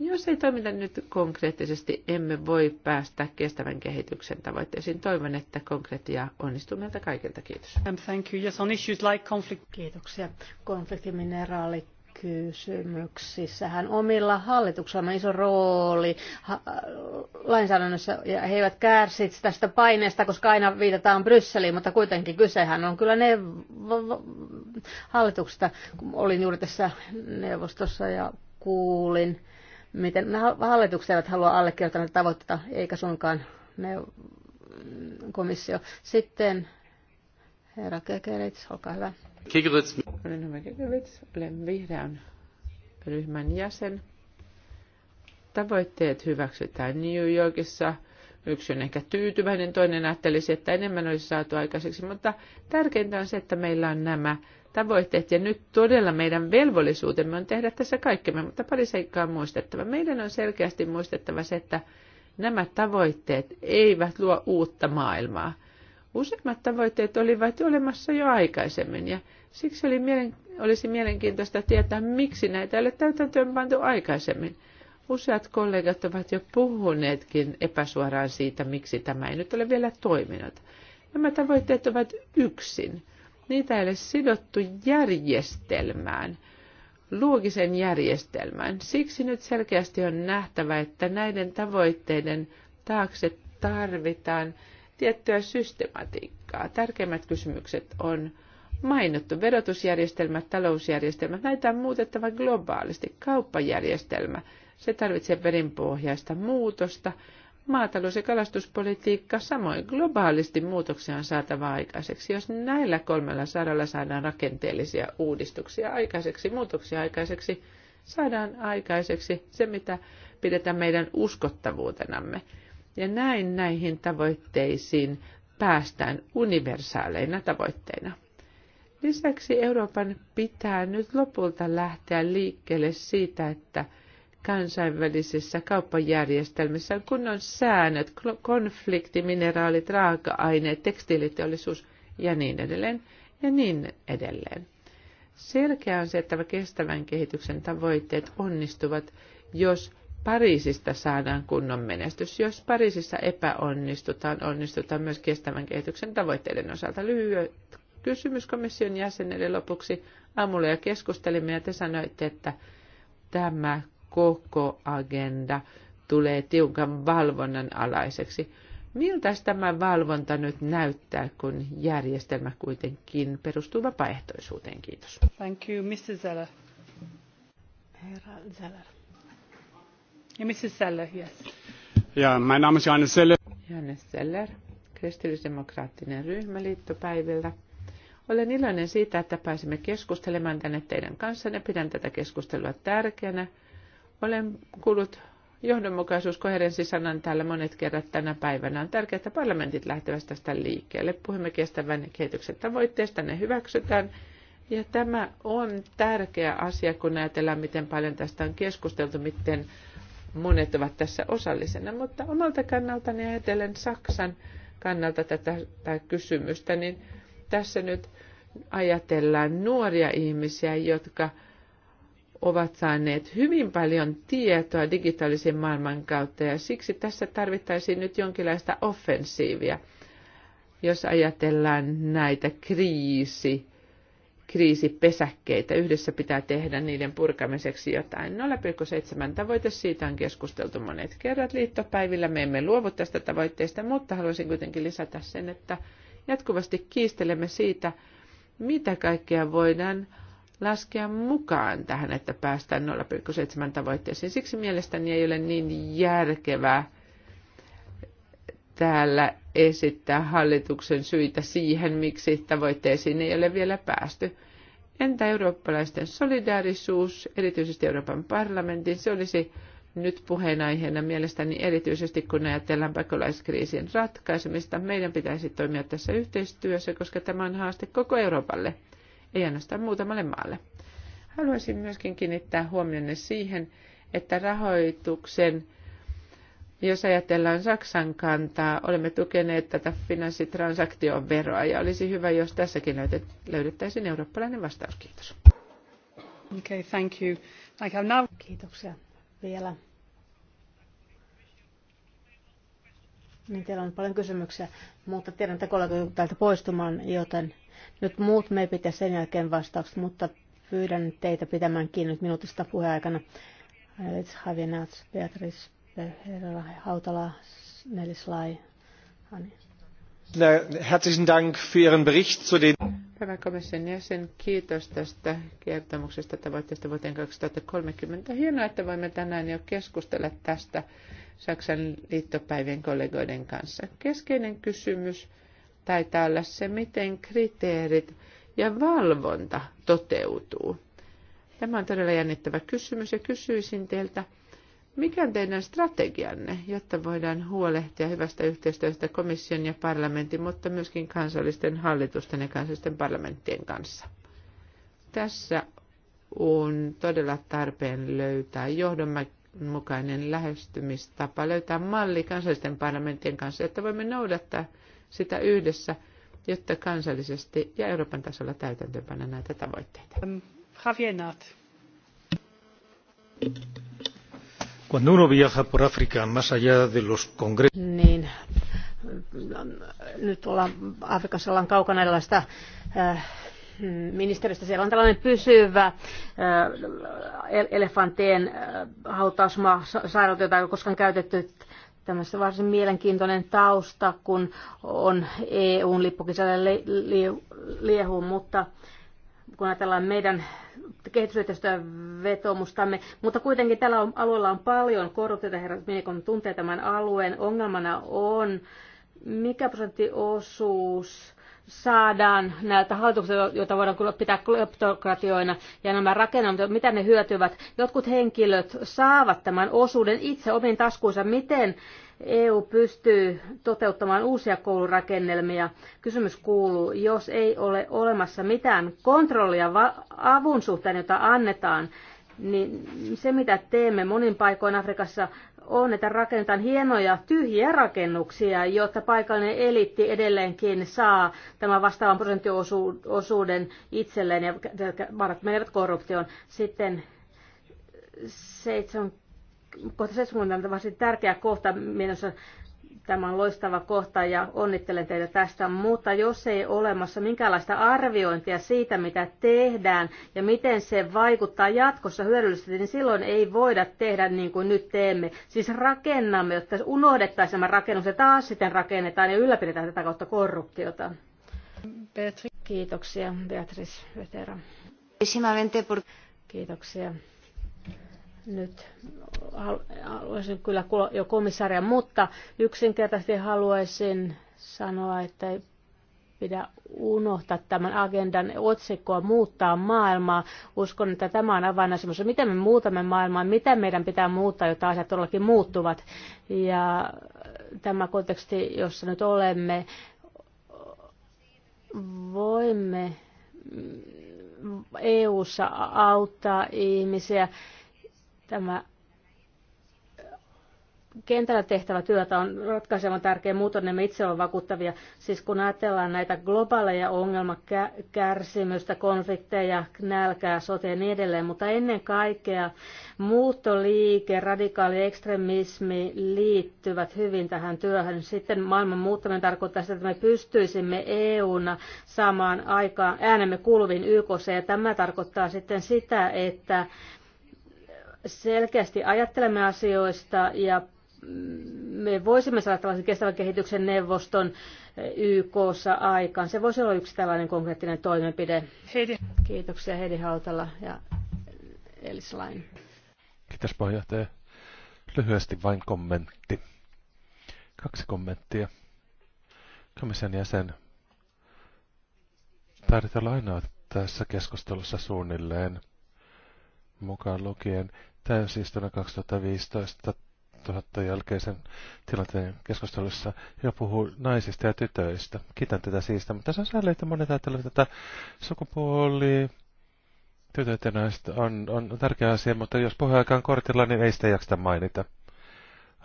Jos ei toimita nyt konkreettisesti, emme voi päästä kestävän kehityksen tavoitteisiin. Toivon, että konkreettia onnistuu meiltä kaikilta. Kiitos. Um, thank you. Yes, on issues like conflict. Kiitoksia. Konfliktimineraalit kysymyksissähän omilla hallituksella on iso rooli ha- lainsäädännössä ja he eivät kärsi tästä paineesta, koska aina viitataan Brysseliin, mutta kuitenkin kysehän on kyllä ne hallituksesta. Olin juuri tässä neuvostossa ja kuulin miten hallitukset eivät halua allekirjoittaa näitä tavoitteita, eikä suinkaan ne mm, komissio. Sitten herra Kekerits, olkaa hyvä. Kekerits. Olen hyvä Kekerits, olen vihreän ryhmän jäsen. Tavoitteet hyväksytään New Yorkissa. Yksi on ehkä tyytyväinen, toinen ajattelisi, että enemmän olisi saatu aikaiseksi, mutta tärkeintä on se, että meillä on nämä tavoitteet ja nyt todella meidän velvollisuutemme on tehdä tässä kaikkemme, mutta pari seikkaa on muistettava. Meidän on selkeästi muistettava se, että nämä tavoitteet eivät luo uutta maailmaa. Useimmat tavoitteet olivat olemassa jo aikaisemmin ja siksi oli mielen, olisi mielenkiintoista tietää, miksi näitä ei ole täytäntöön pantu aikaisemmin. Useat kollegat ovat jo puhuneetkin epäsuoraan siitä, miksi tämä ei nyt ole vielä toiminut. Nämä tavoitteet ovat yksin niitä ei ole sidottu järjestelmään, luogisen järjestelmään. Siksi nyt selkeästi on nähtävä, että näiden tavoitteiden taakse tarvitaan tiettyä systematiikkaa. Tärkeimmät kysymykset on mainittu verotusjärjestelmät, talousjärjestelmät, näitä on muutettava globaalisti. Kauppajärjestelmä, se tarvitsee perinpohjaista muutosta, maatalous- ja kalastuspolitiikka, samoin globaalisti muutoksia on saatava aikaiseksi. Jos näillä kolmella saralla saadaan rakenteellisia uudistuksia aikaiseksi, muutoksia aikaiseksi, saadaan aikaiseksi se, mitä pidetään meidän uskottavuutenamme. Ja näin näihin tavoitteisiin päästään universaaleina tavoitteina. Lisäksi Euroopan pitää nyt lopulta lähteä liikkeelle siitä, että – kansainvälisissä kauppajärjestelmissä on kunnon säännöt, konflikti, mineraalit, raaka-aineet, tekstiiliteollisuus ja niin edelleen ja niin edelleen. Selkeää on se, että kestävän kehityksen tavoitteet onnistuvat, jos Pariisista saadaan kunnon menestys. Jos Pariisissa epäonnistutaan, onnistutaan myös kestävän kehityksen tavoitteiden osalta. Lyhyt kysymys komission jäsenelle lopuksi. Aamulla ja keskustelimme ja te sanoitte, että tämä koko agenda tulee tiukan valvonnan alaiseksi. Miltä tämä valvonta nyt näyttää, kun järjestelmä kuitenkin perustuu vapaaehtoisuuteen? Kiitos. Thank you, Mr. Zeller. Herra Zeller. Ja Mrs. Zeller, yes. Ja, mein Name ist Janne Zeller. Janne Zeller, kristillisdemokraattinen ryhmä liittopäiviltä. Olen iloinen siitä, että pääsimme keskustelemaan tänne teidän kanssanne. Pidän tätä keskustelua tärkeänä olen kuullut johdonmukaisuus, koherenssi sanan täällä monet kerrat tänä päivänä. On tärkeää, että parlamentit lähtevät tästä liikkeelle. Puhumme kestävän kehityksen tavoitteesta, ne hyväksytään. Ja tämä on tärkeä asia, kun ajatellaan, miten paljon tästä on keskusteltu, miten monet ovat tässä osallisena. Mutta omalta kannaltani ajatellen Saksan kannalta tätä, tätä kysymystä, niin tässä nyt ajatellaan nuoria ihmisiä, jotka – ovat saaneet hyvin paljon tietoa digitaalisen maailman kautta ja siksi tässä tarvittaisiin nyt jonkinlaista offensiivia, jos ajatellaan näitä kriisi, kriisipesäkkeitä. Yhdessä pitää tehdä niiden purkamiseksi jotain. 0,7 tavoite, siitä on keskusteltu monet kerrat liittopäivillä. Me emme luovu tästä tavoitteesta, mutta haluaisin kuitenkin lisätä sen, että jatkuvasti kiistelemme siitä, mitä kaikkea voidaan laskea mukaan tähän, että päästään 0,7 tavoitteeseen. Siksi mielestäni ei ole niin järkevää täällä esittää hallituksen syitä siihen, miksi tavoitteisiin ei ole vielä päästy. Entä eurooppalaisten solidaarisuus, erityisesti Euroopan parlamentin? Se olisi nyt puheenaiheena mielestäni erityisesti, kun ajatellaan pakolaiskriisin ratkaisemista. Meidän pitäisi toimia tässä yhteistyössä, koska tämä on haaste koko Euroopalle ei ainoastaan muutamalle maalle. Haluaisin myöskin kiinnittää huomionne siihen, että rahoituksen, jos ajatellaan Saksan kantaa, olemme tukeneet tätä finanssitransaktion veroa ja olisi hyvä, jos tässäkin löydettäisiin eurooppalainen vastaus. Kiitos. Okay, thank you. I have now... Kiitoksia vielä. Niin teillä on paljon kysymyksiä, mutta tiedän, että kollegat täältä poistumaan, joten nyt muut mepit ja sen jälkeen vastaukset, mutta pyydän teitä pitämään kiinni nyt minuutista puheaikana. Alex Havinats, Beatrice Herra, Hautala, Nelis Lai. Herzlichen Dank für Ihren Bericht zu den... Hyvä komission jäsen, kiitos tästä kertomuksesta tavoitteesta vuoteen 2030. Hienoa, että voimme tänään jo keskustella tästä Saksan liittopäivien kollegoiden kanssa. Keskeinen kysymys taitaa olla se, miten kriteerit ja valvonta toteutuu. Tämä on todella jännittävä kysymys ja kysyisin teiltä, mikä on teidän strategianne, jotta voidaan huolehtia hyvästä yhteistyöstä komission ja parlamentin, mutta myöskin kansallisten hallitusten ja kansallisten parlamenttien kanssa? Tässä on todella tarpeen löytää johdonmukainen lähestymistapa, löytää malli kansallisten parlamenttien kanssa, että voimme noudattaa sitä yhdessä, jotta kansallisesti ja Euroopan tasolla täytäntöönpanna näitä tavoitteita. Ähm, Javier Cuando uno viaja por África más allá de los congresos... Niin, ähm, nyt ollaan Afrikassa ollaan kaukana erilaista äh, ministeristä. Siellä on tällainen pysyvä äh, elefantien äh, hautausmaa sairaalta, jota ei ole koskaan käytetty tämmöistä varsin mielenkiintoinen tausta, kun on EUn lippukisalle liehuun, liehu, mutta kun ajatellaan meidän kehitysyhteistyön vetomustamme, mutta kuitenkin tällä alueella on paljon korruptiota, herra Minikon tuntee tämän alueen, ongelmana on, mikä prosenttiosuus saadaan näiltä hallituksilta, joita voidaan pitää kleptokratioina, ja nämä rakennelmat, mitä ne hyötyvät. Jotkut henkilöt saavat tämän osuuden itse omiin taskuunsa, miten EU pystyy toteuttamaan uusia koulurakennelmia. Kysymys kuuluu, jos ei ole olemassa mitään kontrollia avun suhteen, jota annetaan, niin se mitä teemme monin paikoin Afrikassa on, että rakennetaan hienoja tyhjiä rakennuksia, jotta paikallinen eliitti edelleenkin saa tämän vastaavan prosenttiosuuden itselleen ja varat menevät korruptioon. Sitten seitsemän, kohta 70 on varsin tärkeä kohta menossa Tämä on loistava kohta ja onnittelen teitä tästä, mutta jos ei olemassa minkäänlaista arviointia siitä, mitä tehdään ja miten se vaikuttaa jatkossa hyödyllisesti, niin silloin ei voida tehdä niin kuin nyt teemme. Siis rakennamme, jotta unohdettaisiin tämä rakennus ja taas sitten rakennetaan ja ylläpidetään tätä kautta korruptiota. Beatrice. Kiitoksia, Beatrice Vetera. Kiitoksia nyt haluaisin kyllä jo komissaria, mutta yksinkertaisesti haluaisin sanoa, että ei pidä unohtaa tämän agendan otsikkoa muuttaa maailmaa. Uskon, että tämä on avainasemassa. Miten me muutamme maailmaa, mitä meidän pitää muuttaa, jotta asiat todellakin muuttuvat. Ja tämä konteksti, jossa nyt olemme, voimme EU-ssa auttaa ihmisiä Tämä äh, kentällä tehtävä työtä on ratkaisevan tärkeä, muuten emme itse ole vakuuttavia. Siis kun ajatellaan näitä globaaleja ongelmakärsimystä, konflikteja, nälkää, sotia ja niin edelleen, mutta ennen kaikkea muuttoliike, radikaali ekstremismi liittyvät hyvin tähän työhön. Sitten maailman muuttaminen tarkoittaa sitä, että me pystyisimme EUna saamaan aikaan äänemme kuuluviin YKC, ja tämä tarkoittaa sitten sitä, että selkeästi ajattelemme asioista ja me voisimme saada tällaisen kestävän kehityksen neuvoston YKssa aikaan. Se voisi olla yksi tällainen konkreettinen toimenpide. Heidi. Kiitoksia Heidi Hautala ja Elis Lain. Kiitos puheenjohtaja. Lyhyesti vain kommentti. Kaksi kommenttia. Komission jäsen. Taidat olla ainoa tässä keskustelussa suunnilleen mukaan lukien täysistunnon 2015 tuhatta jälkeisen tilanteen keskustelussa ja puhuu naisista ja tytöistä. Kiitän tätä siistä, mutta se on sääli, että monet ajattelevat, että sukupuoli, tytöt ja naiset on, on tärkeä asia, mutta jos puheaika on kortilla, niin ei sitä jaksta mainita.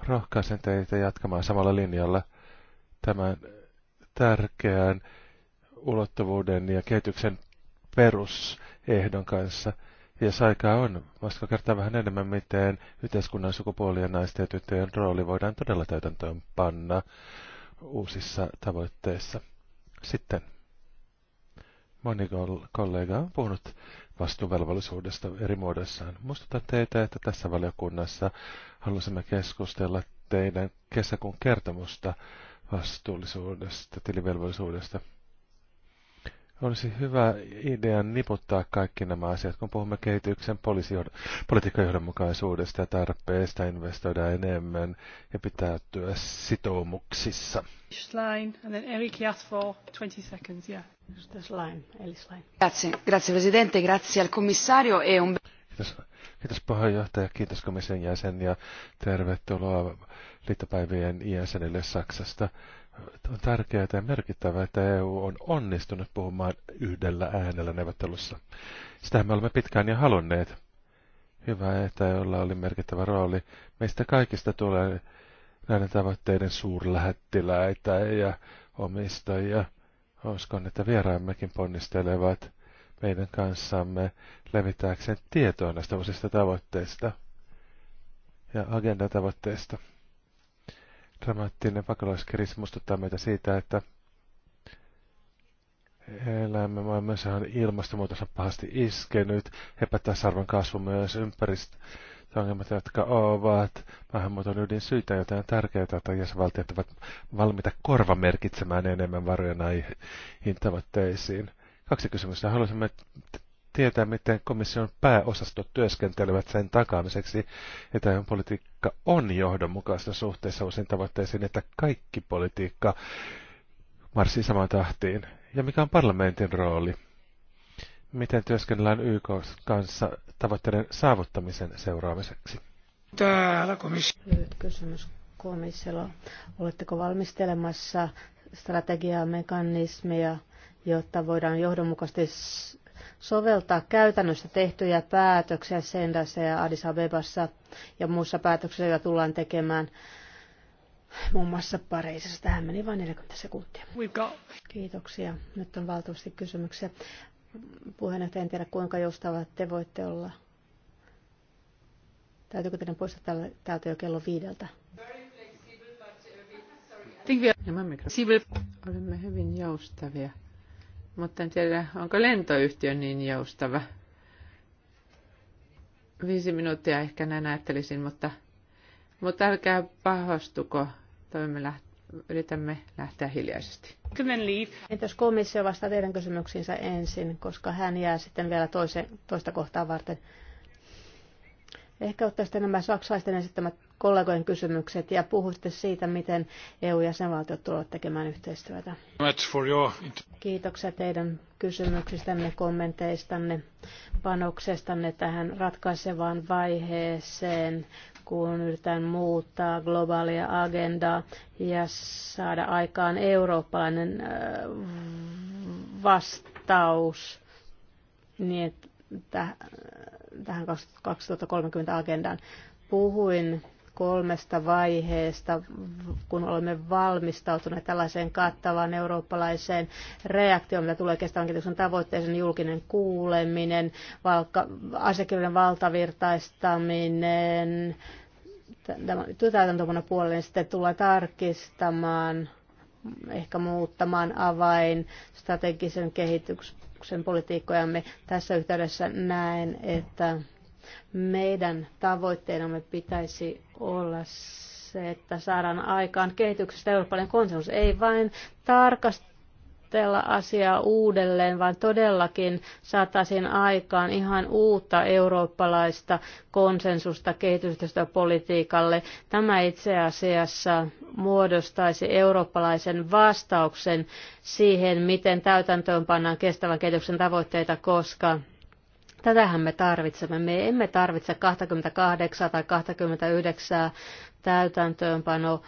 Rohkaisen teitä jatkamaan samalla linjalla tämän tärkeän ulottuvuuden ja kehityksen perusehdon kanssa – jos aikaa on, voisiko kertoa vähän enemmän, miten yhteiskunnan sukupuolien naisten ja tyttöjen rooli voidaan todella täytäntöön panna uusissa tavoitteissa? Sitten moni kollega on puhunut vastuuvelvollisuudesta eri muodoissaan. Muistutan teitä, että tässä valiokunnassa halusimme keskustella teidän kesäkuun kertomusta vastuullisuudesta, tilivelvollisuudesta – olisi hyvä idea niputtaa kaikki nämä asiat, kun puhumme kehityksen politiikkajohdonmukaisuudesta ja tarpeesta investoida enemmän ja pitäytyä sitoumuksissa. Schlein, and then Eric Jaffo, 20 seconds, yeah. Grazie, grazie Presidente, grazie al Commissario e un... Kiitos, kiitos puheenjohtaja, kiitos komission jäsen ja tervetuloa liittopäivien jäsenille Saksasta on tärkeää ja merkittävää, että EU on onnistunut puhumaan yhdellä äänellä neuvottelussa. Sitä me olemme pitkään jo halunneet. Hyvä, että jolla oli merkittävä rooli. Meistä kaikista tulee näiden tavoitteiden suurlähettiläitä ja omistajia. Uskon, että vieraimmekin ponnistelevat meidän kanssamme levittääkseen tietoa näistä uusista tavoitteista ja agendatavoitteista. Dramaattinen pakolaiskriisi muistuttaa meitä siitä, että elämme maailmassa on ilmastonmuutos on pahasti iskenyt, epätasarvon kasvu myös ympäristö ongelmat, jotka ovat maahanmuuton ydin syitä, joten on tärkeää, että jäsenvaltiot ovat valmiita korvamerkitsemään enemmän varoja näihin tavoitteisiin. Kaksi kysymystä. Haluaisimme tietää, miten komission pääosastot työskentelevät sen takaamiseksi, että EUn politiikka on johdonmukaista suhteessa usein tavoitteisiin, että kaikki politiikka marssii samaan tahtiin. Ja mikä on parlamentin rooli? Miten työskennellään YK kanssa tavoitteiden saavuttamisen seuraamiseksi? Täällä komissio. Lyhyt kysymys komissiolla. Oletteko valmistelemassa strategiaa, mekanismeja, jotta voidaan johdonmukaisesti soveltaa käytännössä tehtyjä päätöksiä Sendassa ja Addis Abebassa ja muissa päätöksissä, joita tullaan tekemään muun muassa Pariisissa. Tähän meni vain 40 sekuntia. Kiitoksia. Nyt on valtavasti kysymyksiä. Puheenjohtaja, en tiedä kuinka joustavaa te voitte olla. Täytyykö teidän poistaa täältä jo kello viideltä? Uh, Olemme hyvin joustavia mutta en tiedä, onko lentoyhtiö niin joustava. Viisi minuuttia ehkä näin ajattelisin, mutta, mutta älkää pahostuko. Toimme läht- yritämme lähteä hiljaisesti. Entäs komissio vastaa teidän kysymyksiinsä ensin, koska hän jää sitten vielä toise, toista kohtaa varten. Ehkä ottaisitte nämä saksalaisten esittämät kollegojen kysymykset ja puhuitte siitä, miten EU-jäsenvaltiot tulevat tekemään yhteistyötä. Kiitoksia teidän kysymyksistänne, kommenteistanne, panoksestanne tähän ratkaisevaan vaiheeseen, kun yritetään muuttaa globaalia agendaa ja saada aikaan eurooppalainen äh, vastaus niin, että tähän 2030 agendaan. Puhuin kolmesta vaiheesta, kun olemme valmistautuneet tällaiseen kattavaan eurooppalaiseen reaktioon, mitä tulee kestävän kehityksen tavoitteeseen, julkinen kuuleminen, valka, asiakirjojen valtavirtaistaminen, täytäntöpano puolelle, niin sitten tulee tarkistamaan, ehkä muuttamaan avain strategisen kehityksen politiikkojamme. Tässä yhteydessä näen, että meidän tavoitteenamme pitäisi olla se, että saadaan aikaan kehityksestä eurooppalainen konsensus. Ei vain tarkastella asiaa uudelleen, vaan todellakin saataisiin aikaan ihan uutta eurooppalaista konsensusta kehitysyhteistyöpolitiikalle. Tämä itse asiassa muodostaisi eurooppalaisen vastauksen siihen, miten täytäntöön pannaan kestävän kehityksen tavoitteita, koska Tätähän me tarvitsemme. Me emme tarvitse 28 tai 29 täytäntöönpano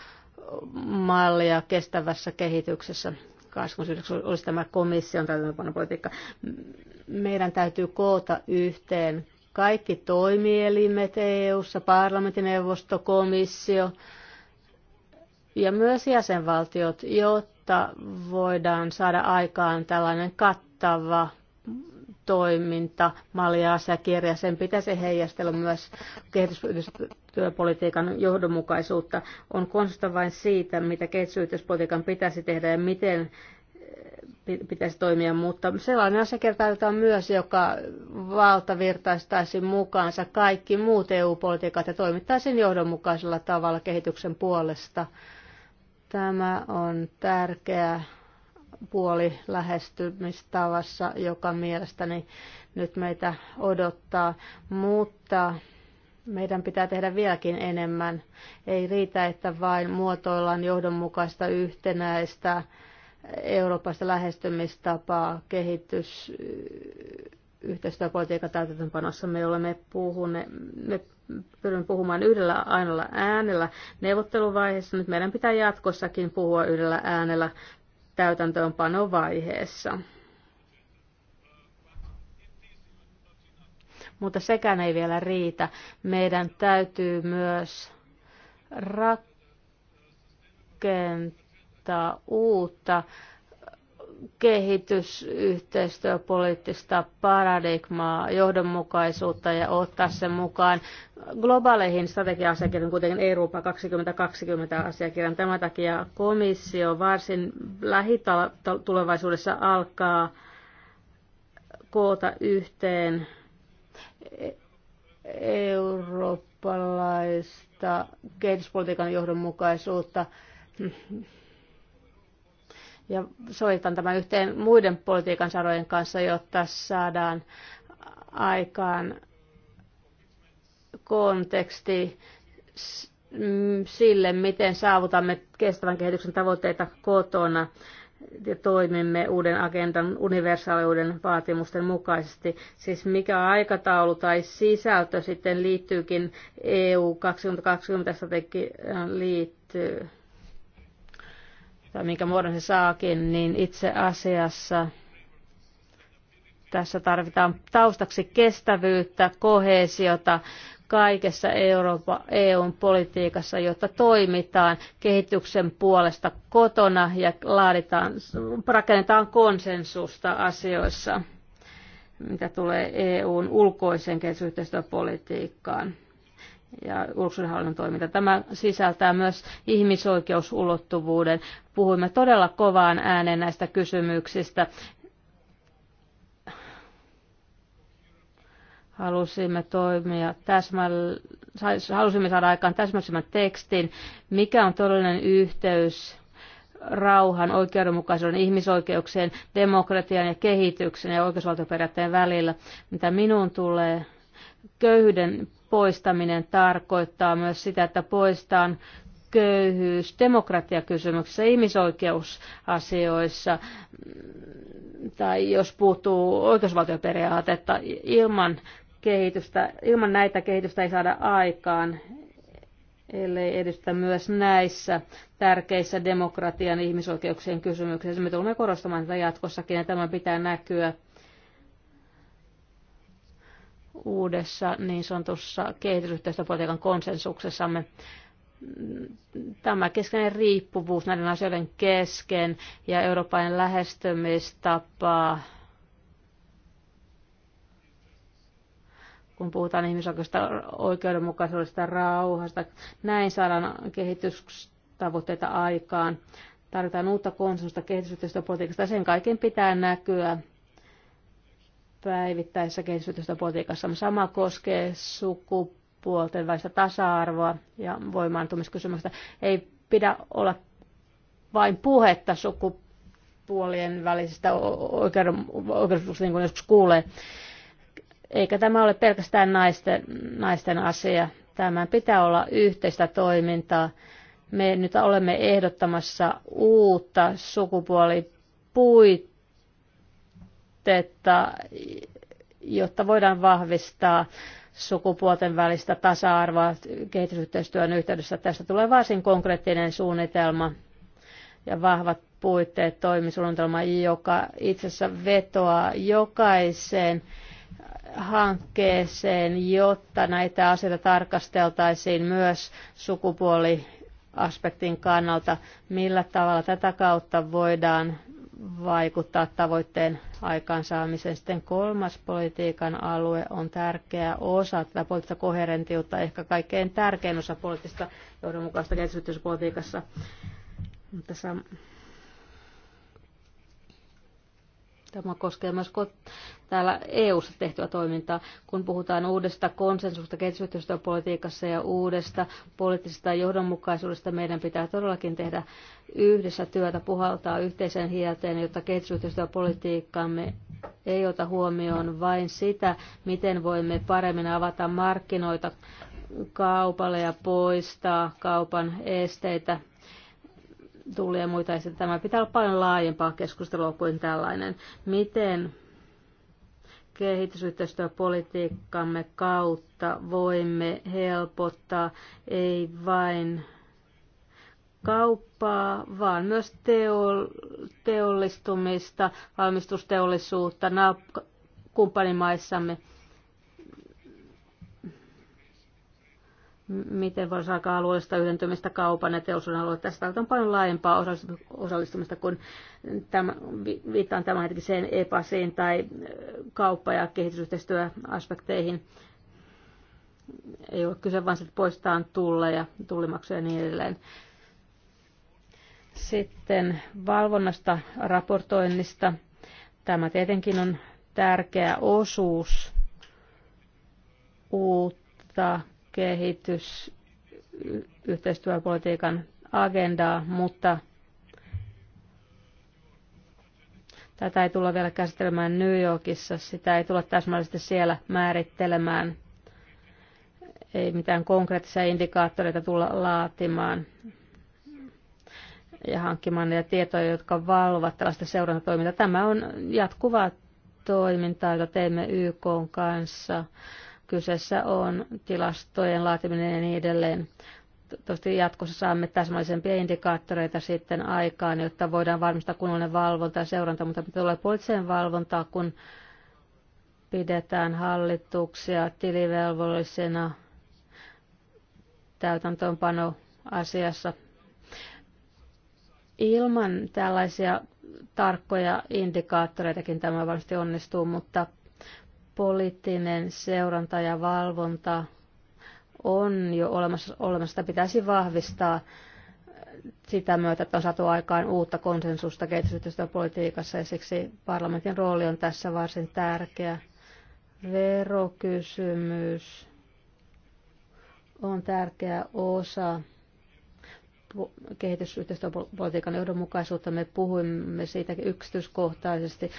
kestävässä kehityksessä. 29 olisi tämä komission täytäntöönpanopolitiikka. Meidän täytyy koota yhteen kaikki toimielimet EU-ssa, parlamentineuvosto, komissio ja myös jäsenvaltiot, jotta voidaan saada aikaan tällainen kattava toiminta ja asiakirja, sen pitäisi heijastella myös kehitysyhteistyöpolitiikan johdonmukaisuutta. On konsta vain siitä, mitä kehitysyhteistyöpolitiikan pitäisi tehdä ja miten eh, pitäisi toimia, mutta sellainen asiakirja tarvitaan myös, joka valtavirtaistaisi mukaansa kaikki muut EU-politiikat ja toimittaisiin johdonmukaisella tavalla kehityksen puolesta. Tämä on tärkeää puoli lähestymistavassa, joka mielestäni nyt meitä odottaa, mutta meidän pitää tehdä vieläkin enemmän. Ei riitä, että vain muotoillaan johdonmukaista yhtenäistä Euroopasta lähestymistapaa kehitys yhteistyöpolitiikan täytäntöönpanossa me olemme puhuneet, me pyrimme puhumaan yhdellä ainoalla äänellä neuvotteluvaiheessa. Nyt meidän pitää jatkossakin puhua yhdellä äänellä täytäntöönpanovaiheessa. Mutta sekään ei vielä riitä. Meidän täytyy myös rakentaa uutta kehitysyhteistyöpoliittista paradigmaa, johdonmukaisuutta ja ottaa sen mukaan globaaleihin strategia-asiakirjan, kuten Eurooppa 2020 asiakirjan. Tämän takia komissio varsin lähitulevaisuudessa alkaa koota yhteen eurooppalaista kehityspolitiikan johdonmukaisuutta ja sovitan tämän yhteen muiden politiikan sarojen kanssa, jotta saadaan aikaan konteksti mm, sille, miten saavutamme kestävän kehityksen tavoitteita kotona ja toimimme uuden agendan universaaliuden vaatimusten mukaisesti. Siis mikä aikataulu tai sisältö sitten liittyykin EU 2020 strategiaan liittyy tai minkä muodon se saakin, niin itse asiassa tässä tarvitaan taustaksi kestävyyttä, kohesiota kaikessa Euroopan, EUn politiikassa, jotta toimitaan kehityksen puolesta kotona ja laaditaan, rakennetaan konsensusta asioissa, mitä tulee EUn ulkoiseen kehitysyhteistyöpolitiikkaan ja julkisuudenhallinnon toiminta. Tämä sisältää myös ihmisoikeusulottuvuuden. Puhuimme todella kovaan ääneen näistä kysymyksistä. Halusimme toimia täsmäll... halusimme saada aikaan täsmällisemmän tekstin, mikä on todellinen yhteys rauhan, oikeudenmukaisuuden, ihmisoikeuksien, demokratian ja kehityksen ja oikeusvaltioperiaatteen välillä, mitä minun tulee köyhyyden poistaminen tarkoittaa myös sitä, että poistaan köyhyys demokratiakysymyksissä, ihmisoikeusasioissa tai jos puuttuu oikeusvaltioperiaatetta ilman kehitystä, ilman näitä kehitystä ei saada aikaan, ellei edistä myös näissä tärkeissä demokratian ihmisoikeuksien kysymyksissä. Me tulemme korostamaan tätä jatkossakin ja tämä pitää näkyä uudessa niin sanotussa kehitysyhteistyöpolitiikan konsensuksessamme. Tämä keskeinen riippuvuus näiden asioiden kesken ja Euroopan lähestymistapa kun puhutaan ihmisoikeudesta, oikeudenmukaisuudesta, rauhasta. Näin saadaan kehitystavoitteita aikaan. Tarvitaan uutta konsensusta kehitysyhteistyöpolitiikasta ja sen kaiken pitää näkyä päivittäisessä politiikassa. Sama koskee sukupuolten välistä tasa-arvoa ja voimaantumiskysymystä. Ei pidä olla vain puhetta sukupuolien välisistä oikeudenmukaisuuksista, niin kuin joskus kuulee. Eikä tämä ole pelkästään naisten, naisten asia. Tämän pitää olla yhteistä toimintaa. Me nyt olemme ehdottamassa uutta sukupuolipuitteista puitteita, jotta voidaan vahvistaa sukupuolten välistä tasa-arvoa kehitysyhteistyön yhteydessä. Tästä tulee varsin konkreettinen suunnitelma ja vahvat puitteet toimisuunnitelma, joka itse asiassa vetoaa jokaiseen hankkeeseen, jotta näitä asioita tarkasteltaisiin myös sukupuoliaspektin kannalta, millä tavalla tätä kautta voidaan vaikuttaa tavoitteen aikaansaamiseen. Sitten kolmas politiikan alue on tärkeä osa tätä poliittista koherentiutta, ehkä kaikkein tärkein osa poliittista johdonmukaista kehitysyhteistyöpolitiikassa. Mutta sam- Tämä koskee myös täällä EU-ssa tehtyä toimintaa, kun puhutaan uudesta konsensusta kehitysyhteistyöpolitiikassa ja uudesta poliittisesta johdonmukaisuudesta. Meidän pitää todellakin tehdä yhdessä työtä, puhaltaa yhteisen hielteen, jotta kehitysyhteistyöpolitiikkaamme ei ota huomioon vain sitä, miten voimme paremmin avata markkinoita kaupalle ja poistaa kaupan esteitä tuli ja muita, ja tämä pitää olla paljon laajempaa keskustelua kuin tällainen. Miten kehitysyhteistyöpolitiikkamme kautta voimme helpottaa ei vain kauppaa, vaan myös teollistumista, valmistusteollisuutta kumppanimaissamme. miten voisi alkaa alueellista yhdentymistä kaupan ja teollisuuden alueella. Tästä on paljon laajempaa osallistumista kuin tämän, viittaan hetkiseen EPASiin tai kauppa- ja kehitysyhteistyöaspekteihin. Ei ole kyse vain sitten poistaan tulleja, tullimaksuja ja niin edelleen. Sitten valvonnasta, raportoinnista. Tämä tietenkin on tärkeä osuus uutta kehitys yhteistyöpolitiikan agendaa, mutta tätä ei tulla vielä käsittelemään New Yorkissa. Sitä ei tulla täsmällisesti siellä määrittelemään. Ei mitään konkreettisia indikaattoreita tulla laatimaan ja hankkimaan niitä tietoja, jotka valvovat tällaista seurantatoimintaa. Tämä on jatkuvaa toimintaa, jota teemme YK kanssa Kyseessä on tilastojen laatiminen ja niin edelleen. Tosti jatkossa saamme täsmällisempiä indikaattoreita sitten aikaan, jotta voidaan varmistaa kunnollinen valvonta ja seuranta, mutta mitä tulee poliittiseen valvontaa, kun pidetään hallituksia tilivelvollisena täytäntöönpano asiassa. Ilman tällaisia tarkkoja indikaattoreitakin tämä varmasti onnistuu, mutta poliittinen seuranta ja valvonta on jo olemassa, olemassa sitä pitäisi vahvistaa sitä myötä, että on saatu aikaan uutta konsensusta kehitysyhteistyöpolitiikassa ja siksi parlamentin rooli on tässä varsin tärkeä. Verokysymys on tärkeä osa kehitysyhteistyöpolitiikan johdonmukaisuutta. Me puhuimme siitä yksityiskohtaisesti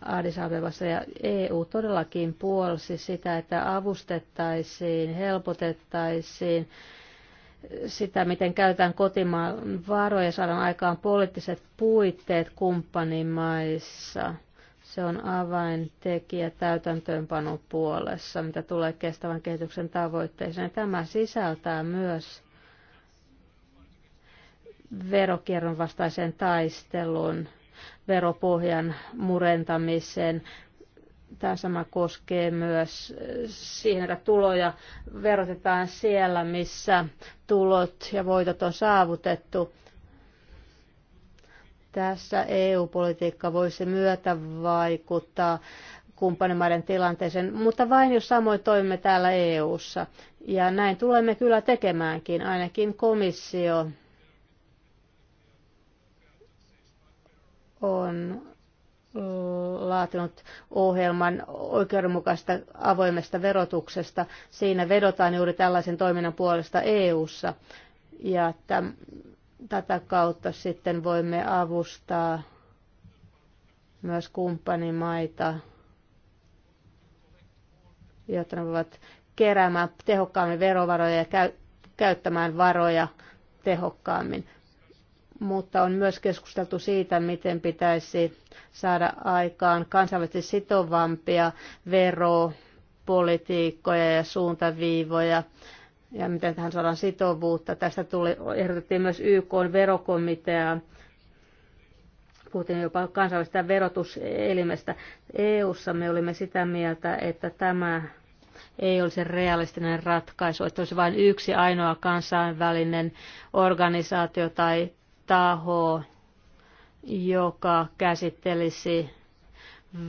Addis Abebassa ja EU todellakin puolsi sitä, että avustettaisiin, helpotettaisiin sitä, miten käytetään kotimaan varoja, saadaan aikaan poliittiset puitteet kumppanimaissa. Se on avaintekijä täytäntöönpanon puolessa, mitä tulee kestävän kehityksen tavoitteeseen. Tämä sisältää myös verokierron vastaiseen taisteluun, veropohjan murentamiseen. Tämä sama koskee myös äh, siihen, että tuloja verotetaan siellä, missä tulot ja voitot on saavutettu. Tässä EU-politiikka voisi myötä vaikuttaa kumppanimaiden tilanteeseen, mutta vain jos samoin toimimme täällä EU:ssa. Ja näin tulemme kyllä tekemäänkin, ainakin komissio on laatinut ohjelman oikeudenmukaista avoimesta verotuksesta. Siinä vedotaan juuri tällaisen toiminnan puolesta EU:ssa ja täm, tätä kautta sitten voimme avustaa myös kumppanimaita, jotta ne voivat keräämään tehokkaammin verovaroja ja käy, käyttämään varoja tehokkaammin mutta on myös keskusteltu siitä, miten pitäisi saada aikaan kansainvälisesti sitovampia veropolitiikkoja ja suuntaviivoja ja miten tähän saadaan sitovuutta. Tästä tuli, ehdotettiin myös YK verokomitea, puhuttiin jopa kansainvälisestä verotuselimestä. EU-ssa me olimme sitä mieltä, että tämä ei olisi realistinen ratkaisu, että olisi vain yksi ainoa kansainvälinen organisaatio tai taho, joka käsittelisi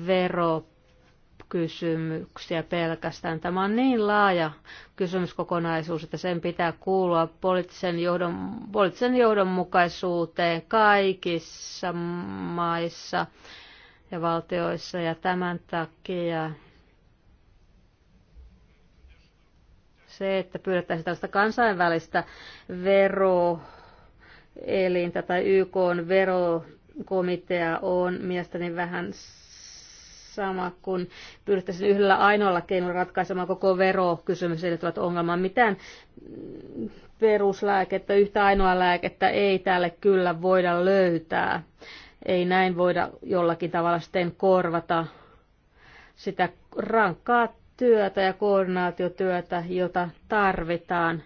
verokysymyksiä pelkästään. Tämä on niin laaja kysymyskokonaisuus, että sen pitää kuulua poliittisen, johdon, poliittisen johdonmukaisuuteen kaikissa maissa ja valtioissa. Ja tämän takia se, että pyydettäisiin tällaista kansainvälistä veroa elintä tai YK on verokomitea on mielestäni vähän sama kuin pyrittäisiin yhdellä ainoalla keinolla ratkaisemaan koko verokysymys liittyvät ongelmaan. Mitään peruslääkettä, yhtä ainoa lääkettä ei tälle kyllä voida löytää. Ei näin voida jollakin tavalla sitten korvata sitä rankkaa työtä ja koordinaatiotyötä, jota tarvitaan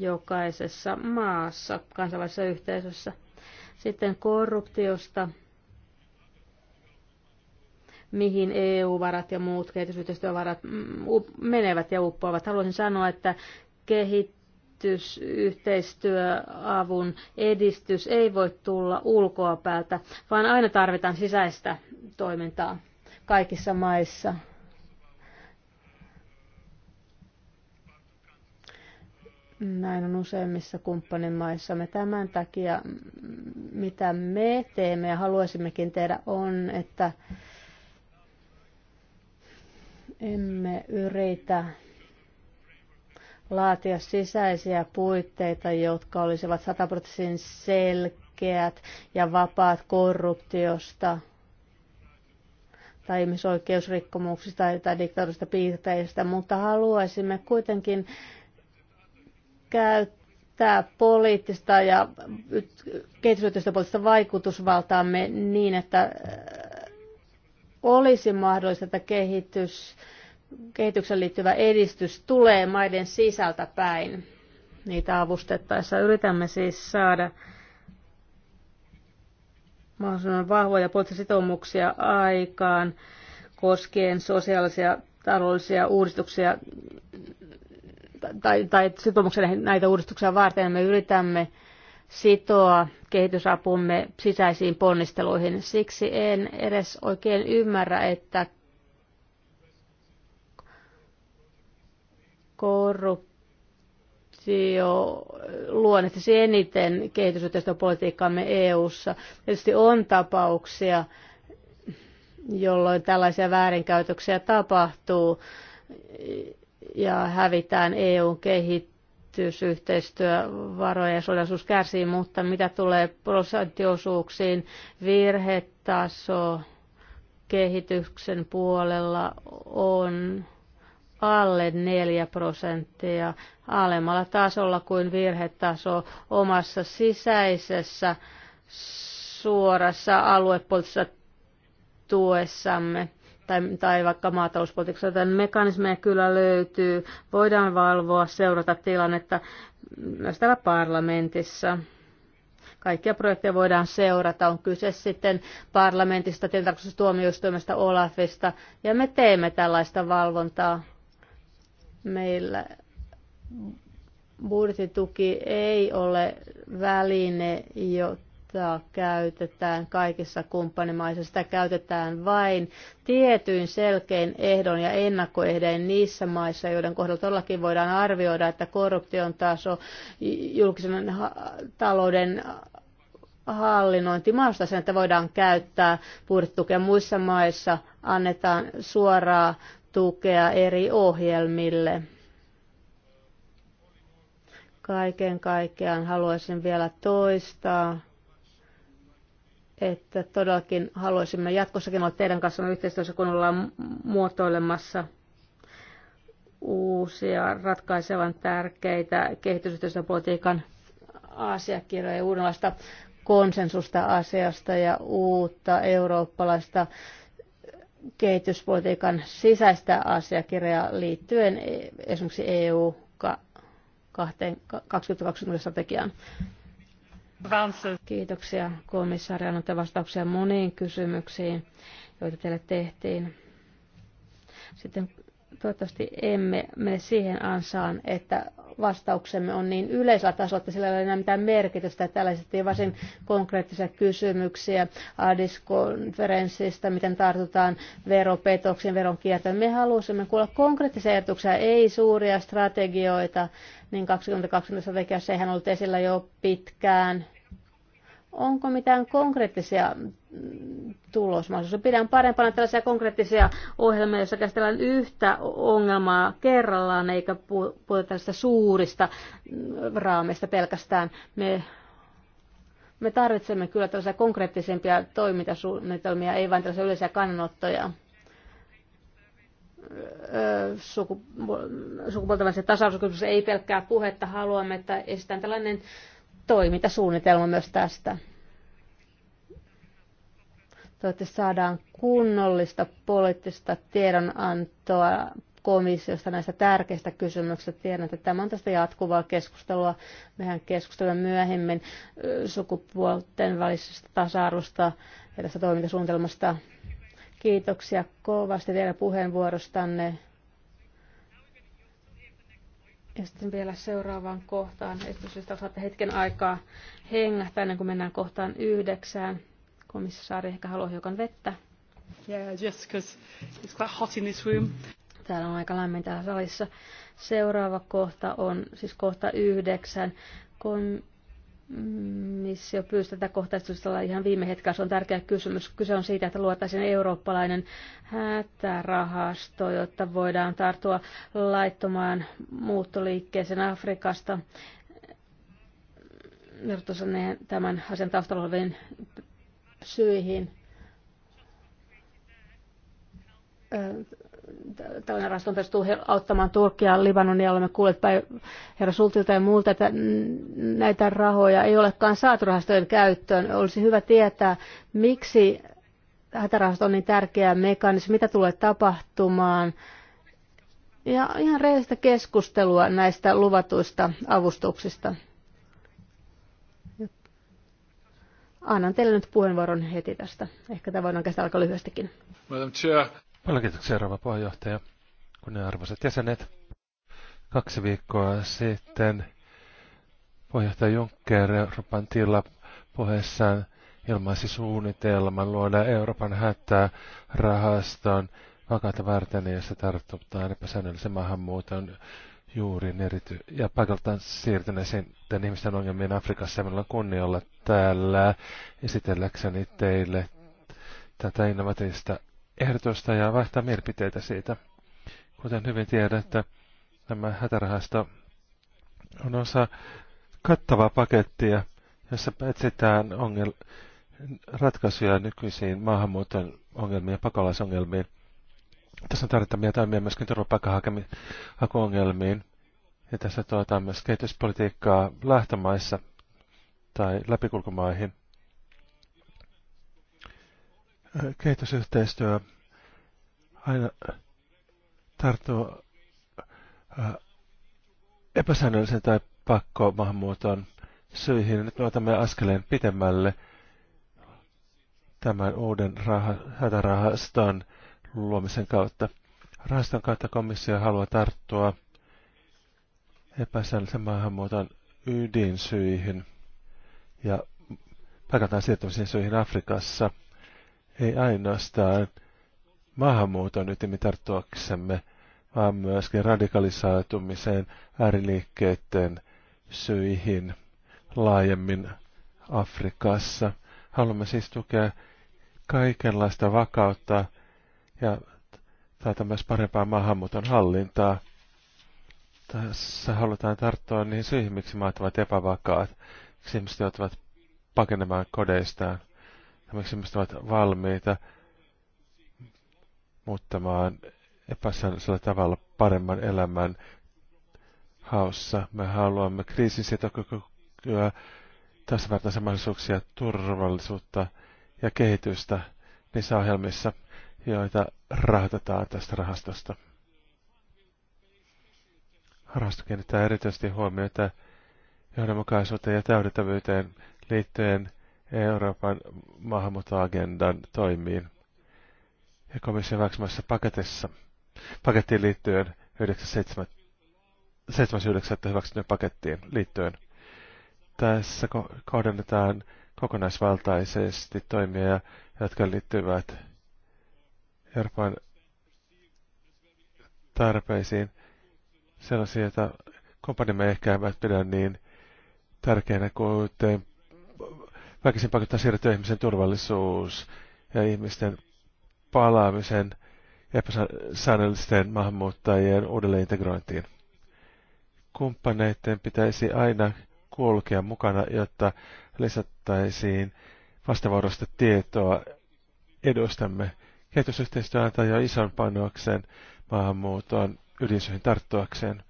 jokaisessa maassa, kansainvälisessä yhteisössä. Sitten korruptiosta, mihin EU-varat ja muut kehitysyhteistyövarat mm, menevät ja uppoavat. Haluaisin sanoa, että kehitysyhteistyöavun edistys ei voi tulla ulkoa päältä, vaan aina tarvitaan sisäistä toimintaa kaikissa maissa. Näin on useimmissa kumppanimaissamme. Tämän takia, mitä me teemme ja haluaisimmekin tehdä, on, että emme yritä laatia sisäisiä puitteita, jotka olisivat sataprotsentin selkeät ja vapaat korruptiosta tai ihmisoikeusrikkomuksista tai, tai piirteistä, mutta haluaisimme kuitenkin käyttää poliittista ja kehitysyhteistyöstä poliittista vaikutusvaltaamme niin, että äh, olisi mahdollista, että kehitys, kehitykseen liittyvä edistys tulee maiden sisältä päin niitä avustettaessa. Yritämme siis saada mahdollisimman vahvoja poliittisia sitoumuksia aikaan koskien sosiaalisia taloudellisia uudistuksia tai, tai sitoumuksen näitä uudistuksia varten me yritämme sitoa kehitysapumme sisäisiin ponnisteluihin. Siksi en edes oikein ymmärrä, että korruptio luonnehtisi eniten kehitysyhteistyöpolitiikkaamme EU-ssa. Tietysti on tapauksia, jolloin tällaisia väärinkäytöksiä tapahtuu ja hävitään EUn kehitysyhteistyövaroja ja solidaisuus kärsii, mutta mitä tulee prosenttiosuuksiin, virhetaso kehityksen puolella on alle 4 prosenttia alemmalla tasolla kuin virhetaso omassa sisäisessä suorassa aluepoliittisessa tuessamme tai, tai vaikka maatalouspolitiikassa, joten mekanismeja kyllä löytyy. Voidaan valvoa, seurata tilannetta myös täällä parlamentissa. Kaikkia projekteja voidaan seurata, on kyse sitten parlamentista, tuomioistuimesta, Olafista, ja me teemme tällaista valvontaa. Meillä budjettituki ei ole väline, jota jota käytetään kaikissa kumppanimaissa. Sitä käytetään vain tietyin selkein ehdon ja ennakkoehdein niissä maissa, joiden kohdalla todellakin voidaan arvioida, että korruption taso, julkisen talouden hallinnointi mahdollistaa sen, että voidaan käyttää budjettitukea. Muissa maissa annetaan suoraa tukea eri ohjelmille kaiken kaikkiaan haluaisin vielä toistaa että todellakin haluaisimme jatkossakin olla teidän kanssa yhteistyössä, kun ollaan muotoilemassa uusia ratkaisevan tärkeitä kehitysyhteistyöpolitiikan asiakirjoja ja uudenlaista konsensusta asiasta ja uutta eurooppalaista kehityspolitiikan sisäistä asiakirjaa liittyen e- esimerkiksi EU 2020 strategiaan. Kiitoksia komissaari, annatte vastauksia moniin kysymyksiin, joita teille tehtiin. Sitten Toivottavasti emme mene siihen ansaan, että vastauksemme on niin yleisellä tasolla, että sillä ei ole enää mitään merkitystä. Täällä esitettiin varsin konkreettisia kysymyksiä ADIS-konferenssista, miten tartutaan veropetoksiin, veronkiertoon. Me halusimme kuulla konkreettisia ajatuksia, ei suuria strategioita, niin 2020 strategia, sehän on ollut esillä jo pitkään. Onko mitään konkreettisia mm, tulosmahdollisuuksia? Pidän parempana tällaisia konkreettisia ohjelmia, joissa käsitellään yhtä ongelmaa kerrallaan, eikä puhuta tällaista suurista mm, raameista pelkästään. Me me tarvitsemme kyllä tällaisia konkreettisempia toimintasuunnitelmia, ei vain tällaisia yleisiä kannanottoja sukupuolten välisen tasa ei pelkkää puhetta. Haluamme, että esitän tällainen toimintasuunnitelma myös tästä. Toivottavasti saadaan kunnollista poliittista tiedonantoa komissiosta näistä tärkeistä kysymyksistä. Tiedän, että tämä on tästä jatkuvaa keskustelua. Mehän keskustelemme myöhemmin sukupuolten välisestä tasa-arvosta ja tästä toimintasuunnitelmasta. Kiitoksia kovasti vielä puheenvuorostanne. Ja sitten vielä seuraavaan kohtaan, esityslista saatte hetken aikaa hengähtää ennen kuin mennään kohtaan yhdeksään. Komissaari ehkä haluaa hiukan vettä. Yeah, yes, because it's quite hot in this room. Täällä on aika lämmin täällä salissa. Seuraava kohta on siis kohta yhdeksän. Kom- missio pyysi tätä kohtaistusta ihan viime hetkellä. Se on tärkeä kysymys. Kyse on siitä, että luotaisiin eurooppalainen hätärahasto, jotta voidaan tarttua laittomaan muuttoliikkeeseen Afrikasta. Tuossa tämän asian taustalla oleviin syihin tällainen rahasto perustuu auttamaan Turkia, Libanonia, olemme kuulleet herra Sultilta ja muulta, että näitä rahoja ei olekaan saatu rahastojen käyttöön. Olisi hyvä tietää, miksi hätärahasto on niin tärkeä mekanismi, mitä tulee tapahtumaan, ja ihan reilistä keskustelua näistä luvatuista avustuksista. Annan teille nyt puheenvuoron heti tästä. Ehkä tämä voidaan kestää aika lyhyestikin. Madam Chair. Paljon kiitoksia, rouva puheenjohtaja. Kunnianarvoiset jäsenet. Kaksi viikkoa sitten puheenjohtaja Juncker Euroopan tila puheessaan ilmaisi suunnitelman luoda Euroopan hätää rahaston vakaita varten, jossa tartutaan epäsäännöllisen maahanmuuton juuri erity- ja paikaltaan siirtyneisiin ihmisten ongelmiin Afrikassa. Minulla on kunnia olla täällä esitelläkseni teille tätä innovatiivista ehdotusta ja vaihtaa mielipiteitä siitä. Kuten hyvin että tämä hätärahasto on osa kattavaa pakettia, jossa etsitään ongel- ratkaisuja nykyisiin maahanmuuton ongelmiin ja pakolaisongelmiin. Tässä on tarvittavia toimia myöskin turvapaikkahakuongelmiin. Ja tässä tuotaan myös kehityspolitiikkaa lähtömaissa tai läpikulkumaihin kehitysyhteistyö aina tarttuu epäsäännöllisen tai maahanmuuton syihin. Nyt me otamme askeleen pitemmälle tämän uuden hätärahaston luomisen kautta. Rahaston kautta komissio haluaa tarttua epäsäännöllisen maahanmuuton ydinsyihin ja paikataan siirtymisiin syihin Afrikassa – ei ainoastaan maahanmuuton ytimitarttuaksemme, vaan myöskin radikalisaatumiseen ääriliikkeiden syihin laajemmin Afrikassa. Haluamme siis tukea kaikenlaista vakautta ja taata myös parempaa maahanmuuton hallintaa. Tässä halutaan tarttua niihin syihin, miksi maat ovat epävakaat, miksi ihmiset joutuvat pakenemaan kodeistaan ja miksi ovat valmiita muuttamaan epäsäännöllisellä tavalla paremman elämän haussa. Me haluamme kriisinsietokykyä, tasavertaisia mahdollisuuksia, turvallisuutta ja kehitystä niissä ohjelmissa, joita rahoitetaan tästä rahastosta. Rahasto kiinnittää erityisesti huomiota johdonmukaisuuteen ja täydettävyyteen liittyen Euroopan maahanmuuttoagendan toimiin ja komission hyväksymässä paketissa, pakettiin liittyen 7.9. hyväksyttyyn pakettiin liittyen. Tässä ko- kohdennetaan kokonaisvaltaisesti toimia, jotka liittyvät Euroopan tarpeisiin sellaisia, joita kumppanimme ehkä eivät pidä niin tärkeänä, kuten väkisin pakottaa siirtyä ihmisen turvallisuus ja ihmisten palaamisen epäsäännöllisten maahanmuuttajien uudelleenintegrointiin. Kumppaneiden pitäisi aina kulkea mukana, jotta lisättäisiin vastavuoroista tietoa edustamme. Kehitysyhteistyö antaa jo ison panoksen maahanmuuton ydinsyihin tarttuakseen.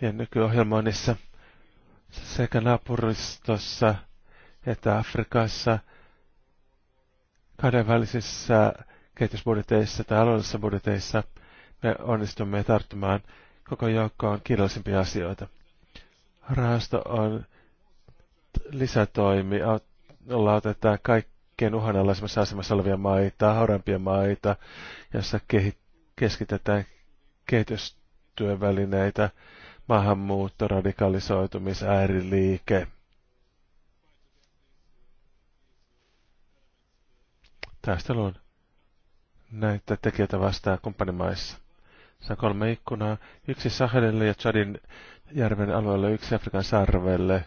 Ja nykyohjelmoinnissa sekä naapuristossa että Afrikassa kahdenvälisissä kehitysbudjeteissa tai alueellisissa budjeteissa me onnistumme tarttumaan koko joukkoon kirjallisempia asioita. Rahasto on lisätoimi, jolla otetaan kaikkein uhanalaisemmassa asemassa olevia maita, hauraampia maita, jossa keskitetään kehitystyövälineitä, maahanmuutto, radikalisoitumis, ääriliike, taisteluun näitä tekijöitä vastaan kumppanimaissa. Se on kolme ikkunaa, yksi Sahelille ja Chadin järven alueelle, yksi Afrikan sarvelle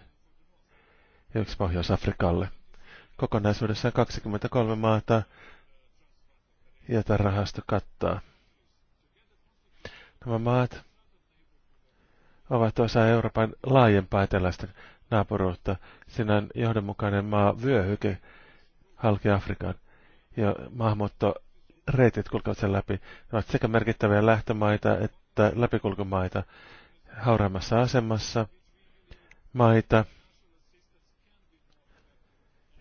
ja yksi Pohjois-Afrikalle. Kokonaisuudessaan 23 maata, jota rahasto kattaa. Nämä maat ovat osa Euroopan laajempaa eteläistä naapuruutta. Siinä on johdonmukainen maa vyöhyke halki Afrikan ja maahanmuuttoreitit kulkevat sen läpi. Ne ovat sekä merkittäviä lähtömaita että läpikulkumaita hauraimmassa asemassa, maita,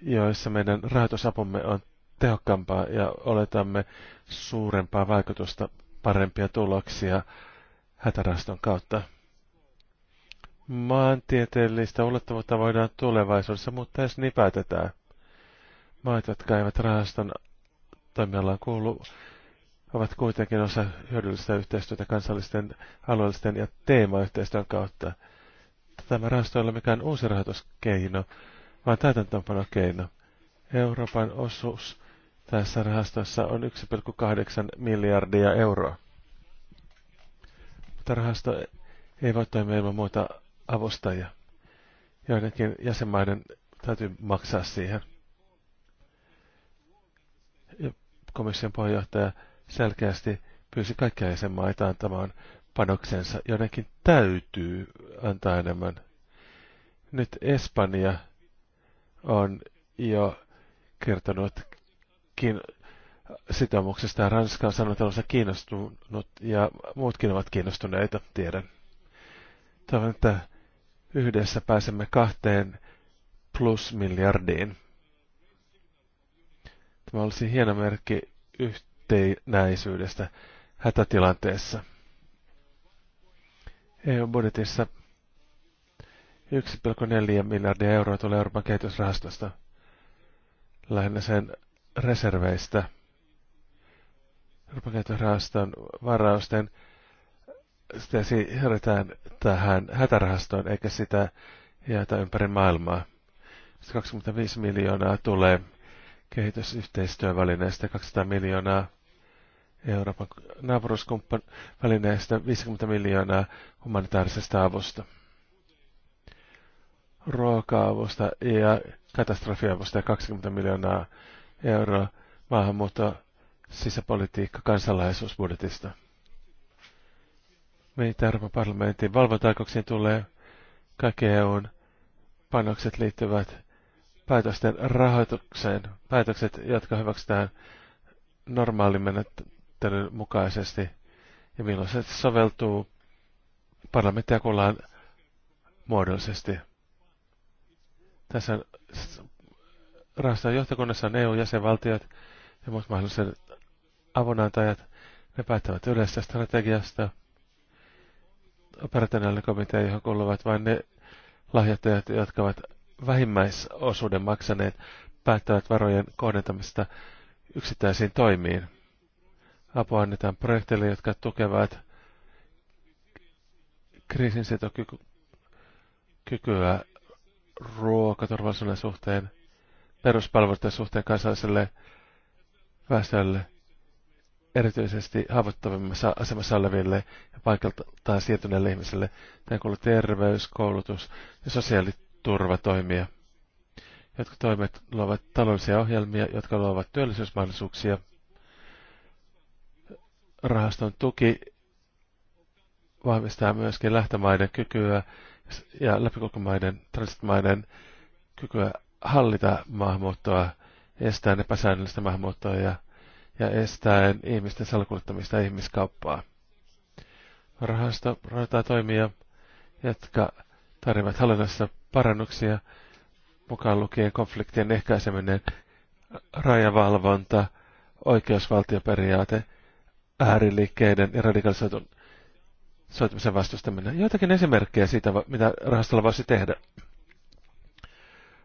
joissa meidän rahoitusapumme on tehokkaampaa ja oletamme suurempaa vaikutusta, parempia tuloksia hätäraston kautta. Maantieteellistä ulottuvuutta voidaan tulevaisuudessa, mutta jos niin päätetään. Maat, jotka eivät rahaston toimialaan kuuluu, ovat kuitenkin osa hyödyllistä yhteistyötä kansallisten, alueellisten ja teemayhteistyön kautta. Tämä rahasto ei ole mikään uusi rahoituskeino, vaan täytäntöönpanokeino. Euroopan osuus tässä rahastossa on 1,8 miljardia euroa. Mutta rahasto ei voi toimia ilman muuta avustajia. Joidenkin jäsenmaiden täytyy maksaa siihen. komission puheenjohtaja selkeästi pyysi kaikkia jäsenmaita antamaan panoksensa. Jonnekin täytyy antaa enemmän. Nyt Espanja on jo kertonutkin sitoumuksesta ja Ranska on sanonut olevansa kiinnostunut ja muutkin ovat kiinnostuneita, tiedän. Toivon, että yhdessä pääsemme kahteen plus miljardiin. Tämä olisi hieno merkki yhteenäisyydestä hätätilanteessa. EU-budjetissa 1,4 miljardia euroa tulee Euroopan kehitysrahastosta, lähinnä sen reserveistä. Euroopan kehitysrahaston varausten siirretään tähän hätärahastoon, eikä sitä jaeta ympäri maailmaa. 25 miljoonaa tulee kehitysyhteistyövälineestä 200 miljoonaa Euroopan naapuruskumppan välineestä 50 miljoonaa humanitaarisesta avusta, ruoka-avusta ja katastrofiavusta 20 miljoonaa euroa maahanmuutto, sisäpolitiikka, kansalaisuusbudjetista. Meitä Euroopan parlamentin valvontaikoksiin tulee kaikki EUn panokset liittyvät päätösten rahoitukseen, päätökset, jotka hyväksytään normaalimenettelyn mukaisesti ja milloin se soveltuu parlamenttia kuullaan muodollisesti. Tässä rahaston johtokunnassa on EU-jäsenvaltiot ja muut mahdolliset avunantajat. Ne päättävät yleisestä strategiasta. Operationaalinen komitea, johon kuuluvat vain ne lahjoittajat, jotka ovat vähimmäisosuuden maksaneet päättävät varojen kohdentamista yksittäisiin toimiin. Apua annetaan projekteille, jotka tukevat kriisinsietokykyä ruokaturvallisuuden suhteen, peruspalveluiden suhteen kansalliselle väestölle, erityisesti haavoittavimmassa asemassa oleville ja paikaltaan siirtyneille ihmisille. Tämä kuuluu terveys, koulutus ja sosiaali- turvatoimia. jotka toimet luovat taloudellisia ohjelmia, jotka luovat työllisyysmahdollisuuksia. Rahaston tuki vahvistaa myöskin lähtömaiden kykyä ja läpikulkumaiden, transitmaiden kykyä hallita maahanmuuttoa, estäen epäsäännöllistä maahanmuuttoa ja, ja estäen ihmisten salakuljettamista ja ihmiskauppaa. Rahasto rajoittaa toimia, jotka tarjoavat hallinnassa parannuksia, mukaan lukien konfliktien ehkäiseminen, rajavalvonta, oikeusvaltioperiaate, ääriliikkeiden ja radikalisoitumisen vastustaminen. Joitakin esimerkkejä siitä, mitä rahastolla voisi tehdä.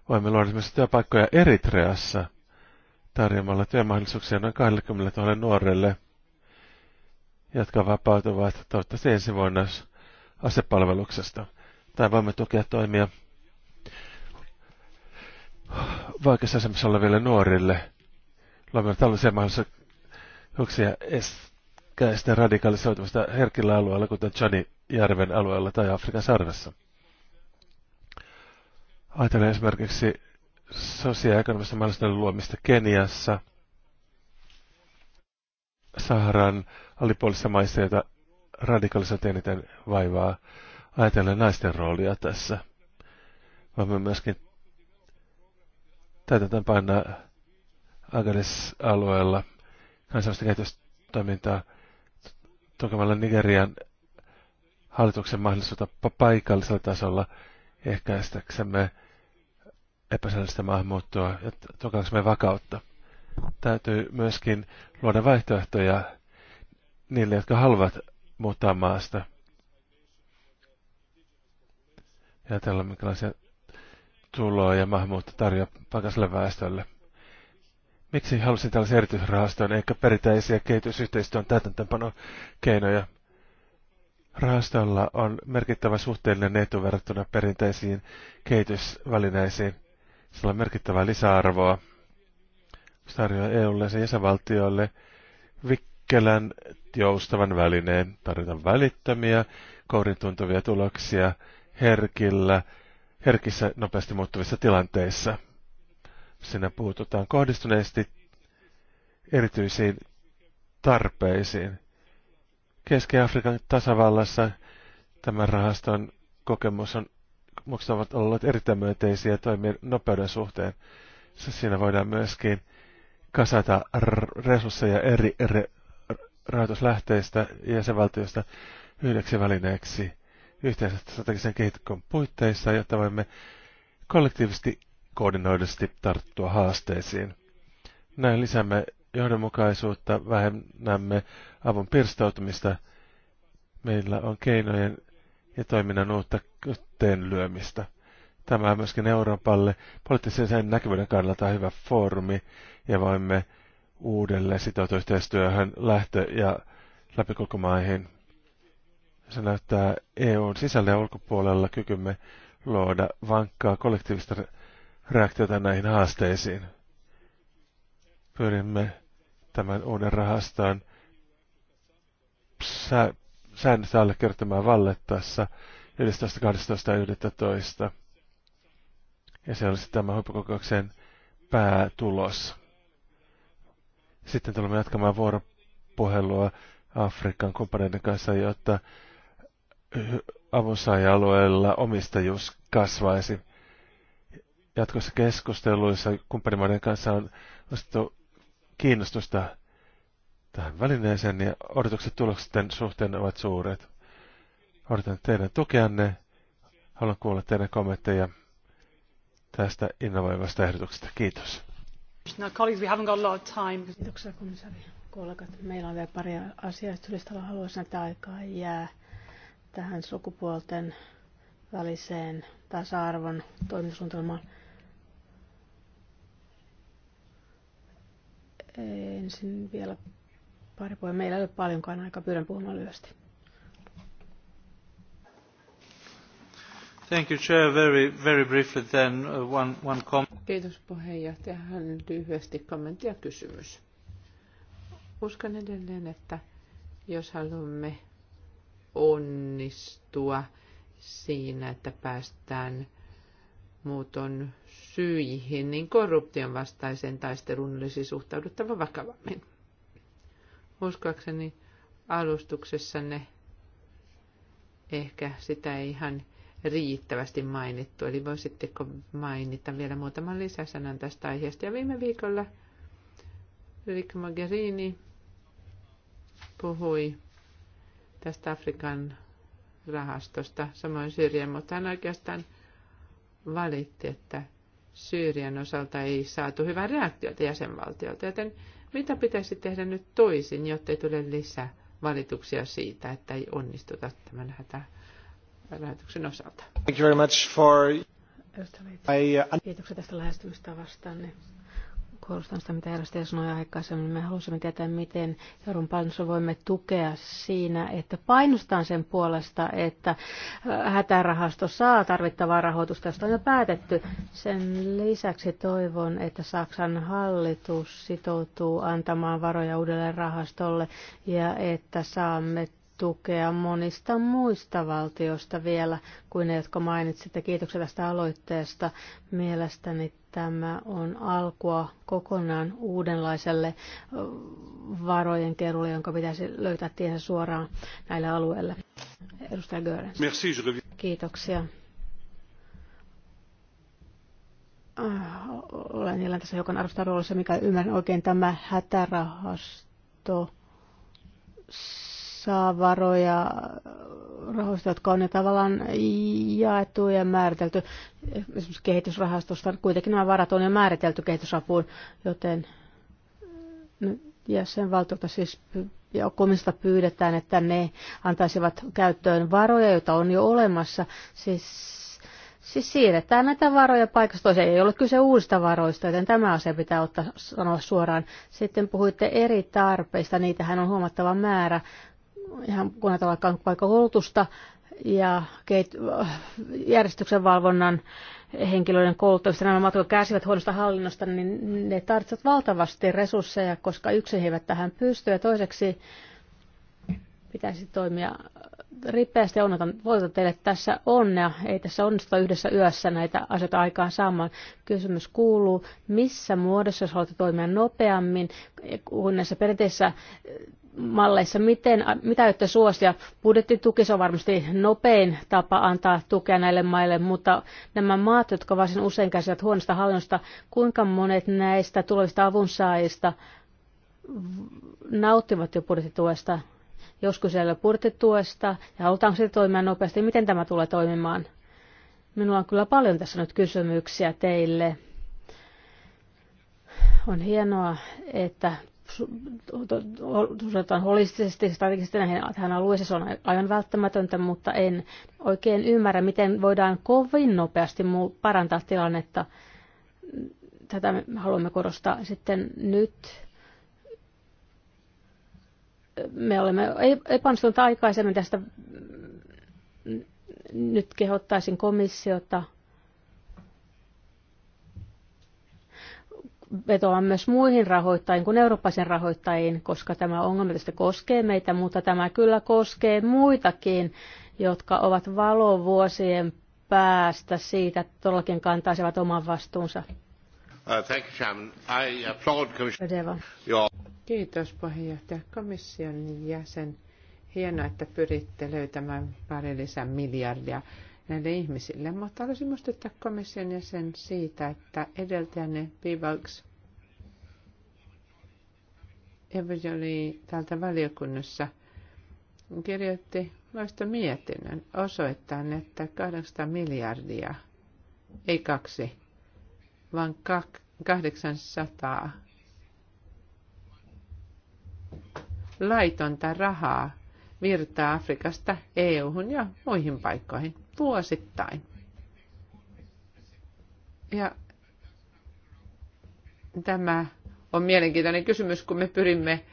Voimme luoda esimerkiksi työpaikkoja Eritreassa tarjoamalla työmahdollisuuksia noin 20 000 nuorelle, jotka vapautuvat toivottavasti ensi vuonna asepalveluksesta. Tai voimme tukea toimia vaikeassa asemassa oleville nuorille. Luomme tällaisia mahdollisuuksia ehkäistä radikalisoitumista herkillä alueilla, kuten Chani järven alueella tai Afrikan sarvessa. Ajattelen esimerkiksi sosioekonomista mahdollisuuden luomista Keniassa, Saharan alipuolissa maissa, joita radikalisoitu eniten vaivaa. Ajatellen naisten roolia tässä. Voimme myöskin täytetään panna Agalis-alueella kansainvälistä kehitystoimintaa tukemalla Nigerian hallituksen mahdollisuutta paikallisella tasolla ehkäistäksemme epäsäännöllistä maahanmuuttoa ja tukemaksemme vakautta. Täytyy myöskin luoda vaihtoehtoja niille, jotka haluavat muuttaa maasta. Ja tällä minkälaisia tuloa ja mahmuutta tarjoa paikalliselle väestölle. Miksi halusin tällaisen erityisrahaston eikä perinteisiä kehitysyhteistyön täytäntöönpanon keinoja? Rahastolla on merkittävä suhteellinen etu verrattuna perinteisiin kehitysvälineisiin. Sillä on merkittävää lisäarvoa. Se tarjoaa EUlle ja jäsenvaltioille vikkelän joustavan välineen Tarjotaan välittömiä, kourin tuntuvia tuloksia herkillä herkissä, nopeasti muuttuvissa tilanteissa. Siinä puututaan kohdistuneesti erityisiin tarpeisiin. Keski-Afrikan tasavallassa tämän rahaston kokemus on ovat olleet erittäin myönteisiä toimien nopeuden suhteen. Siinä voidaan myöskin kasata resursseja eri eri rahoituslähteistä ja jäsenvaltioista yhdeksi välineeksi Yhteisestä strategisen kehityksen puitteissa, jotta voimme kollektiivisesti koordinoidusti tarttua haasteisiin. Näin lisäämme johdonmukaisuutta, vähennämme avun pirstautumista. Meillä on keinojen ja toiminnan uutta lyömistä. Tämä on myöskin Euroopalle poliittisen sen näkyvyyden kannalta hyvä foorumi ja voimme uudelleen sitoutua yhteistyöhön lähtö- ja läpikulkumaihin. Se näyttää EUn sisällä ja ulkopuolella kykymme luoda vankkaa kollektiivista reaktiota näihin haasteisiin. Pyrimme tämän uuden rahastaan sä, säännöstä allekirjoittamaan Vallettassa 11.12.11. Ja se olisi tämä huippukokouksen päätulos. Sitten tulemme jatkamaan vuoropuhelua Afrikan kumppaneiden kanssa, jotta avunsaajalueella alueella omistajuus kasvaisi. Jatkossa keskusteluissa kumppanimaiden kanssa on nostettu kiinnostusta tähän välineeseen ja odotukset tuloksen suhteen ovat suuret. Odotan teidän tukeanne. Haluan kuulla teidän kommentteja tästä innovoivasta ehdotuksesta. Kiitos. Now, colleagues, we haven't got a lot of time. Kiitoksia komissaari kollegat. Meillä on vielä pari asiaa, joista haluaisin, että aikaa jää tähän sukupuolten väliseen tasa-arvon toimintasuunnitelmaan. Ensin vielä pari poimaa. Meillä ei ole paljonkaan aikaa. Pyydän puhumaan lyhyesti. Thank you, Chair. Very, very briefly then uh, one, one comment. Kiitos puheenjohtaja. Hän lyhyesti kommentti ja kysymys. Uskon edelleen, että jos haluamme onnistua siinä, että päästään muuton syihin, niin korruption vastaiseen taisteluun olisi suhtauduttava vakavammin. Uskoakseni alustuksessanne ehkä sitä ei ihan riittävästi mainittu, eli voisitteko mainita vielä muutaman lisäsanan tästä aiheesta. Ja viime viikolla Rick Magherini puhui tästä Afrikan rahastosta, samoin Syyrian, mutta hän oikeastaan valitti, että Syyrian osalta ei saatu hyvää reaktiota jäsenvaltiolta, joten mitä pitäisi tehdä nyt toisin, jotta ei tule lisää valituksia siitä, että ei onnistuta tämän hätärahoituksen osalta? Thank you very much for... Uh, Kiitoksia tästä lähestymistavasta korostan sitä, mitä järjestäjä sanoi aikaisemmin. Me halusimme tietää, miten Euroopan painossa voimme tukea siinä, että painostaan sen puolesta, että äh, hätärahasto saa tarvittavaa rahoitusta, josta on jo päätetty. Sen lisäksi toivon, että Saksan hallitus sitoutuu antamaan varoja uudelle rahastolle ja että saamme tukea monista muista valtioista vielä kuin ne, jotka mainitsitte. Kiitoksia tästä aloitteesta. Mielestäni tämä on alkua kokonaan uudenlaiselle varojen kerulle, jonka pitäisi löytää tiensä suoraan näille alueille. Edustaja Görens. Kiitoksia. Ah, olen niillä tässä hiukan arvostaa roolissa, mikä ymmärrän oikein tämä hätärahasto saa varoja rahoista, jotka on ne tavallaan jaettu ja määritelty. Esimerkiksi kehitysrahastosta kuitenkin nämä varat on jo määritelty kehitysapuun, joten jäsenvaltiota siis ja komista pyydetään, että ne antaisivat käyttöön varoja, joita on jo olemassa. Siis, siis siirretään näitä varoja paikasta toiseen. Ei ole kyse uusista varoista, joten tämä asia pitää ottaa sanoa suoraan. Sitten puhuitte eri tarpeista. Niitähän on huomattava määrä ihan kun ajatellaan vaikka koulutusta ja järjestyksen valvonnan henkilöiden koulutusta, nämä matkat kärsivät huonosta hallinnosta, niin ne tarvitsevat valtavasti resursseja, koska yksin he eivät tähän pysty ja toiseksi pitäisi toimia ripeästi ja onnetan voitan teille tässä onnea. Ei tässä onnistu yhdessä yössä näitä asioita aikaan saamaan. Kysymys kuuluu, missä muodossa jos haluatte toimia nopeammin, kun näissä perinteisissä malleissa, miten, mitä ette suosia? Budjettituki on varmasti nopein tapa antaa tukea näille maille, mutta nämä maat, jotka varsin usein kärsivät huonosta hallinnosta, kuinka monet näistä tulevista avunsaajista nauttivat jo budjettituesta? Joskus siellä ei budjettituesta ja halutaanko se toimia nopeasti? Miten tämä tulee toimimaan? Minulla on kyllä paljon tässä nyt kysymyksiä teille on hienoa, että suunnataan holistisesti, strategisesti näihin, tähän alueeseen. Se on aivan välttämätöntä, mutta en oikein ymmärrä, miten voidaan kovin nopeasti parantaa tilannetta. Tätä me haluamme korostaa sitten nyt. Me olemme epäonnistuneet aikaisemmin tästä. Nyt kehottaisin komissiota – vetoan myös muihin rahoittajiin kuin eurooppaisen rahoittajiin, koska tämä ongelma tietysti koskee meitä, mutta tämä kyllä koskee muitakin, jotka ovat valovuosien päästä siitä, että todellakin kantaisivat oman vastuunsa. Uh, Kiitos puheenjohtaja komission jäsen. Hienoa, että pyritte löytämään pari lisää miljardia näille ihmisille. Mutta haluaisin muistuttaa komission jäsen siitä, että edeltäjänne Bivalks Evri oli täältä valiokunnassa kirjoitti loista mietinnön osoittain, että 800 miljardia, ei kaksi, vaan 800 laitonta rahaa virtaa Afrikasta EU-hun ja muihin paikkoihin vuosittain. Ja tämä on mielenkiintoinen kysymys, kun me pyrimme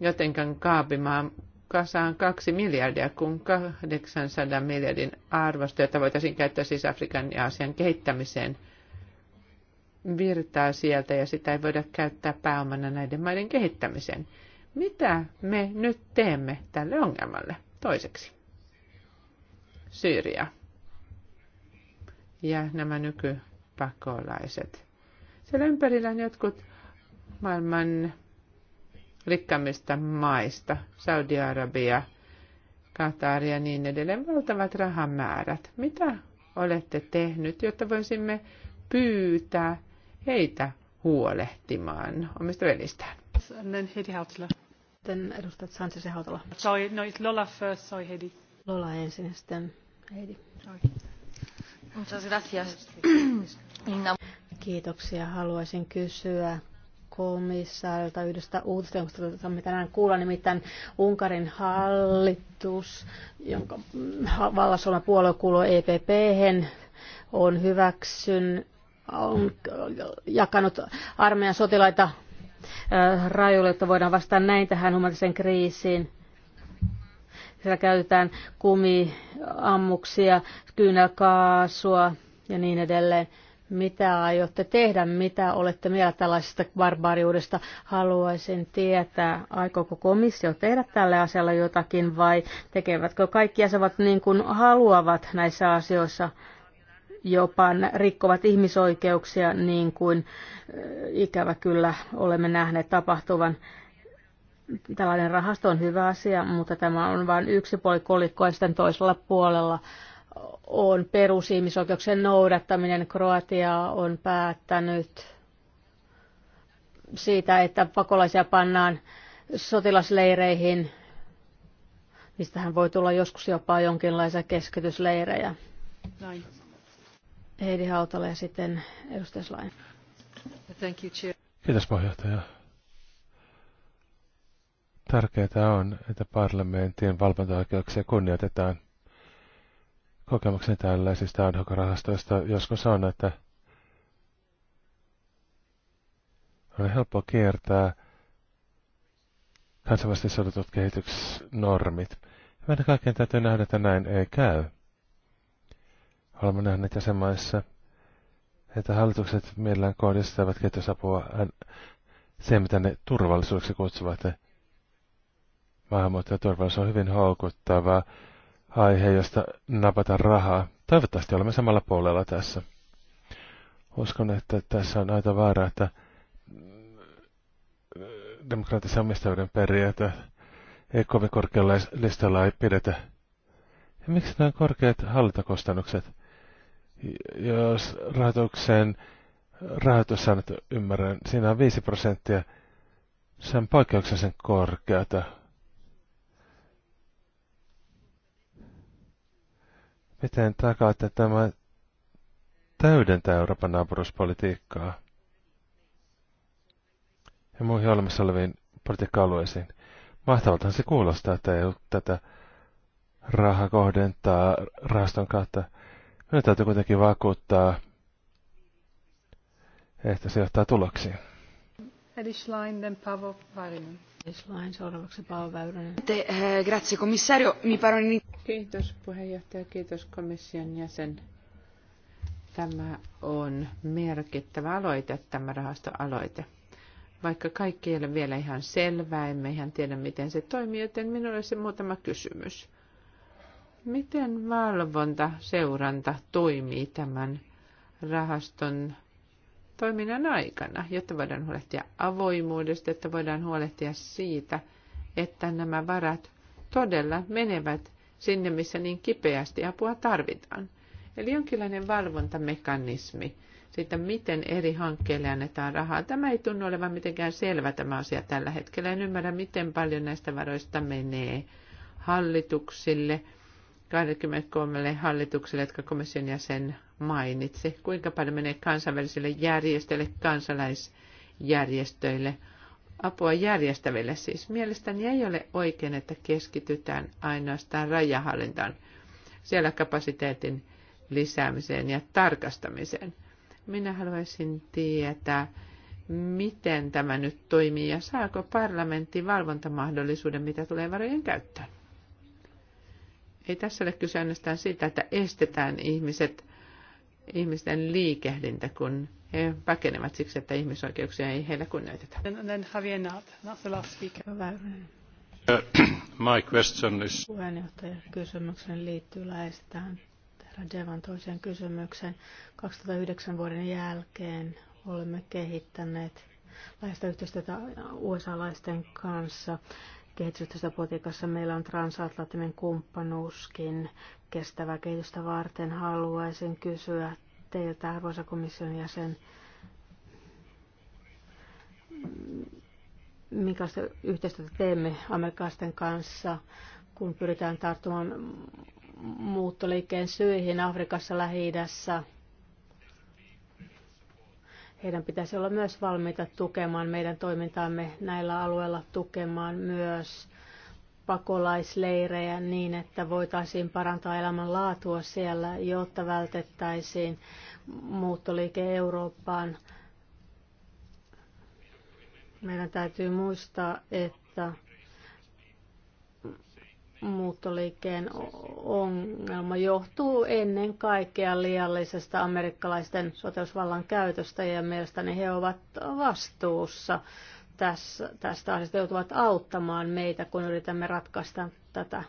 jotenkin kaapimaan kasaan kaksi miljardia, kun 800 miljardin arvosta, jota voitaisiin käyttää siis Afrikan ja Aasian kehittämiseen, virtaa sieltä ja sitä ei voida käyttää pääomana näiden maiden kehittämiseen. Mitä me nyt teemme tälle ongelmalle toiseksi? Syyriä ja nämä nykypakolaiset. Siellä ympärillä on jotkut maailman rikkaimmista maista, Saudi-Arabia, Katar ja niin edelleen, valtavat rahamäärät. Mitä olette tehnyt, jotta voisimme pyytää heitä huolehtimaan omista velistään? Heidi Hautala. Sitten edustat Sanchez ja Hautala. Sorry, no, Lola first, sorry Heidi. Lola ensin ja sitten Heidi. Sorry. Kiitoksia. Haluaisin kysyä komissaarilta yhdestä uutisesta, jota me tänään kuulla, nimittäin Unkarin hallitus, jonka vallassa oleva puolue kuuluu epp on hyväksyn, on jakanut armeijan sotilaita rajoille, jotta voidaan vastata näin tähän humanitaariseen kriisiin siellä käytetään kumiammuksia, kyynelkaasua ja niin edelleen. Mitä aiotte tehdä? Mitä olette mieltä tällaisesta barbaariudesta? Haluaisin tietää, aikooko komissio tehdä tälle asialle jotakin vai tekevätkö kaikki jäsenet niin kuin haluavat näissä asioissa? jopa rikkovat ihmisoikeuksia, niin kuin ikävä kyllä olemme nähneet tapahtuvan tällainen rahasto on hyvä asia, mutta tämä on vain yksi puoli kolikkoa ja sitten toisella puolella on perusihmisoikeuksien noudattaminen. Kroatia on päättänyt siitä, että pakolaisia pannaan sotilasleireihin. mistähän voi tulla joskus jopa jonkinlaisia keskitysleirejä. Näin. Heidi Hautala ja sitten edustaja Kiitos puheenjohtaja. Tärkeää on, että parlamentin valvontaoikeuksia kunnioitetaan. Kokemukseni tällaisista ad hoc-rahastoista joskus on, että on helppo kiertää kansainvälisesti sodatut kehitysnormit. Meidän kaikkien täytyy nähdä, että näin ei käy. Olemme nähneet jäsenmaissa, että hallitukset mielellään kohdistavat kehitysapua se, mitä ne turvallisuudeksi kutsuvat maahanmuuttajaturvallisuus on hyvin houkuttava aihe, josta napata rahaa. Toivottavasti olemme samalla puolella tässä. Uskon, että tässä on aito vaara, että demokraattisen omistajuuden periaate ei kovin korkealla listalla ei pidetä. Ja miksi nämä korkeat hallintokustannukset? Jos rahoitukseen rahoitussäännöt ymmärrän, siinä on 5 prosenttia. Se on poikkeuksellisen korkeata. Miten takaatte tämä täydentää Euroopan naapuruspolitiikkaa ja muihin olemassa oleviin politiikka-alueisiin? Mahtavaltahan se kuulostaa, että ei tätä rahaa kohdentaa rahaston kautta. Minun täytyy kuitenkin vakuuttaa, että se johtaa tuloksiin. Edisline, then Pavo Varinen. Te, komissario. Eh, Mi Kiitos puheenjohtaja, kiitos komission jäsen. Tämä on merkittävä aloite, tämä rahastoaloite. Vaikka kaikki ei ole vielä ihan selvää, emme ihan tiedä miten se toimii, joten minulle se muutama kysymys. Miten valvonta, seuranta toimii tämän rahaston toiminnan aikana, jotta voidaan huolehtia avoimuudesta, että voidaan huolehtia siitä, että nämä varat todella menevät sinne, missä niin kipeästi apua tarvitaan. Eli jonkinlainen valvontamekanismi siitä, miten eri hankkeille annetaan rahaa. Tämä ei tunnu olevan mitenkään selvä tämä asia tällä hetkellä. En ymmärrä, miten paljon näistä varoista menee hallituksille, 23 hallitukselle, jotka komission jäsen mainitsi, kuinka paljon menee kansainvälisille järjestöille, kansalaisjärjestöille, apua järjestäville siis. Mielestäni ei ole oikein, että keskitytään ainoastaan rajahallintaan, siellä kapasiteetin lisäämiseen ja tarkastamiseen. Minä haluaisin tietää, miten tämä nyt toimii ja saako parlamentti valvontamahdollisuuden, mitä tulee varojen käyttöön. Ei tässä ole kyse ainoastaan siitä, että estetään ihmiset ihmisten liikehdintä, kun he pakenevat siksi, että ihmisoikeuksia ei heillä kunnioiteta. Uh, <clears throat> my question is... Puheenjohtajan kysymyksen liittyy lähestään herra Devan toiseen kysymykseen. 2009 vuoden jälkeen olemme kehittäneet läheistä yhteistyötä USA-laisten kanssa kehitysyhteistyöpolitiikassa meillä on transatlanttinen kumppanuuskin kestävää kehitystä varten. Haluaisin kysyä teiltä, arvoisa komission jäsen, minkälaista yhteistyötä teemme amerikkalaisten kanssa, kun pyritään tarttumaan muuttoliikkeen syihin Afrikassa, lähi -idässä. Heidän pitäisi olla myös valmiita tukemaan meidän toimintaamme näillä alueilla, tukemaan myös pakolaisleirejä niin, että voitaisiin parantaa elämänlaatua siellä, jotta vältettäisiin muuttoliike Eurooppaan. Meidän täytyy muistaa, että muuttoliikkeen ongelma johtuu ennen kaikkea liiallisesta amerikkalaisten sotilasvallan käytöstä ja mielestäni he ovat vastuussa tässä, tästä asiasta, joutuvat auttamaan meitä, kun yritämme ratkaista tätä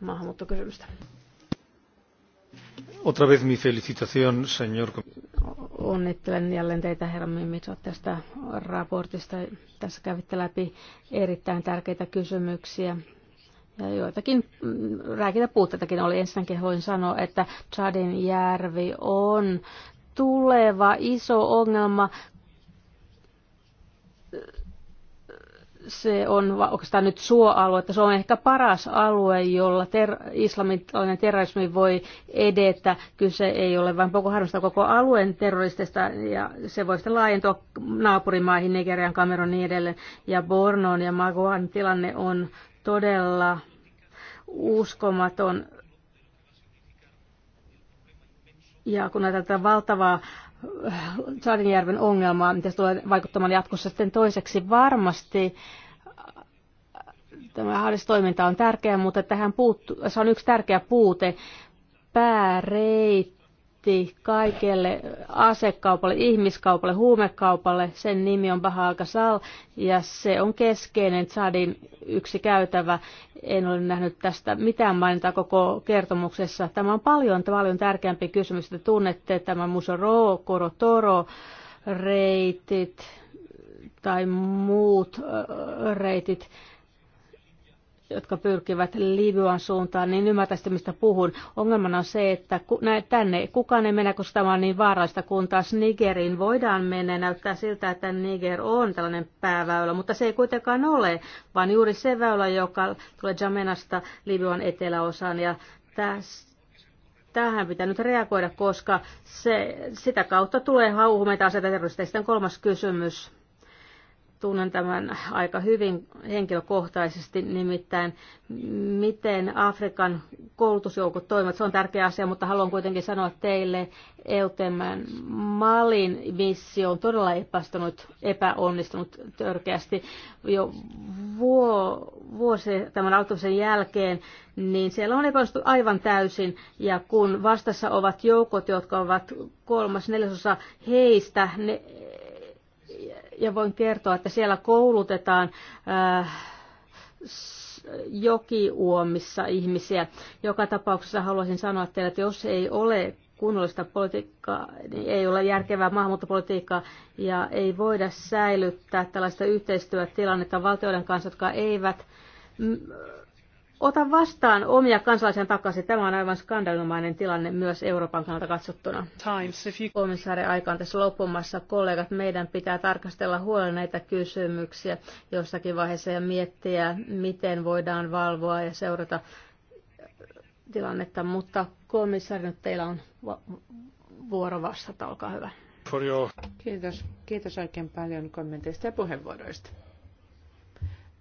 maahanmuuttokysymystä. Otra vez mi felicitación, señor. Onnittelen jälleen teitä, herra Mimitso, tästä raportista. Tässä kävitte läpi erittäin tärkeitä kysymyksiä ja joitakin mm, rääkintä puutteitakin oli. Ensinnäkin voin sanoa, että Chadin järvi on tuleva iso ongelma. Se on oikeastaan nyt suoalue, että se on ehkä paras alue, jolla ter- islamilainen terrorismi voi edetä. Kyse ei ole vain Boko Harmista koko alueen terroristista ja se voi sitten laajentua naapurimaihin, Nigerian, ja niin edelleen. Ja Bornon ja Magoan tilanne on todella uskomaton. Ja kun näitä valtavaa äh, Saarinjärven ongelmaa, mitä se tulee vaikuttamaan jatkossa sitten toiseksi, varmasti äh, tämä harjoitustoiminta on tärkeä, mutta tähän puuttu, se on yksi tärkeä puute. Pääreitti reitti kaikelle asekaupalle, ihmiskaupalle, huumekaupalle. Sen nimi on Baha sal ja se on keskeinen Tsadin yksi käytävä. En ole nähnyt tästä mitään mainintaa koko kertomuksessa. Tämä on paljon, paljon tärkeämpi kysymys, että tunnette tämä Musoro, Korotoro, reitit tai muut reitit jotka pyrkivät Libyan suuntaan, niin ymmärtäisitte, mistä puhun. Ongelmana on se, että tänne kukaan ei mennä, koska tämä on niin vaarallista, kun taas Nigerin voidaan mennä. Näyttää siltä, että Niger on tällainen pääväylä, mutta se ei kuitenkaan ole, vaan juuri se väylä, joka tulee Jamenasta Libyan eteläosaan. Ja tässä tähän pitää nyt reagoida, koska se, sitä kautta tulee hauhumeita aseita terroristeista. Sitten kolmas kysymys tunnen tämän aika hyvin henkilökohtaisesti, nimittäin miten Afrikan koulutusjoukot toimivat. Se on tärkeä asia, mutta haluan kuitenkin sanoa teille, EUTEMän Malin missio on todella epästunut, epäonnistunut törkeästi. Jo vuosi tämän auttamisen jälkeen, niin siellä on epäonnistunut aivan täysin, ja kun vastassa ovat joukot, jotka ovat kolmas neljäsosa heistä, ne ja voin kertoa, että siellä koulutetaan äh, jokiuomissa ihmisiä. Joka tapauksessa haluaisin sanoa teille, että jos ei ole kunnollista politiikkaa, niin ei ole järkevää maahanmuuttopolitiikkaa ja ei voida säilyttää tällaista yhteistyötilannetta valtioiden kanssa, jotka eivät ota vastaan omia kansalaisia takaisin. Tämä on aivan skandalinomainen tilanne myös Euroopan kannalta katsottuna. Times, if you... Komissaari aika on tässä loppumassa. Kollegat, meidän pitää tarkastella huolella näitä kysymyksiä jossakin vaiheessa ja miettiä, miten voidaan valvoa ja seurata tilannetta. Mutta komissaari, nyt teillä on vuoro vastata. Olkaa hyvä. Kiitos. Kiitos oikein paljon kommenteista ja puheenvuoroista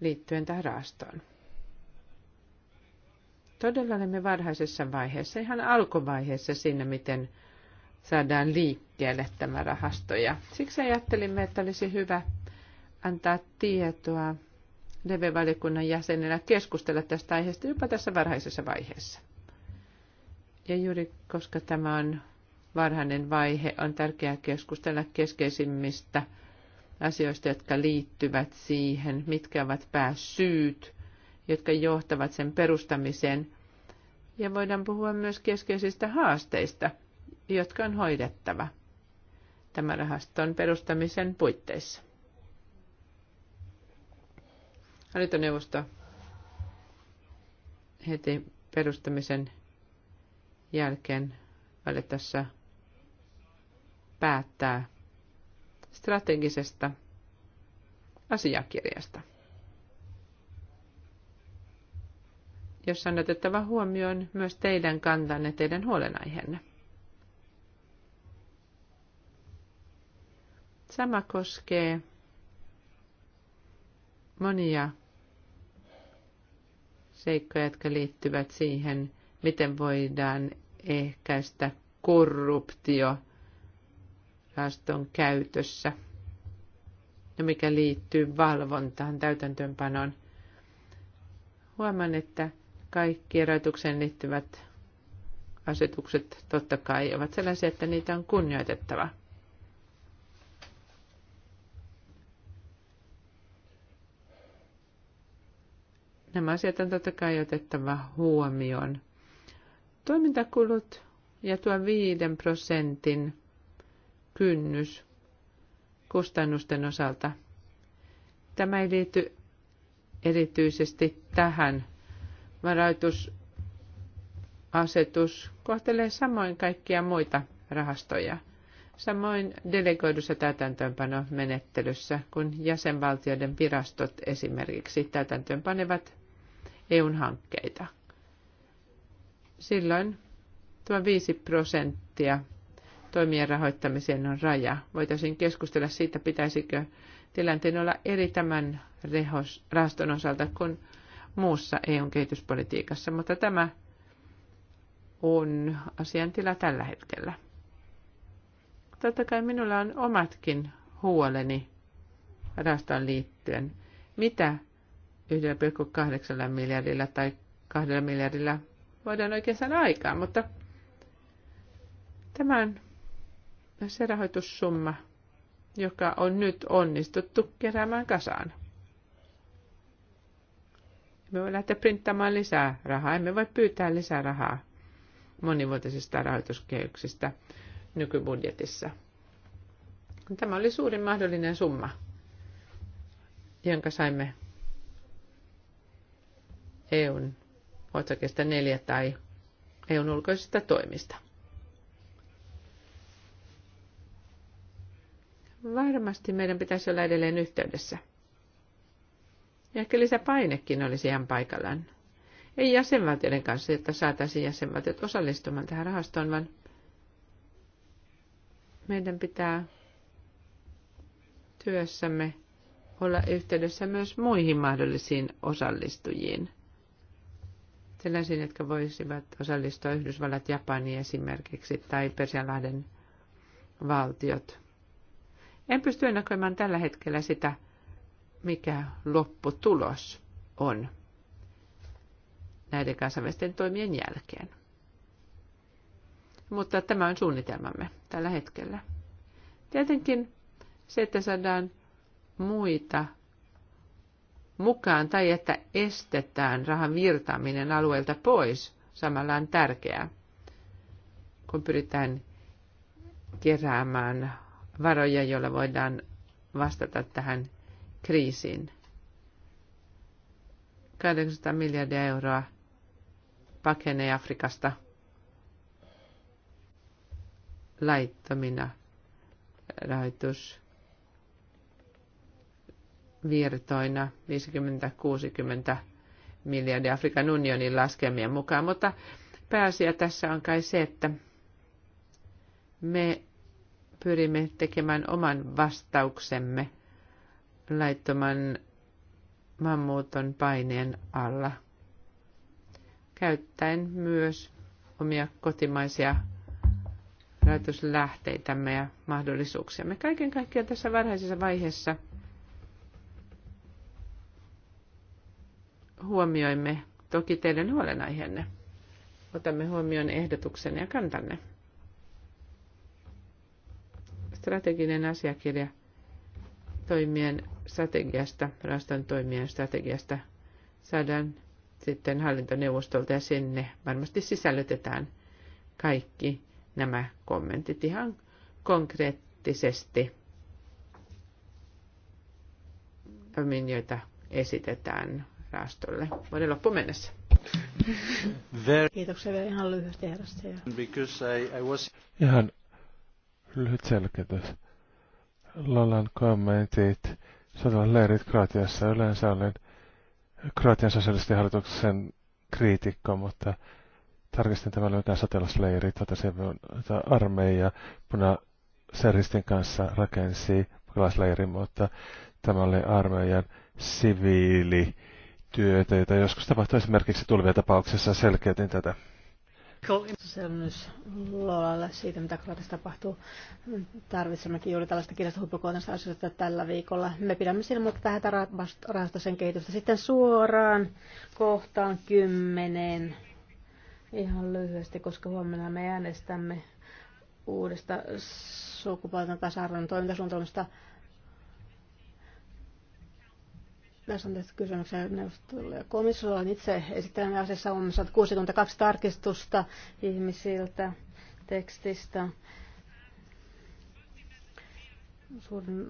liittyen tähän rahastoon. Todella olemme varhaisessa vaiheessa, ihan alkuvaiheessa siinä, miten saadaan liikkeelle tämä rahasto. Ja siksi ajattelimme, että olisi hyvä antaa tietoa dv valikunnan jäsenenä keskustella tästä aiheesta jopa tässä varhaisessa vaiheessa. Ja juuri koska tämä on varhainen vaihe, on tärkeää keskustella keskeisimmistä asioista, jotka liittyvät siihen, mitkä ovat pääsyyt jotka johtavat sen perustamiseen. Ja voidaan puhua myös keskeisistä haasteista, jotka on hoidettava tämän rahaston perustamisen puitteissa. Hallintoneuvosto heti perustamisen jälkeen valitessa päättää strategisesta asiakirjasta. jossa on otettava huomioon myös teidän kantanne, teidän huolenaiheenne. Sama koskee monia seikkoja, jotka liittyvät siihen, miten voidaan ehkäistä korruptio rahaston käytössä ja mikä liittyy valvontaan, täytäntöönpanoon. Huomaan, että kaikki erotukseen liittyvät asetukset totta kai ovat sellaisia, että niitä on kunnioitettava. Nämä asiat on totta kai otettava huomioon. Toimintakulut ja tuo 5 prosentin kynnys kustannusten osalta. Tämä ei liity erityisesti tähän varautusasetus kohtelee samoin kaikkia muita rahastoja. Samoin delegoidussa täytäntöönpanomenettelyssä, kun jäsenvaltioiden virastot esimerkiksi täytäntöönpanevat EUn hankkeita. Silloin tuo 5 prosenttia toimien rahoittamiseen on raja. Voitaisiin keskustella siitä, pitäisikö tilanteen olla eri tämän rahaston osalta, kun muussa EUn kehityspolitiikassa, mutta tämä on asiantila tällä hetkellä. Totta kai minulla on omatkin huoleni rastaan liittyen. Mitä 1,8 miljardilla tai 2 miljardilla voidaan oikein saada aikaan, mutta tämän se rahoitussumma, joka on nyt onnistuttu keräämään kasaan. Me voi lähteä printtaamaan lisää rahaa. Emme voi pyytää lisää rahaa monivuotisista rahoituskehyksistä nykybudjetissa. Tämä oli suurin mahdollinen summa, jonka saimme EUn otsakesta neljä tai EUn ulkoisista toimista. Varmasti meidän pitäisi olla edelleen yhteydessä. Ja se painekin olisi ihan paikallaan. Ei jäsenvaltioiden kanssa, että saataisiin jäsenvaltiot osallistumaan tähän rahastoon, vaan meidän pitää työssämme olla yhteydessä myös muihin mahdollisiin osallistujiin. Sellaisiin, jotka voisivat osallistua Yhdysvallat, Japani esimerkiksi tai Persianlahden valtiot. En pysty ennakoimaan tällä hetkellä sitä, mikä lopputulos on näiden kansainvälisten toimien jälkeen. Mutta tämä on suunnitelmamme tällä hetkellä. Tietenkin se, että saadaan muita mukaan tai että estetään rahan virtaaminen alueelta pois, samalla on tärkeää, kun pyritään keräämään varoja, joilla voidaan vastata tähän kriisiin. 800 miljardia euroa pakenee Afrikasta laittomina rahoitus virtoina 50-60 miljardia Afrikan unionin laskemien mukaan, mutta pääasia tässä on kai se, että me pyrimme tekemään oman vastauksemme laittoman maahanmuuton paineen alla, käyttäen myös omia kotimaisia rahoituslähteitämme ja mahdollisuuksiamme. Kaiken kaikkiaan tässä varhaisessa vaiheessa huomioimme toki teidän huolenaiheenne. Otamme huomioon ehdotuksenne ja kantanne. Strateginen asiakirja – toimien strategiasta, rahaston toimien strategiasta saadaan sitten hallintoneuvostolta ja sinne varmasti sisällytetään kaikki nämä kommentit ihan konkreettisesti, joita esitetään rahastolle vuoden loppuun mennessä. Kiitoksia vielä ihan lyhyesti herrasta. Ihan lyhyt tässä. Lollan kommentit leirit Kroatiassa. Yleensä olen Kroatian hallituksen kriitikko, mutta tarkistin tämän löytään sotilasleiri, on tuota armeija puna Serhistin kanssa rakensi pakolaisleirin, mutta tämä oli armeijan siviilityötä, jota joskus tapahtui esimerkiksi tulvia tapauksessa, selkeytin tätä. Se on myös Lolalle siitä, mitä Kroatissa tapahtuu. Tarvitsemmekin juuri tällaista kirjasta huippukohtaisesta asioista tällä viikolla. Me pidämme mutta tähän rahastosta sen kehitystä. Sitten suoraan kohtaan kymmeneen. Ihan lyhyesti, koska huomenna me äänestämme uudesta sukupuolten tasa-arvon toimintasuunnitelmasta Tässä on tehty kysymyksiä neuvostolle ja komissiolle on itse esittänyt asiassa on 62 tarkistusta ihmisiltä tekstistä. Suurin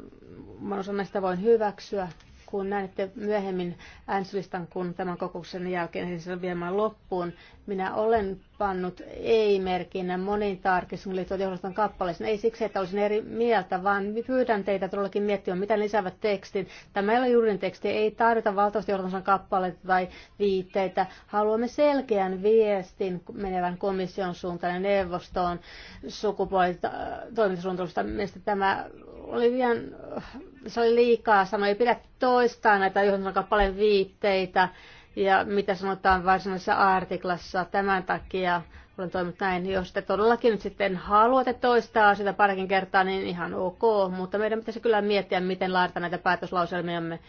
osa näistä voin hyväksyä kun näette myöhemmin äänestyslistan, kun tämän kokouksen jälkeen siis viemään loppuun, minä olen pannut ei-merkinnän moniin tarkistuksen johdoston kappaleeseen. Ei siksi, että olisin eri mieltä, vaan pyydän teitä todellakin miettimään, mitä lisäävät tekstin. Tämä ei ole juurin teksti, ei tarvita valtavasti johdoston kappaleita tai viitteitä. Haluamme selkeän viestin menevän komission suuntaan ja neuvostoon sukupuolitoimintasuunnitelmasta. Äh, Mielestäni tämä oli liian äh, se oli liikaa sanoa, ei pidä toistaa näitä yhden kappaleen viitteitä ja mitä sanotaan varsinaisessa artiklassa. Tämän takia olen toiminut näin. Jos te todellakin nyt sitten haluatte toistaa sitä parikin kertaa, niin ihan ok, mutta meidän pitäisi kyllä miettiä, miten laittaa näitä päätöslauselmiamme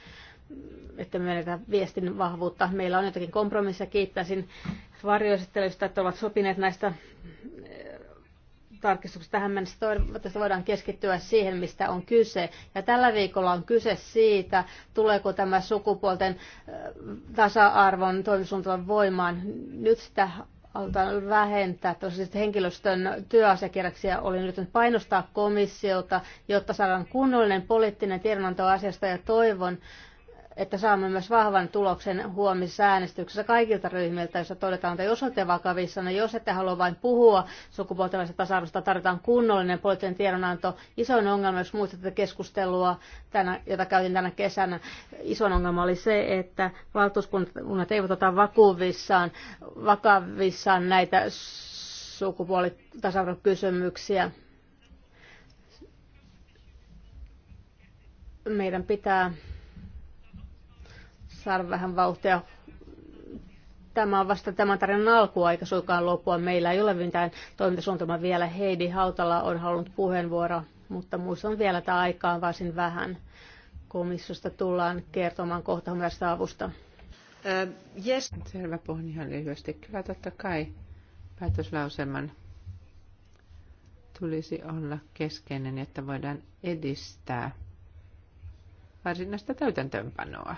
että menetä viestin vahvuutta. Meillä on jotakin kompromissia. Kiittäisin varjoesittelystä, että ovat sopineet näistä tarkistuksessa tähän mennessä toivottavasti voidaan keskittyä siihen, mistä on kyse. Ja tällä viikolla on kyse siitä, tuleeko tämä sukupuolten tasa-arvon toimisuuntelun voimaan. Nyt sitä halutaan vähentää. Tosiaan henkilöstön työasiakirjaksia oli nyt painostaa komissiota, jotta saadaan kunnollinen poliittinen tiedonanto asiasta ja toivon, että saamme myös vahvan tuloksen huomisessa äänestyksessä kaikilta ryhmiltä, jossa todetaan, että jos olette vakavissa, niin jos ette halua vain puhua sukupuolten tasa-arvosta, tarvitaan kunnollinen poliittinen tiedonanto. Isoin ongelma, jos muistatte keskustelua, tänä, jota käytin tänä kesänä, isoin ongelma oli se, että valtuuskunnat eivät ota vakuvissaan, vakavissaan näitä sukupuolitasa-arvokysymyksiä. Meidän pitää saada vähän vauhtia. Tämä on vasta tämän tarinan alkuaika, eikä suinkaan loppua. Meillä ei ole mitään toimintasuunnitelmaa vielä. Heidi Hautala on halunnut puheenvuoro, mutta on vielä tämä aikaa varsin vähän. Komissiosta tullaan kertomaan kohta myös avusta. Äh, yes. Selvä puhun ihan lyhyesti. Kyllä totta kai päätöslauselman tulisi olla keskeinen, että voidaan edistää varsinaista täytäntöönpanoa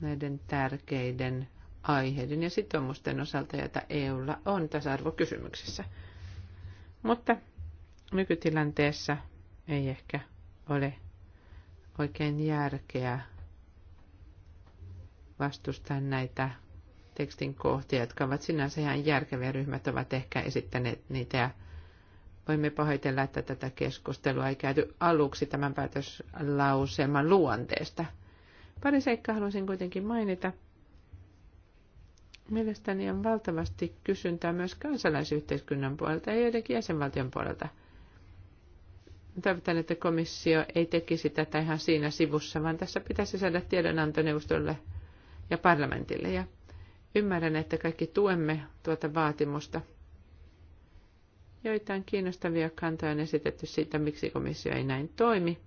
näiden tärkeiden aiheiden ja sitoumusten osalta, joita EUlla on tasa-arvokysymyksissä. Mutta nykytilanteessa ei ehkä ole oikein järkeä vastustaa näitä tekstin kohtia, jotka ovat sinänsä ihan järkeviä. Ryhmät ovat ehkä esittäneet niitä ja voimme pahoitella, että tätä keskustelua ei käyty aluksi tämän päätöslauselman luonteesta – Pari seikkaa haluaisin kuitenkin mainita. Mielestäni on valtavasti kysyntää myös kansalaisyhteiskunnan puolelta ja joidenkin jäsenvaltion puolelta. Toivotan, että komissio ei tekisi tätä ihan siinä sivussa, vaan tässä pitäisi saada tiedonantoneuvostolle ja parlamentille. Ja ymmärrän, että kaikki tuemme tuota vaatimusta. Joitain kiinnostavia kantoja on esitetty siitä, miksi komissio ei näin toimi –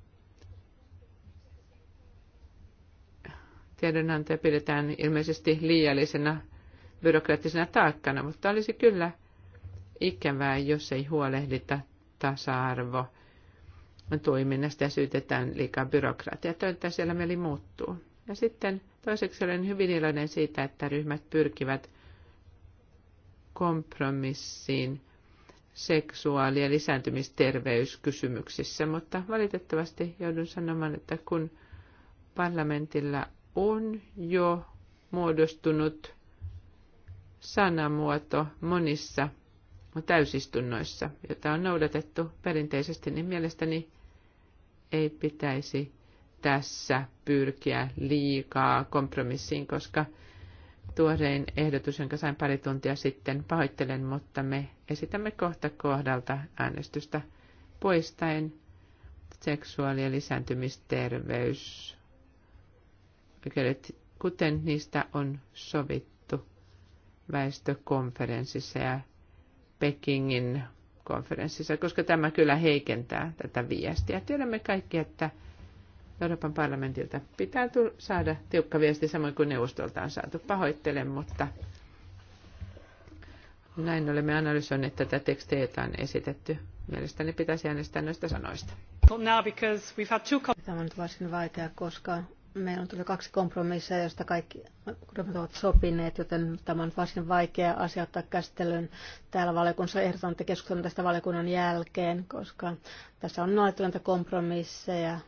tiedonantoja pidetään ilmeisesti liiallisena byrokraattisena taakkana, mutta olisi kyllä ikävää, jos ei huolehdita tasa-arvo toiminnasta ja syytetään liikaa byrokratiaa. Toivottavasti siellä meli muuttuu. Ja sitten toiseksi olen hyvin iloinen siitä, että ryhmät pyrkivät kompromissiin seksuaali- ja lisääntymisterveyskysymyksissä, mutta valitettavasti joudun sanomaan, että kun parlamentilla on jo muodostunut sanamuoto monissa täysistunnoissa, jota on noudatettu perinteisesti, niin mielestäni ei pitäisi tässä pyrkiä liikaa kompromissiin, koska tuorein ehdotus, jonka sain pari tuntia sitten, pahoittelen, mutta me esitämme kohta kohdalta äänestystä poistaen seksuaali- ja lisääntymisterveys pykälät, kuten niistä on sovittu väestökonferenssissa ja Pekingin konferenssissa, koska tämä kyllä heikentää tätä viestiä. Tiedämme kaikki, että Euroopan parlamentilta pitää saada tiukka viesti samoin kuin neuvostolta on saatu. Pahoittelen, mutta näin olemme analysoineet tätä tekstiä, jota on esitetty. Mielestäni pitäisi äänestää noista sanoista. Tämä on varsin vaikea, koska Meillä on tullut kaksi kompromissia, joista kaikki ryhmät ovat sopineet, joten tämä on varsin vaikea asia ottaa käsittelyyn täällä valiokunnassa. Ehdotan, että keskustelun tästä valiokunnan jälkeen, koska tässä on näitä kompromisseja.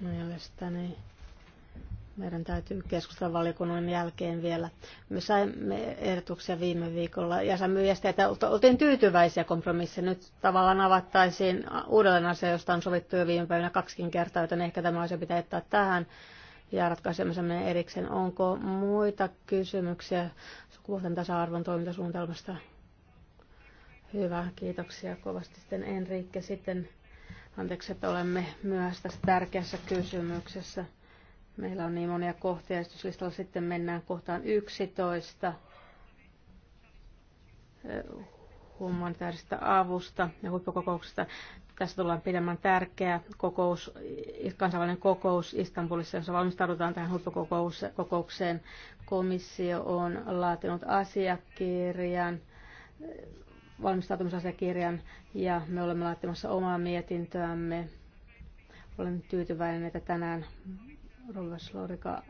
Mielestäni meidän täytyy keskustella valiokunnan jälkeen vielä. Me saimme ehdotuksia viime viikolla ja saimme viestiä, että oltiin tyytyväisiä kompromissi. Nyt tavallaan avattaisiin uudelleen asia, josta on sovittu jo viime päivinä kaksikin kertaa, joten ehkä tämä asia pitää jättää tähän ja ratkaisemisen erikseen. Onko muita kysymyksiä sukupuolten tasa-arvon toimintasuunnitelmasta? Hyvä, kiitoksia kovasti sitten Enrique. Sitten anteeksi, että olemme myös tässä tärkeässä kysymyksessä. Meillä on niin monia kohtia esityslistalla. Sitten mennään kohtaan 11 eh, humanitaarista avusta ja huippukokouksesta. Tässä tullaan pidemmän tärkeä kokous, kansainvälinen kokous Istanbulissa, jossa valmistaudutaan tähän huippukokoukseen. Komissio on laatinut asiakirjan, valmistautumisasiakirjan ja me olemme laittamassa omaa mietintöämme. Olen tyytyväinen, että tänään Rova Slorika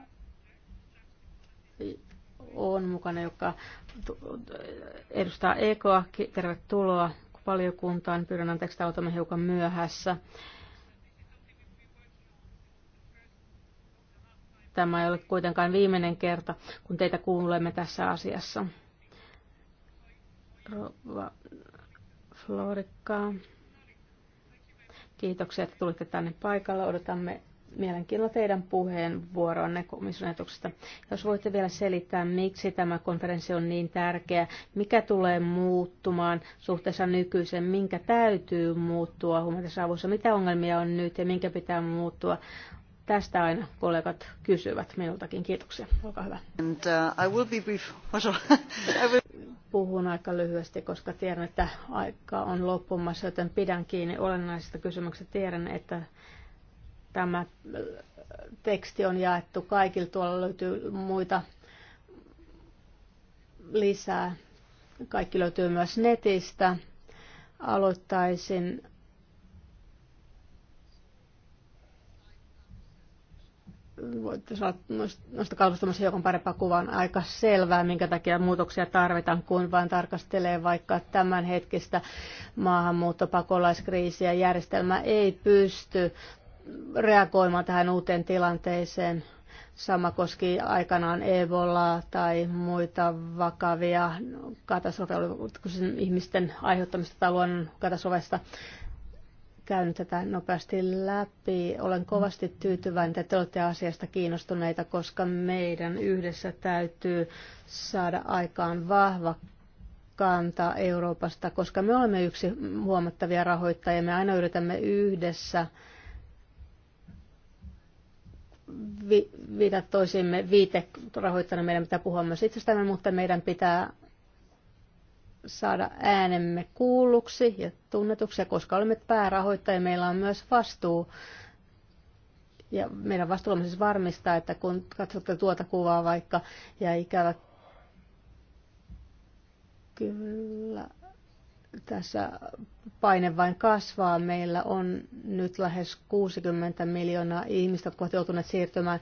on mukana, joka edustaa EKOa. Tervetuloa valiokuntaan. Pyydän anteeksi, että olemme hiukan myöhässä. Tämä ei ole kuitenkaan viimeinen kerta, kun teitä kuulemme tässä asiassa. Rova Florikka. Kiitoksia, että tulitte tänne paikalle. Odotamme mielenkiinnolla teidän puheenvuoronne komission ajatuksesta. Jos voitte vielä selittää, miksi tämä konferenssi on niin tärkeä, mikä tulee muuttumaan suhteessa nykyiseen, minkä täytyy muuttua huomioitessa avussa, mitä ongelmia on nyt ja minkä pitää muuttua. Tästä aina kollegat kysyvät minultakin. Kiitoksia. Olkaa hyvä. And, uh, I will be brief. <laughs> I will... Puhun aika lyhyesti, koska tiedän, että aika on loppumassa, joten pidän kiinni olennaisista kysymyksistä. Tiedän, että Tämä äh, teksti on jaettu kaikille. tuolla löytyy muita lisää. Kaikki löytyy myös netistä. Aloittaisin voitte saada noista kalvostumassa myös parempaa kuvaa. aika selvää, minkä takia muutoksia tarvitaan, kun vain tarkastelee vaikka tämänhetkistä maahanmuuttopakolaiskriisiä. Järjestelmä ei pysty reagoimaan tähän uuteen tilanteeseen. Sama koski aikanaan Ebolaa tai muita vakavia katastrofeja, ihmisten aiheuttamista tai luonnon katastrofeista. Käyn tätä nopeasti läpi. Olen kovasti tyytyväinen, että te olette asiasta kiinnostuneita, koska meidän yhdessä täytyy saada aikaan vahva kanta Euroopasta, koska me olemme yksi huomattavia rahoittajia. Me aina yritämme yhdessä vi- viitata toisiimme rahoittana Meidän pitää puhua myös itsestämme, mutta meidän pitää saada äänemme kuulluksi ja tunnetuksi, ja koska olemme päärahoittajia, meillä on myös vastuu. Ja meidän on siis varmistaa, että kun katsotte tuota kuvaa vaikka, ja ikävä kyllä tässä paine vain kasvaa. Meillä on nyt lähes 60 miljoonaa ihmistä, jotka ovat joutuneet siirtymään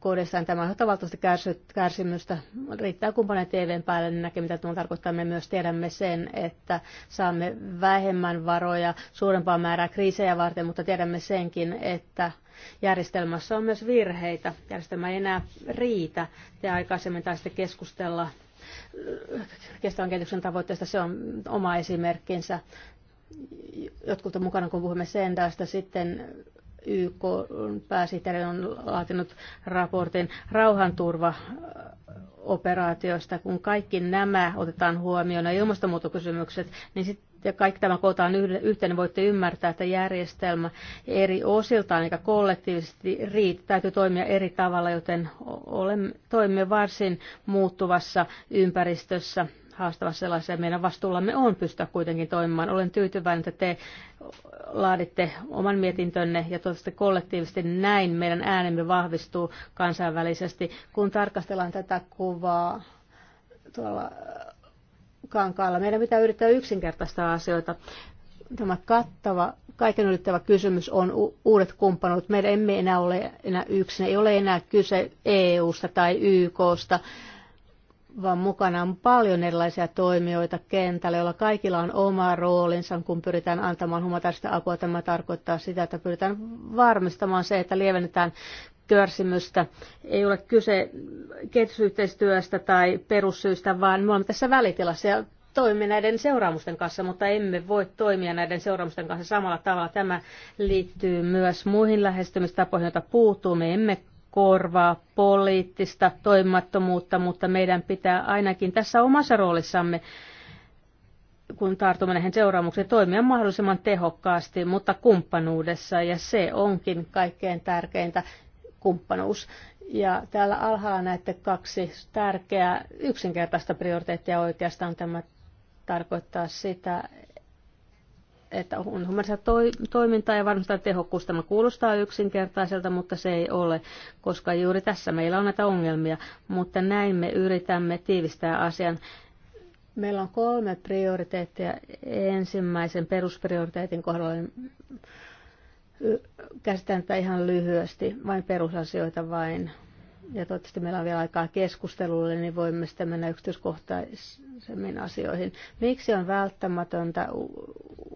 kodissaan. Tämä on valtavasti kärsimystä. Riittää kun TVn päälle, niin näkee mitä tämä tarkoittaa. Me myös tiedämme sen, että saamme vähemmän varoja, suurempaa määrää kriisejä varten, mutta tiedämme senkin, että järjestelmässä on myös virheitä. Järjestelmä ei enää riitä. Te aikaisemmin taisitte keskustella kestävän kehityksen tavoitteesta, Se on oma esimerkkinsä. Jotkut on mukana, kun puhumme Sendaista, sitten YK pääsihteeri on laatinut raportin rauhanturva operaatioista, kun kaikki nämä otetaan huomioon ja ilmastonmuutokysymykset, niin sitten ja kaikki tämä kootaan yhteen, niin voitte ymmärtää, että järjestelmä eri osiltaan eikä kollektiivisesti riitä. Täytyy toimia eri tavalla, joten olemme, toimimme varsin muuttuvassa ympäristössä haastavassa sellaisia. Meidän vastuullamme on pystyä kuitenkin toimimaan. Olen tyytyväinen, että te laaditte oman mietintönne ja toivottavasti kollektiivisesti näin meidän äänemme vahvistuu kansainvälisesti. Kun tarkastellaan tätä kuvaa tuolla kankaalla. Meidän pitää yrittää yksinkertaistaa asioita. Tämä kattava, kaiken ylittävä kysymys on uudet kumppanuudet. Meidän emme enää ole enää yksin. Ei ole enää kyse EU-sta tai YKsta, vaan mukana on paljon erilaisia toimijoita kentällä, joilla kaikilla on oma roolinsa, kun pyritään antamaan humanitaarista apua. Tämä tarkoittaa sitä, että pyritään varmistamaan se, että lievennetään törsimystä. Ei ole kyse kehitysyhteistyöstä tai perussyistä, vaan me olemme tässä välitilassa ja toimimme näiden seuraamusten kanssa, mutta emme voi toimia näiden seuraamusten kanssa samalla tavalla. Tämä liittyy myös muihin lähestymistapoihin, joita puuttuu. Me emme korvaa poliittista toimimattomuutta, mutta meidän pitää ainakin tässä omassa roolissamme kun tartumme näihin seuraamuksiin, toimia mahdollisimman tehokkaasti, mutta kumppanuudessa, ja se onkin kaikkein tärkeintä kumppanuus. Ja täällä alhaalla näette kaksi tärkeää yksinkertaista prioriteettia oikeastaan. Tämä tarkoittaa sitä, että on humanista toimintaa ja varmistaa tehokkuus. Tämä kuulostaa yksinkertaiselta, mutta se ei ole, koska juuri tässä meillä on näitä ongelmia. Mutta näin me yritämme tiivistää asian. Meillä on kolme prioriteettia. Ensimmäisen perusprioriteetin kohdalla Käsitän tätä ihan lyhyesti, vain perusasioita vain. Ja toivottavasti meillä on vielä aikaa keskustelulle, niin voimme sitten mennä yksityiskohtaisemmin asioihin. Miksi on välttämätöntä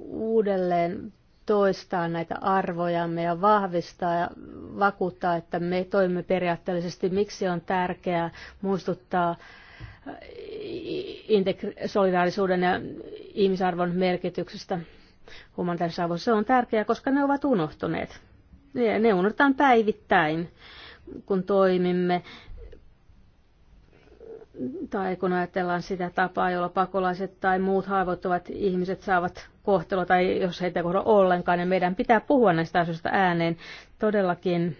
uudelleen toistaa näitä arvojamme ja vahvistaa ja vakuuttaa, että me toimimme periaatteellisesti, miksi on tärkeää muistuttaa äh, integra- solidaarisuuden ja ihmisarvon merkityksestä humanitaarisessa avussa. Se on tärkeää, koska ne ovat unohtuneet. Ne, ne unohdetaan päivittäin, kun toimimme. Tai kun ajatellaan sitä tapaa, jolla pakolaiset tai muut haavoittuvat ihmiset saavat kohtelua, tai jos heitä kohda ollenkaan, niin meidän pitää puhua näistä asioista ääneen. Todellakin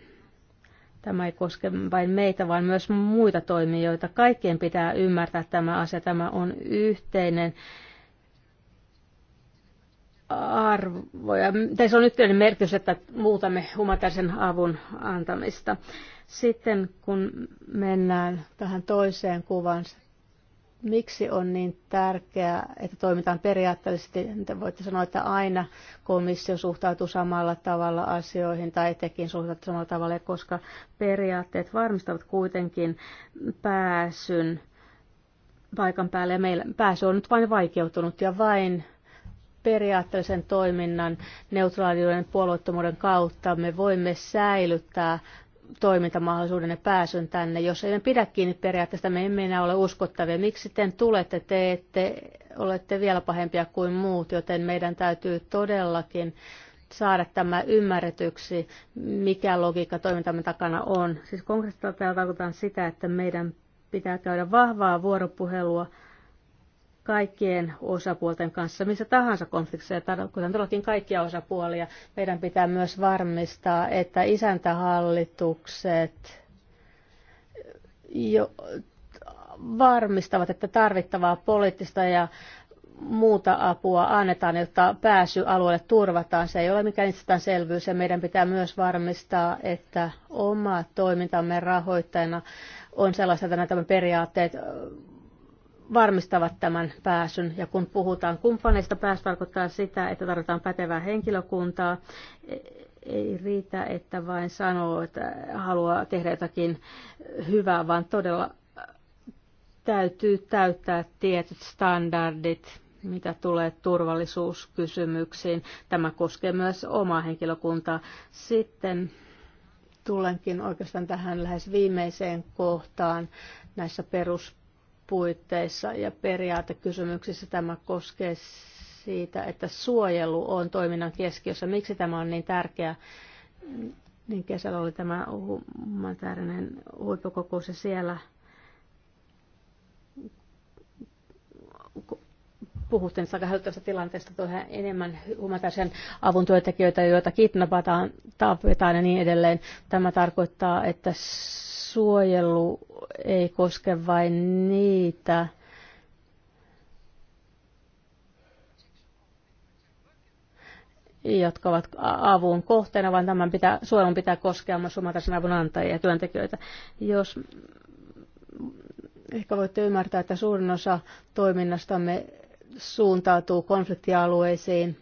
Tämä ei koske vain meitä, vaan myös muita toimijoita. Kaikkien pitää ymmärtää tämä asia. Tämä on yhteinen arvoja. Tässä on yhteinen merkitys, että muutamme humanitaarisen avun antamista. Sitten kun mennään tähän toiseen kuvaan, miksi on niin tärkeää, että toimitaan periaatteellisesti, te voitte sanoa, että aina komissio suhtautuu samalla tavalla asioihin tai etenkin suhtautuu samalla tavalla, koska periaatteet varmistavat kuitenkin pääsyn paikan päälle ja meillä pääsy on nyt vain vaikeutunut ja vain periaatteellisen toiminnan neutraaliuden puolueettomuuden kautta me voimme säilyttää toimintamahdollisuuden ja pääsyn tänne. Jos emme pidä kiinni periaatteesta, me emme enää ole uskottavia. Miksi sitten tulette? Te ette, olette vielä pahempia kuin muut, joten meidän täytyy todellakin saada tämä ymmärretyksi, mikä logiikka toimintamme takana on. Siis konkreettisesti täällä tarkoitan sitä, että meidän pitää käydä vahvaa vuoropuhelua kaikkien osapuolten kanssa missä tahansa konfliktissa, ja tarkoitan todellakin kaikkia osapuolia. Meidän pitää myös varmistaa, että isäntähallitukset jo varmistavat, että tarvittavaa poliittista ja muuta apua annetaan, jotta pääsy alueelle turvataan. Se ei ole mikään itsestäänselvyys ja meidän pitää myös varmistaa, että oma toimintamme rahoittajana on sellaista, että nämä periaatteet varmistavat tämän pääsyn. Ja kun puhutaan kumppaneista, pääsy tarkoittaa sitä, että tarvitaan pätevää henkilökuntaa. Ei riitä, että vain sanoo, että haluaa tehdä jotakin hyvää, vaan todella täytyy täyttää tietyt standardit, mitä tulee turvallisuuskysymyksiin. Tämä koskee myös omaa henkilökuntaa. Sitten tulenkin oikeastaan tähän lähes viimeiseen kohtaan näissä perus puitteissa ja periaatekysymyksissä tämä koskee siitä, että suojelu on toiminnan keskiössä. Miksi tämä on niin tärkeää? Niin kesällä oli tämä humanitaarinen huippukokous ja siellä puhuttiin aika hälyttävästä tilanteesta, tuohon enemmän humanitaarisen avun työntekijöitä, joita kidnapataan, tapetaan ja niin edelleen. Tämä tarkoittaa, että suojelu ei koske vain niitä, jotka ovat avun kohteena, vaan tämän pitää, suojelun pitää koskea myös humanitaarisen avun antajia ja työntekijöitä. Jos ehkä voitte ymmärtää, että suurin osa toiminnastamme suuntautuu konfliktialueisiin,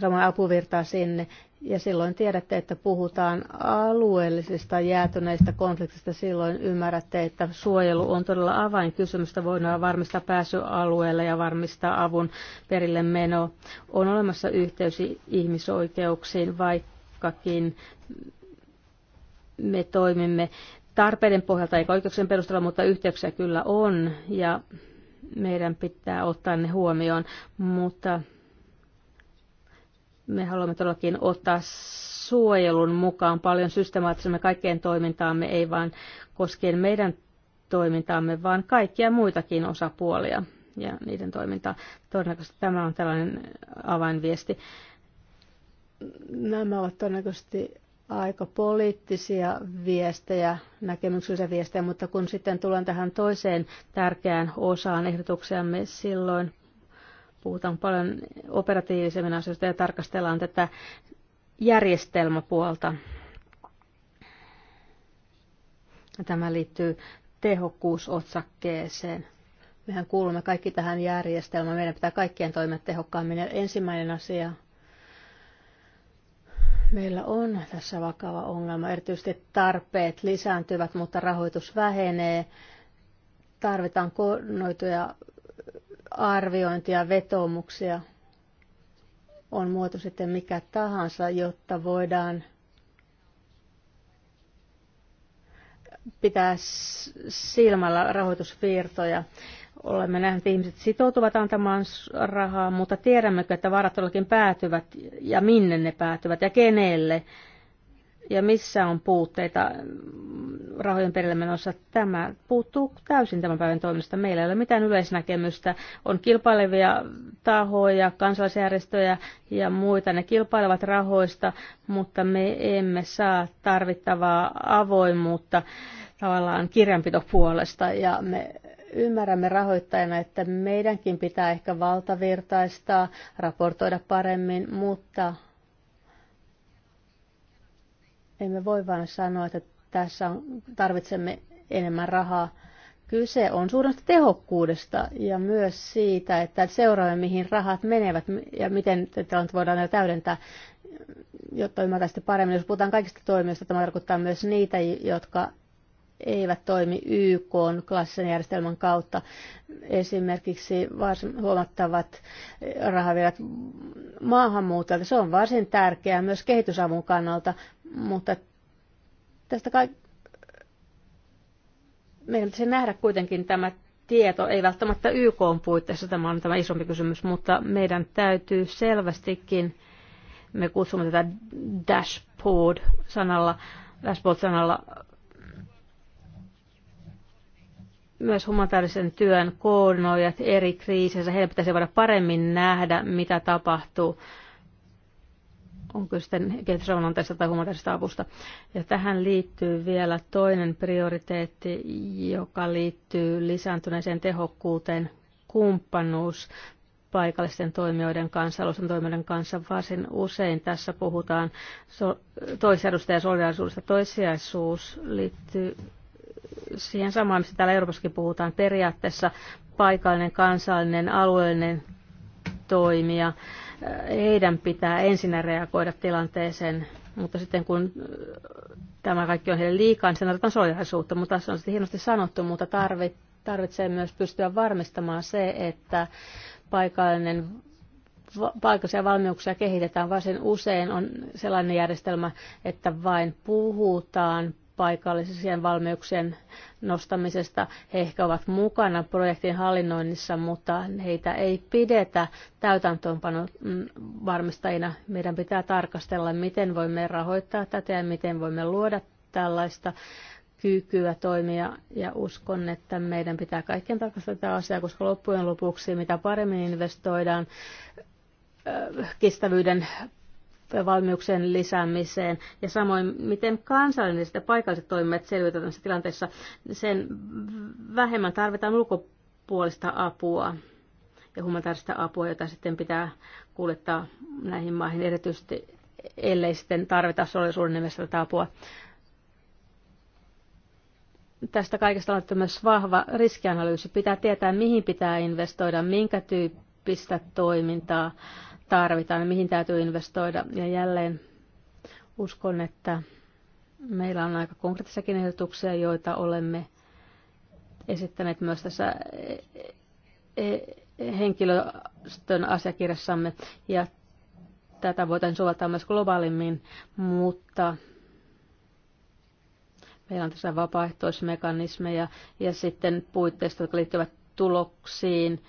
samoin apuvirtaa sinne. Ja silloin tiedätte, että puhutaan alueellisista jäätyneistä konfliktista. Silloin ymmärrätte, että suojelu on todella avainkysymys, että voidaan varmistaa pääsy alueelle ja varmistaa avun perille meno. On olemassa yhteys ihmisoikeuksiin, vaikkakin me toimimme tarpeiden pohjalta eikä oikeuksien perusteella, mutta yhteyksiä kyllä on. Ja meidän pitää ottaa ne huomioon, mutta me haluamme todellakin ottaa suojelun mukaan paljon systemaattisemmin kaikkeen toimintaamme, ei vain koskien meidän toimintaamme, vaan kaikkia muitakin osapuolia ja niiden toimintaa. Todennäköisesti tämä on tällainen avainviesti. Nämä ovat todennäköisesti aika poliittisia viestejä, näkemyksellisiä viestejä, mutta kun sitten tulen tähän toiseen tärkeään osaan ehdotuksiamme, silloin puhutaan paljon operatiivisemmin asioista ja tarkastellaan tätä järjestelmäpuolta. Tämä liittyy tehokkuusotsakkeeseen. Mehän kuulumme kaikki tähän järjestelmään. Meidän pitää kaikkien toimia tehokkaammin. ensimmäinen asia – Meillä on tässä vakava ongelma. Erityisesti tarpeet lisääntyvät, mutta rahoitus vähenee. Tarvitaan noituja arviointia, vetomuksia. On muoto sitten mikä tahansa, jotta voidaan pitää silmällä rahoitusvirtoja. Olemme nähneet, että ihmiset sitoutuvat antamaan rahaa, mutta tiedämmekö, että varat todellakin päätyvät ja minne ne päätyvät ja kenelle ja missä on puutteita rahojen perille menossa. Tämä puuttuu täysin tämän päivän toimista Meillä ei ole mitään yleisnäkemystä. On kilpailevia tahoja, kansalaisjärjestöjä ja muita. Ne kilpailevat rahoista, mutta me emme saa tarvittavaa avoimuutta tavallaan kirjanpitopuolesta ja me ymmärrämme rahoittajana, että meidänkin pitää ehkä valtavirtaistaa, raportoida paremmin, mutta emme voi vain sanoa, että tässä on, tarvitsemme enemmän rahaa. Kyse on suuresta tehokkuudesta ja myös siitä, että seuraamme, mihin rahat menevät ja miten tilannetta voidaan täydentää, jotta ymmärtäisitte paremmin. Jos puhutaan kaikista toimijoista, tämä tarkoittaa myös niitä, jotka eivät toimi YK klassisen järjestelmän kautta. Esimerkiksi varsin huomattavat eh, rahavirrat maahanmuuttajilta. Se on varsin tärkeää myös kehitysavun kannalta, mutta tästä kaik... meidän pitäisi nähdä kuitenkin tämä tieto, ei välttämättä YK on puitteissa, tämä on tämä isompi kysymys, mutta meidän täytyy selvästikin, me kutsumme tätä dashboard-sanalla, dashboard-sanalla myös humanitaarisen työn koordinoijat eri kriiseissä, heidän pitäisi voida paremmin nähdä, mitä tapahtuu. Onko sitten kehitysavunantaista tai humanitaarisesta avusta. Ja tähän liittyy vielä toinen prioriteetti, joka liittyy lisääntyneeseen tehokkuuteen, kumppanuus paikallisten toimijoiden kanssa, alusten toimijoiden kanssa. Varsin usein tässä puhutaan so- toissijaisuudesta ja solidaarisuudesta. Toissijaisuus liittyy siihen samaan, mistä täällä Euroopassakin puhutaan, periaatteessa paikallinen, kansallinen, alueellinen toimija, heidän pitää ensinnä reagoida tilanteeseen, mutta sitten kun tämä kaikki on heille liikaa, niin sen tarvitaan solidaisuutta, mutta tässä on sitten hienosti sanottu, mutta tarvitsee myös pystyä varmistamaan se, että paikallinen paikallisia valmiuksia kehitetään. Varsin usein on sellainen järjestelmä, että vain puhutaan siihen valmiuksien nostamisesta. He ehkä ovat mukana projektin hallinnoinnissa, mutta heitä ei pidetä täytäntöönpano mm, varmistajina. Meidän pitää tarkastella, miten voimme rahoittaa tätä ja miten voimme luoda tällaista kykyä toimia ja uskon, että meidän pitää kaikkien tarkastella tätä asiaa, koska loppujen lopuksi mitä paremmin investoidaan kestävyyden valmiuksien lisäämiseen ja samoin miten kansalliset ja paikalliset toimijat selviytyvät tässä tilanteessa, sen vähemmän tarvitaan ulkopuolista apua ja humanitaarista apua, jota sitten pitää kuljettaa näihin maihin, erityisesti ellei sitten tarvita solidisuuden nimessä tätä apua. Tästä kaikesta on myös vahva riskianalyysi. Pitää tietää, mihin pitää investoida, minkä tyyppistä toimintaa tarvitaan ja mihin täytyy investoida. Ja jälleen uskon, että meillä on aika konkreettisiakin ehdotuksia, joita olemme esittäneet myös tässä e- e- e- henkilöstön asiakirjassamme. Ja tätä voitaisiin soveltaa myös globaalimmin, mutta meillä on tässä vapaaehtoismekanismeja ja sitten puitteista, jotka liittyvät tuloksiin,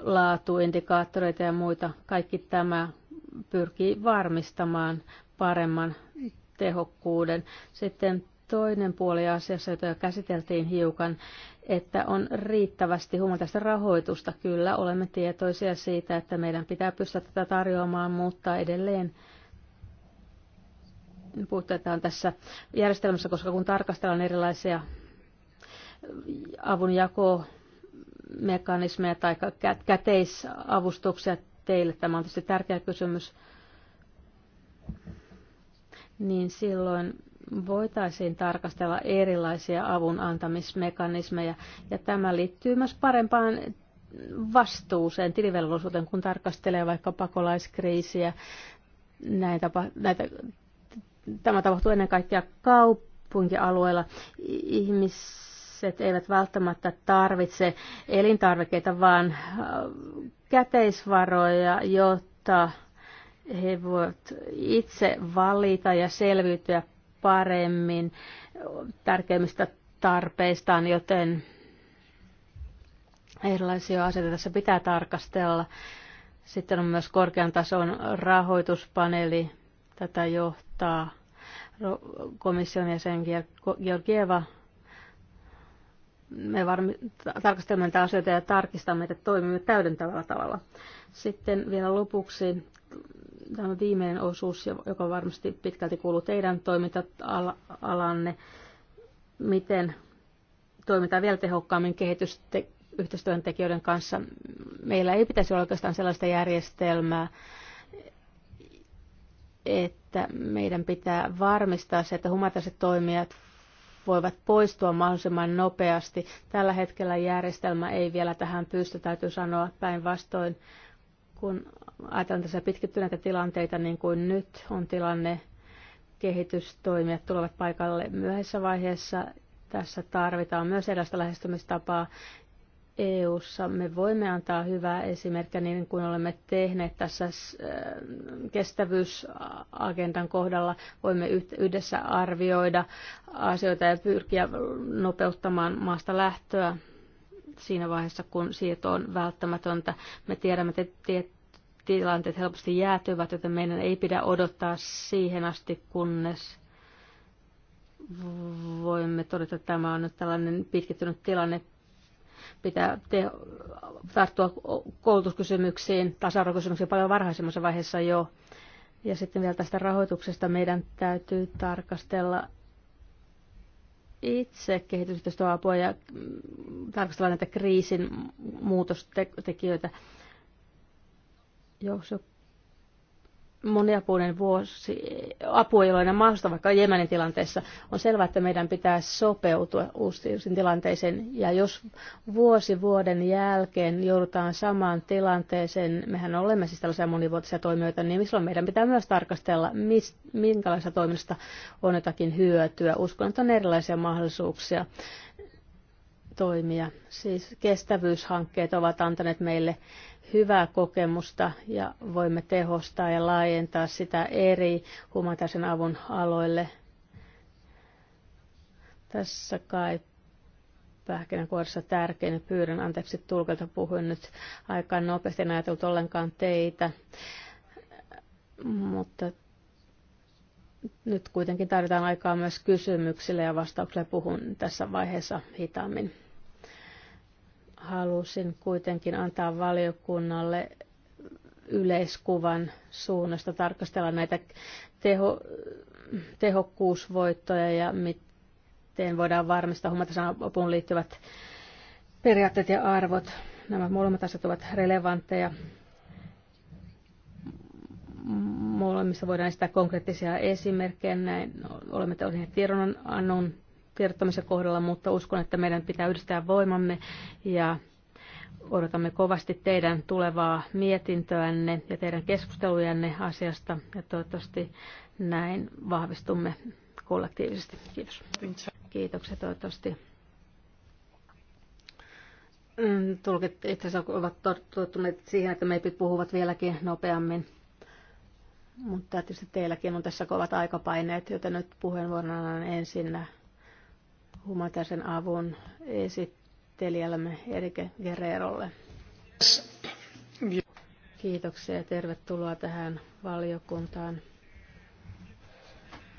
laatuindikaattoreita ja muita. Kaikki tämä pyrkii varmistamaan paremman tehokkuuden. Sitten toinen puoli asiassa, jota jo käsiteltiin hiukan, että on riittävästi humanitaarista rahoitusta. Kyllä, olemme tietoisia siitä, että meidän pitää pystyä tätä tarjoamaan, mutta edelleen puhutetaan tässä järjestelmässä, koska kun tarkastellaan erilaisia avunjakoa mekanismeja tai käteisavustuksia teille? Tämä on tietysti tärkeä kysymys. Niin silloin voitaisiin tarkastella erilaisia avun antamismekanismeja, ja tämä liittyy myös parempaan vastuuseen, tilivelvollisuuteen, kun tarkastelee vaikka pakolaiskriisiä. Näitä, näitä, tämä tapahtuu ennen kaikkea kaupunkialueilla. Ihmis, Lapset eivät välttämättä tarvitse elintarvikeita, vaan äh, käteisvaroja, jotta he voivat itse valita ja selviytyä paremmin tärkeimmistä tarpeistaan, joten erilaisia asioita tässä pitää tarkastella. Sitten on myös korkean tason rahoituspaneeli. Tätä johtaa komission jäsen Georgieva me varmi, tarkastelemme näitä asioita ja tarkistamme, että toimimme täydentävällä tavalla. Sitten vielä lopuksi tämä viimeinen osuus, joka varmasti pitkälti kuuluu teidän toiminta-alanne, miten toimitaan vielä tehokkaammin kehitysyhteistyöntekijöiden kanssa. Meillä ei pitäisi olla oikeastaan sellaista järjestelmää, että meidän pitää varmistaa se, että humanitaariset toimijat voivat poistua mahdollisimman nopeasti. Tällä hetkellä järjestelmä ei vielä tähän pysty, täytyy sanoa päinvastoin. Kun ajatellaan tässä pitkittyneitä tilanteita, niin kuin nyt on tilanne, kehitystoimijat tulevat paikalle myöhäisessä vaiheessa. Tässä tarvitaan myös erilaista lähestymistapaa EU-ssa me voimme antaa hyvää esimerkkiä niin kuin olemme tehneet tässä äh, kestävyysagendan kohdalla. Voimme yhdessä arvioida asioita ja pyrkiä nopeuttamaan maasta lähtöä siinä vaiheessa, kun siirto on välttämätöntä. Me tiedämme, että tilanteet helposti jäätyvät, joten meidän ei pidä odottaa siihen asti, kunnes voimme todeta, että tämä on nyt tällainen pitkittynyt tilanne Pitää te- tarttua koulutuskysymyksiin, tasa-arvokysymyksiin paljon varhaisemmassa vaiheessa jo. Ja sitten vielä tästä rahoituksesta meidän täytyy tarkastella itse kehitysyhteistyöapua ja tarkastella näitä kriisin muutostekijöitä. Jos joku moniapuinen vuosi, apu ei ole enää mahdollista vaikka Jemenin tilanteessa, on selvää, että meidän pitää sopeutua uusiin tilanteeseen. Ja jos vuosi vuoden jälkeen joudutaan samaan tilanteeseen, mehän olemme siis tällaisia monivuotisia toimijoita, niin silloin meidän pitää myös tarkastella, mis, minkälaista toiminnasta on jotakin hyötyä. Uskon, että on erilaisia mahdollisuuksia toimia. Siis kestävyyshankkeet ovat antaneet meille hyvää kokemusta ja voimme tehostaa ja laajentaa sitä eri humanitaarisen avun aloille. Tässä kai pähkinänkuoressa tärkein pyydän anteeksi tulkelta puhuin nyt aika nopeasti, en ajatellut ollenkaan teitä, mutta nyt kuitenkin tarvitaan aikaa myös kysymyksille ja vastauksille puhun tässä vaiheessa hitaammin. Halusin kuitenkin antaa valiokunnalle yleiskuvan suunnasta tarkastella näitä teho, tehokkuusvoittoja ja miten voidaan varmistaa humanitaarisen apuun liittyvät periaatteet ja arvot. Nämä molemmat asiat ovat relevantteja. Molemmissa voidaan esittää konkreettisia esimerkkejä. Näin olemme tehneet tiedonannon tiedottamisen kohdalla, mutta uskon, että meidän pitää yhdistää voimamme ja odotamme kovasti teidän tulevaa mietintöänne ja teidän keskustelujanne asiasta ja toivottavasti näin vahvistumme kollektiivisesti. Kiitos. Kiitoksia toivottavasti. Mm, tulkit itse asiassa ovat tottuneet siihen, että meipit puhuvat vieläkin nopeammin. Mutta tietysti teilläkin on tässä kovat aikapaineet, joten nyt puheenvuorona ensin humanitaarisen avun esittelijällemme Erike Guerrerolle. Kiitoksia ja tervetuloa tähän valiokuntaan.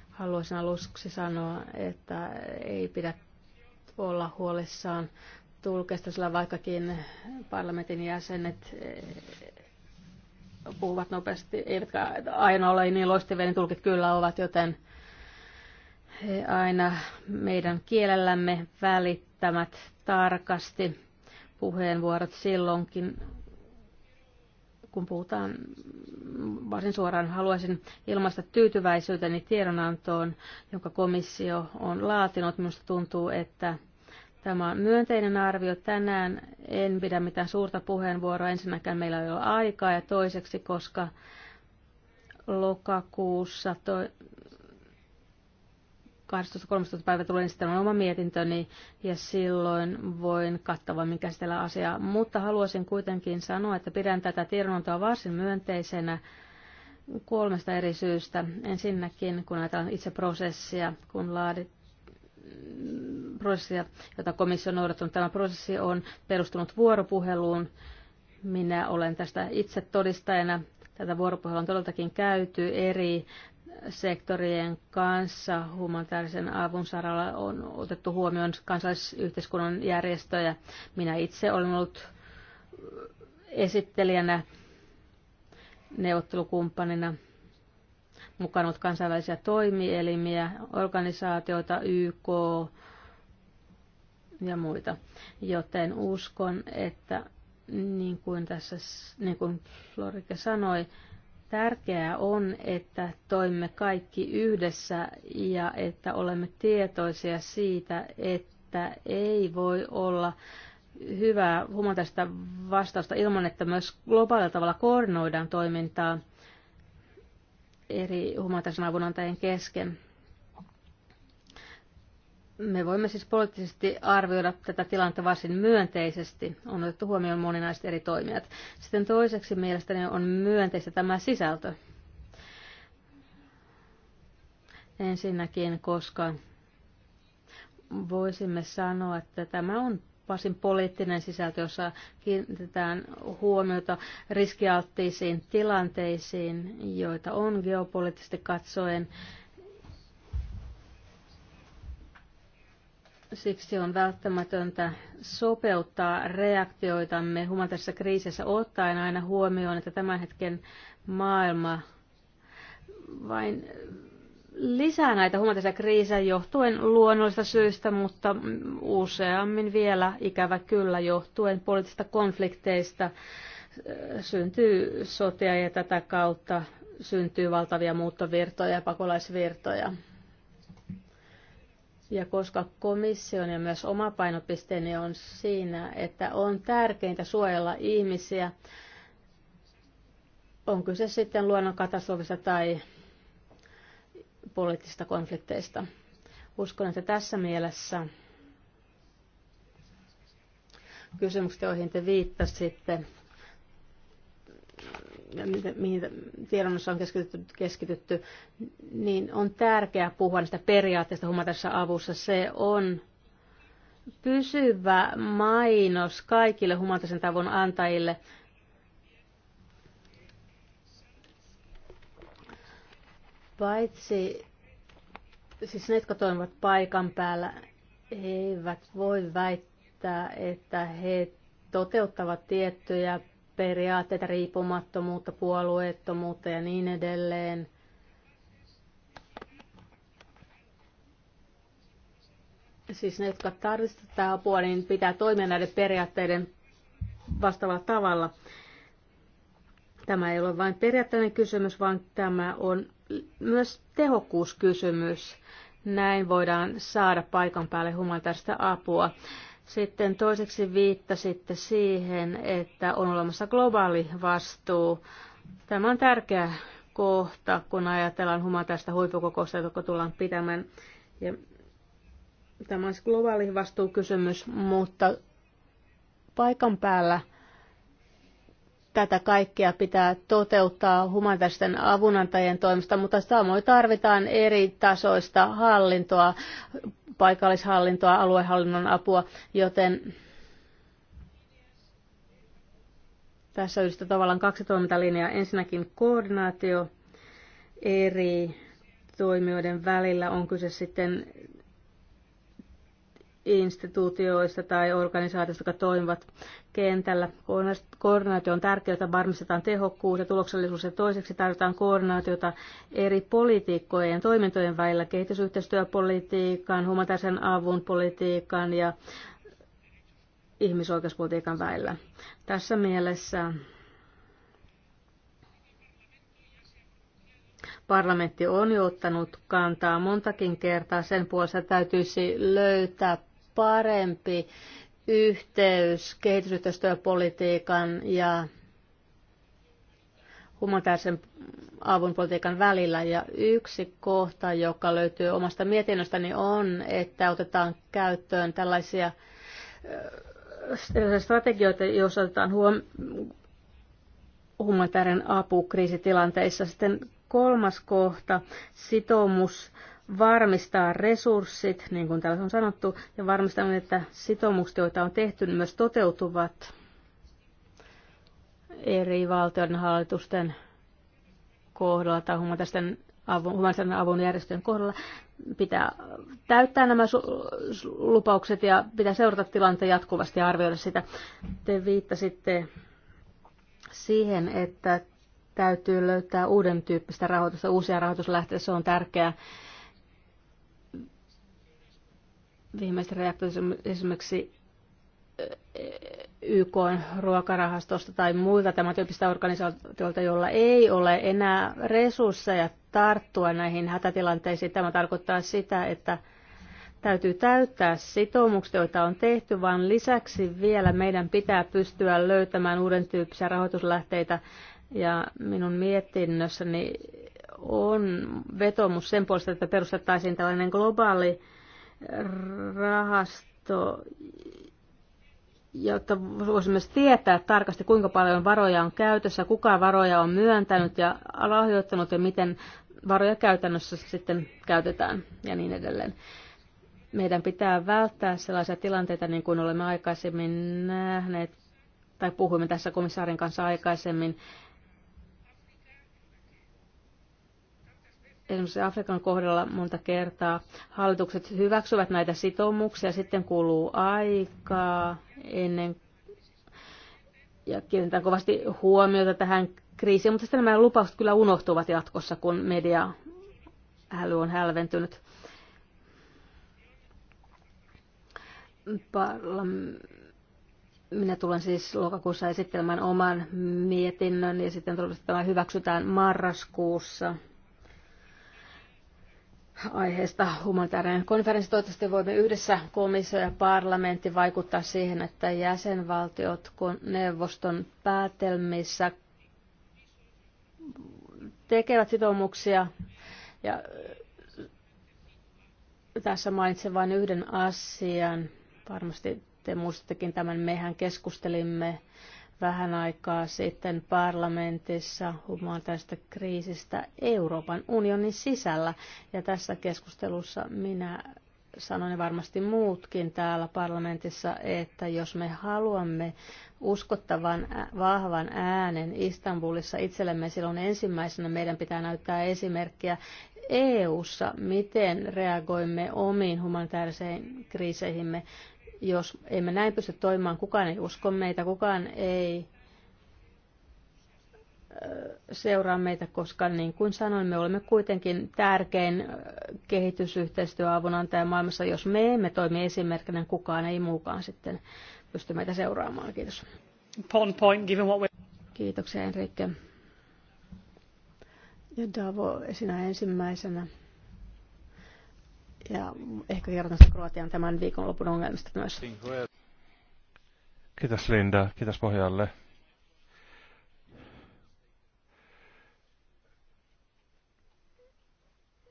Haluaisin aluksi sanoa, että ei pidä olla huolissaan tulkesta, sillä vaikkakin parlamentin jäsenet eh, puhuvat nopeasti, eivätkä aina ole niin loistavia, niin tulkit kyllä ovat, joten he aina meidän kielellämme välittämät tarkasti puheenvuorot silloinkin, kun puhutaan varsin suoraan, haluaisin ilmaista tyytyväisyyteni tiedonantoon, jonka komissio on laatinut. Minusta tuntuu, että tämä on myönteinen arvio. Tänään en pidä mitään suurta puheenvuoroa. Ensinnäkään meillä ei ole aikaa ja toiseksi, koska lokakuussa toi, 12.13. päivä tulen sitten oma mietintöni ja silloin voin kattavammin käsitellä asiaa. Mutta haluaisin kuitenkin sanoa, että pidän tätä tiedonantoa varsin myönteisenä kolmesta eri syystä. Ensinnäkin, kun ajatellaan itse prosessia, kun laadit prosessia, jota komissio on noudattanut. Tämä prosessi on perustunut vuoropuheluun. Minä olen tästä itse todistajana. Tätä vuoropuhelua on todellakin käyty eri sektorien kanssa humanitaarisen avun saralla on otettu huomioon kansallisyhteiskunnan järjestöjä. Minä itse olen ollut esittelijänä, neuvottelukumppanina, mukana ollut kansainvälisiä toimielimiä, organisaatioita, YK ja muita. Joten uskon, että niin kuin tässä, niin kuin Florike sanoi, Tärkeää on, että toimme kaikki yhdessä ja että olemme tietoisia siitä, että ei voi olla hyvää humanitaarista vastausta ilman, että myös globaalilla tavalla koordinoidaan toimintaa eri humanitaarisen avunantajien kesken. Me voimme siis poliittisesti arvioida tätä tilannetta varsin myönteisesti. On otettu huomioon moninaiset eri toimijat. Sitten toiseksi mielestäni on myönteistä tämä sisältö. Ensinnäkin, koska voisimme sanoa, että tämä on varsin poliittinen sisältö, jossa kiinnitetään huomiota riskialttiisiin tilanteisiin, joita on geopoliittisesti katsoen Siksi on välttämätöntä sopeuttaa reaktioitamme humanitaarisessa kriisissä ottaen aina huomioon, että tämän hetken maailma vain lisää näitä humanitaarisia kriisejä johtuen luonnollisista syistä, mutta useammin vielä ikävä kyllä johtuen poliittisista konflikteista äh, syntyy sotia ja tätä kautta syntyy valtavia muuttovirtoja ja pakolaisvirtoja. Ja koska komission ja myös oma painopisteeni on siinä, että on tärkeintä suojella ihmisiä, on kyse sitten luonnonkatastrofista tai poliittisista konflikteista. Uskon, että tässä mielessä kysymykset, joihin te viittasitte, mihin tiedonnossa on keskitytty, keskitytty, niin on tärkeää puhua niistä periaatteista humanitaarisessa avussa. Se on pysyvä mainos kaikille humanitaarisen tavun antajille. Paitsi siis ne, jotka toimivat paikan päällä, eivät voi väittää, että he toteuttavat tiettyjä periaatteita, riippumattomuutta, puolueettomuutta ja niin edelleen. Siis ne, jotka tarvitsevat apua, niin pitää toimia näiden periaatteiden vastaavalla tavalla. Tämä ei ole vain periaatteellinen kysymys, vaan tämä on myös tehokkuuskysymys. Näin voidaan saada paikan päälle humanitaarista apua. Sitten toiseksi viittasitte siihen, että on olemassa globaali vastuu. Tämä on tärkeä kohta, kun ajatellaan humanitaarista huippukokousta, joka tullaan pitämään. Ja tämä on siis globaali vastuukysymys, mutta paikan päällä – Tätä kaikkea pitää toteuttaa humanitaaristen avunantajien toimesta, mutta samoin tarvitaan eri tasoista hallintoa, paikallishallintoa, aluehallinnon apua, joten tässä yhdistetään tavallaan kaksi toimintalinjaa. Ensinnäkin koordinaatio eri toimijoiden välillä on kyse sitten instituutioista tai organisaatioista, jotka toimivat kentällä. Koordinaatio on tärkeää, että varmistetaan tehokkuus ja tuloksellisuus ja toiseksi tarvitaan koordinaatiota eri politiikkojen toimintojen välillä, kehitysyhteistyöpolitiikan, humanitaarisen avun politiikan ja ihmisoikeuspolitiikan välillä. Tässä mielessä parlamentti on jo ottanut kantaa montakin kertaa sen puolesta, täytyisi löytää parempi yhteys kehitysyhteistyöpolitiikan ja humanitaarisen avun politiikan välillä. Ja yksi kohta, joka löytyy omasta mietinnöstäni, on, että otetaan käyttöön tällaisia äh, strategioita, joissa otetaan huom- humanitaarinen apu kriisitilanteissa. Sitten kolmas kohta, sitoumus varmistaa resurssit, niin kuin täällä on sanottu, ja varmistaa, että sitoumukset, joita on tehty, niin myös toteutuvat eri valtioiden hallitusten kohdalla tai humanitaaristen avun, humanitaarisen avun järjestöjen kohdalla pitää täyttää nämä lupaukset ja pitää seurata tilanteen jatkuvasti ja arvioida sitä. Te viittasitte siihen, että täytyy löytää uuden tyyppistä rahoitusta, uusia rahoituslähteitä, se on tärkeää. Viimeiset reaktiot esimerkiksi eh, YK ruokarahastosta tai muilta tämän tyyppistä organisaatioilta, joilla ei ole enää resursseja tarttua näihin hätätilanteisiin. Tämä tarkoittaa sitä, että täytyy täyttää sitoumukset, joita on tehty, vaan lisäksi vielä meidän pitää pystyä löytämään uuden tyyppisiä rahoituslähteitä. Ja minun mietinnössäni on vetomus sen puolesta, että perustettaisiin tällainen globaali rahasto, jotta voisimme tietää tarkasti, kuinka paljon varoja on käytössä, kuka varoja on myöntänyt ja lahjoittanut ja miten varoja käytännössä sitten käytetään ja niin edelleen. Meidän pitää välttää sellaisia tilanteita, niin kuin olemme aikaisemmin nähneet tai puhuimme tässä komissaarin kanssa aikaisemmin, esimerkiksi Afrikan kohdalla monta kertaa hallitukset hyväksyvät näitä sitoumuksia, sitten kuluu aikaa ennen ja kiinnitetään kovasti huomiota tähän kriisiin, mutta sitten nämä lupaukset kyllä unohtuvat jatkossa, kun media häly on hälventynyt. Minä tulen siis lokakuussa esittelemään oman mietinnön ja sitten toivottavasti tämä hyväksytään marraskuussa aiheesta humanitaarinen konferenssi. Toivottavasti voimme yhdessä komissio ja parlamentti vaikuttaa siihen, että jäsenvaltiot neuvoston päätelmissä tekevät sitoumuksia. Ja äh, tässä mainitsen vain yhden asian. Varmasti te muistattekin tämän. Mehän keskustelimme vähän aikaa sitten parlamentissa humanitaarista kriisistä Euroopan unionin sisällä. Ja tässä keskustelussa minä sanoin ja varmasti muutkin täällä parlamentissa, että jos me haluamme uskottavan vahvan äänen Istanbulissa itsellemme silloin ensimmäisenä, meidän pitää näyttää esimerkkiä EU-ssa, miten reagoimme omiin humanitaariseen kriiseihimme. Jos emme näin pysty toimimaan, kukaan ei usko meitä, kukaan ei seuraa meitä, koska niin kuin sanoin, me olemme kuitenkin tärkein kehitysyhteistyöavunantaja maailmassa. Jos me emme toimi esimerkkinä, kukaan ei muukaan sitten pysty meitä seuraamaan. Kiitos. Point, given what we... Kiitoksia Enrique. Ja Davo, sinä ensimmäisenä. Ja ehkä kerrotaan tästä Kroatian tämän viikonlopun ongelmista myös. Kiitos Linda, kiitos Pohjalle.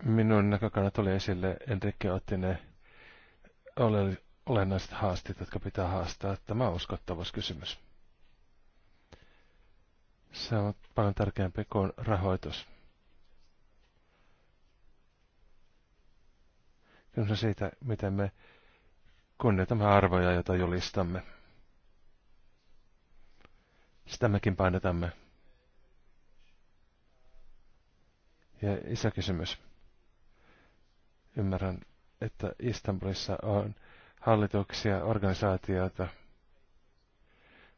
Minun näkökannat tuli esille, Enrique otti ne olennaiset haasteet, jotka pitää haastaa. Tämä on uskottavuuskysymys. Se on paljon tärkeämpi kuin rahoitus. Kysymys siitä, miten me kunnioitamme arvoja, joita julistamme. Sitä mekin painetamme. Ja iso kysymys. Ymmärrän, että Istanbulissa on hallituksia, organisaatioita.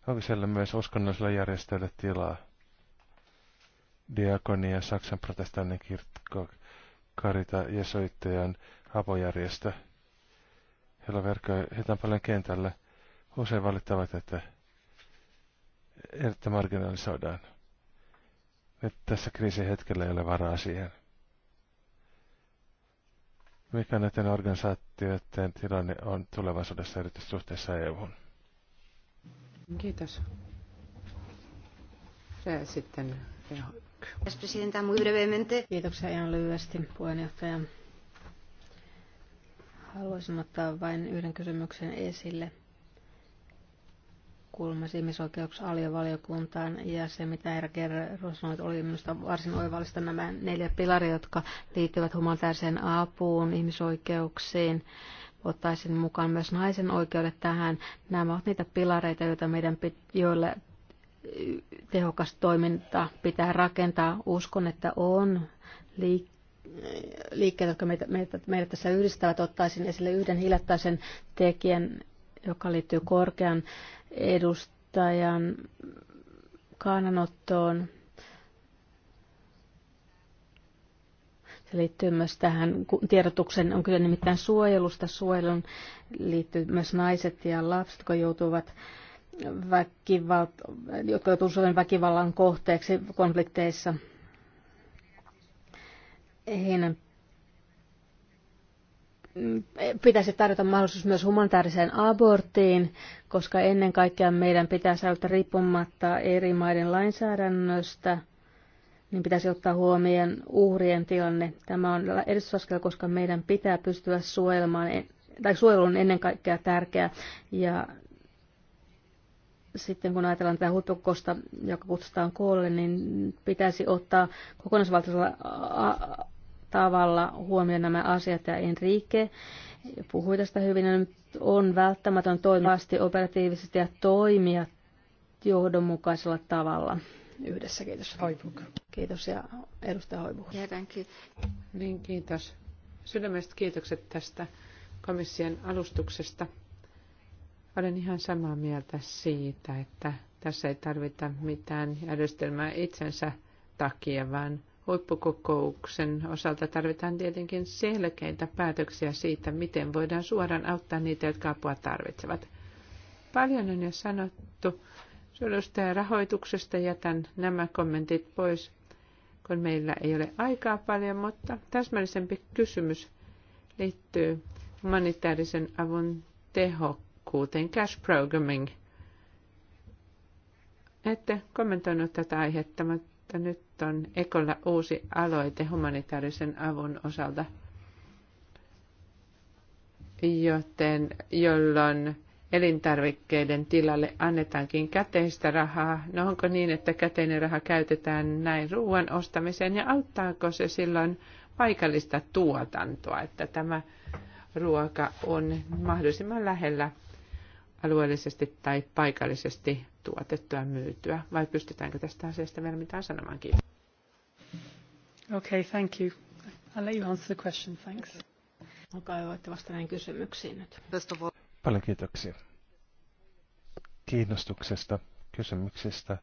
Onko siellä myös uskonnollisilla järjestöille tilaa? Diakonia, Saksan protestantin kirkko, Karita, Jesuittajan, apojärjestö, jolla verkkoja hitän paljon kentällä, Usein valittavat, että että marginalisoidaan. Nyt tässä kriisin hetkellä ei ole varaa siihen. Mikä näiden organisaatioiden tilanne on tulevaisuudessa erityisesti suhteessa EU:hun? Kiitos. Ja sitten Kiitoksia ihan lyhyesti puheenjohtaja. Haluaisin ottaa vain yhden kysymyksen esille. Kuulumassa ihmisoikeuksia aliovaliokuntaan ja se, mitä Kerro sanoi, oli minusta varsin oivallista nämä neljä pilaria, jotka liittyvät humanitaariseen apuun, ihmisoikeuksiin, ottaisin mukaan myös naisen oikeudet tähän. Nämä ovat niitä pilareita, joita meidän, joille tehokas toiminta pitää rakentaa. Uskon, että on liikkeellä liikkeet, jotka meitä, meitä, meitä tässä yhdistävät, ottaisin esille yhden hiljattaisen tekijän, joka liittyy korkean edustajan kannanottoon. Se liittyy myös tähän tiedotuksen, on kyllä nimittäin suojelusta. Suojelun liittyy myös naiset ja lapset, jotka joutuvat väkivalt, jotka joutuvat väkivallan kohteeksi konflikteissa – heidän mm, pitäisi tarjota mahdollisuus myös humanitaariseen aborttiin, koska ennen kaikkea meidän pitää säilyttää riippumatta eri maiden lainsäädännöstä, niin pitäisi ottaa huomioon uhrien tilanne. Tämä on edistysaskel, koska meidän pitää pystyä suojelemaan, tai suojelu on ennen kaikkea tärkeää. Ja sitten kun ajatellaan tätä huippukosta, joka kutsutaan koolle, niin pitäisi ottaa kokonaisvaltaisella tavalla huomioon nämä asiat ja Enrique puhui tästä hyvin, on välttämätön toimivasti operatiivisesti ja toimia johdonmukaisella tavalla yhdessä. Kiitos. Hoibuk. Kiitos ja edustaja Hoibuk. Niin, kiitos. Sydämestä kiitokset tästä komission alustuksesta. Olen ihan samaa mieltä siitä, että tässä ei tarvita mitään järjestelmää itsensä takia, vaan huippukokouksen osalta tarvitaan tietenkin selkeitä päätöksiä siitä, miten voidaan suoraan auttaa niitä, jotka apua tarvitsevat. Paljon on jo sanottu suojelusta ja rahoituksesta. Jätän nämä kommentit pois, kun meillä ei ole aikaa paljon, mutta täsmällisempi kysymys liittyy humanitaarisen avun tehokkuuteen, cash programming. Ette kommentoinut tätä aihetta, mutta nyt on Ekolla uusi aloite humanitaarisen avun osalta, joten jolloin elintarvikkeiden tilalle annetaankin käteistä rahaa. No onko niin, että käteinen raha käytetään näin ruoan ostamiseen ja auttaako se silloin paikallista tuotantoa, että tämä ruoka on mahdollisimman lähellä alueellisesti tai paikallisesti tuotettua myytyä, vai pystytäänkö tästä asiasta vielä mitään sanomaan? Kiitos. Okay, thank you. I'll let you answer the question, thanks. Olkaa hyvä, että vastaan kysymyksiin nyt. Paljon kiitoksia kiinnostuksesta, kysymyksistä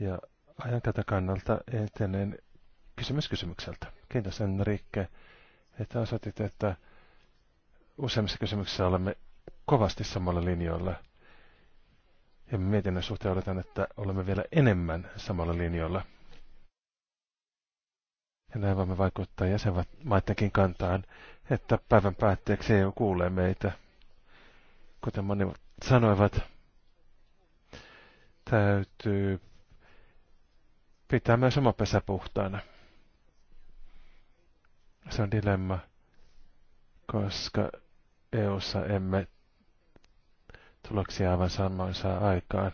ja ajan tätä kannalta etenen kysymys kysymykseltä. Kiitos Enrique, että osoitit, että useimmissa kysymyksissä olemme kovasti samalla linjoilla. Ja mietinnän suhteen oletan, että olemme vielä enemmän samalla linjoilla. Ja näin voimme vaikuttaa jäsenmaidenkin kantaan, että päivän päätteeksi EU kuulee meitä. Kuten moni sanoivat, täytyy pitää myös oma pesä puhtaana. Se on dilemma, koska EUssa emme tuloksia aivan samoin saa aikaan.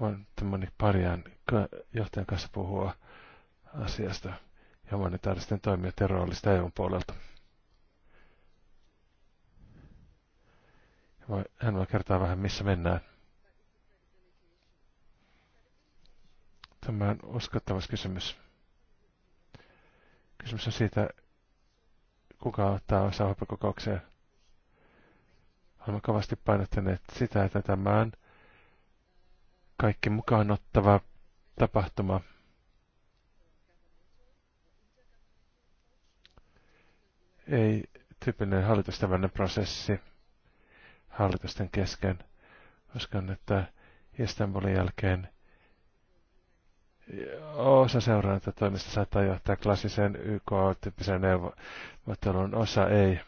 Voin tämmöinen parjaan johtajan kanssa puhua asiasta ja humanitaaristen toimia roolista EUn puolelta. Hän voi kertoa vähän, missä mennään. Tämä on uskottavas kysymys. Kysymys on siitä, kuka ottaa osaa huippukokoukseen. Olemme kovasti painottaneet sitä, että tämä on kaikki mukaan ottava tapahtuma – ei tyypillinen hallitustävällinen prosessi hallitusten kesken. Uskon, että Istanbulin jälkeen osa seurantatoimista saattaa johtaa klassiseen YK-tyyppiseen neuvotteluun, osa ei.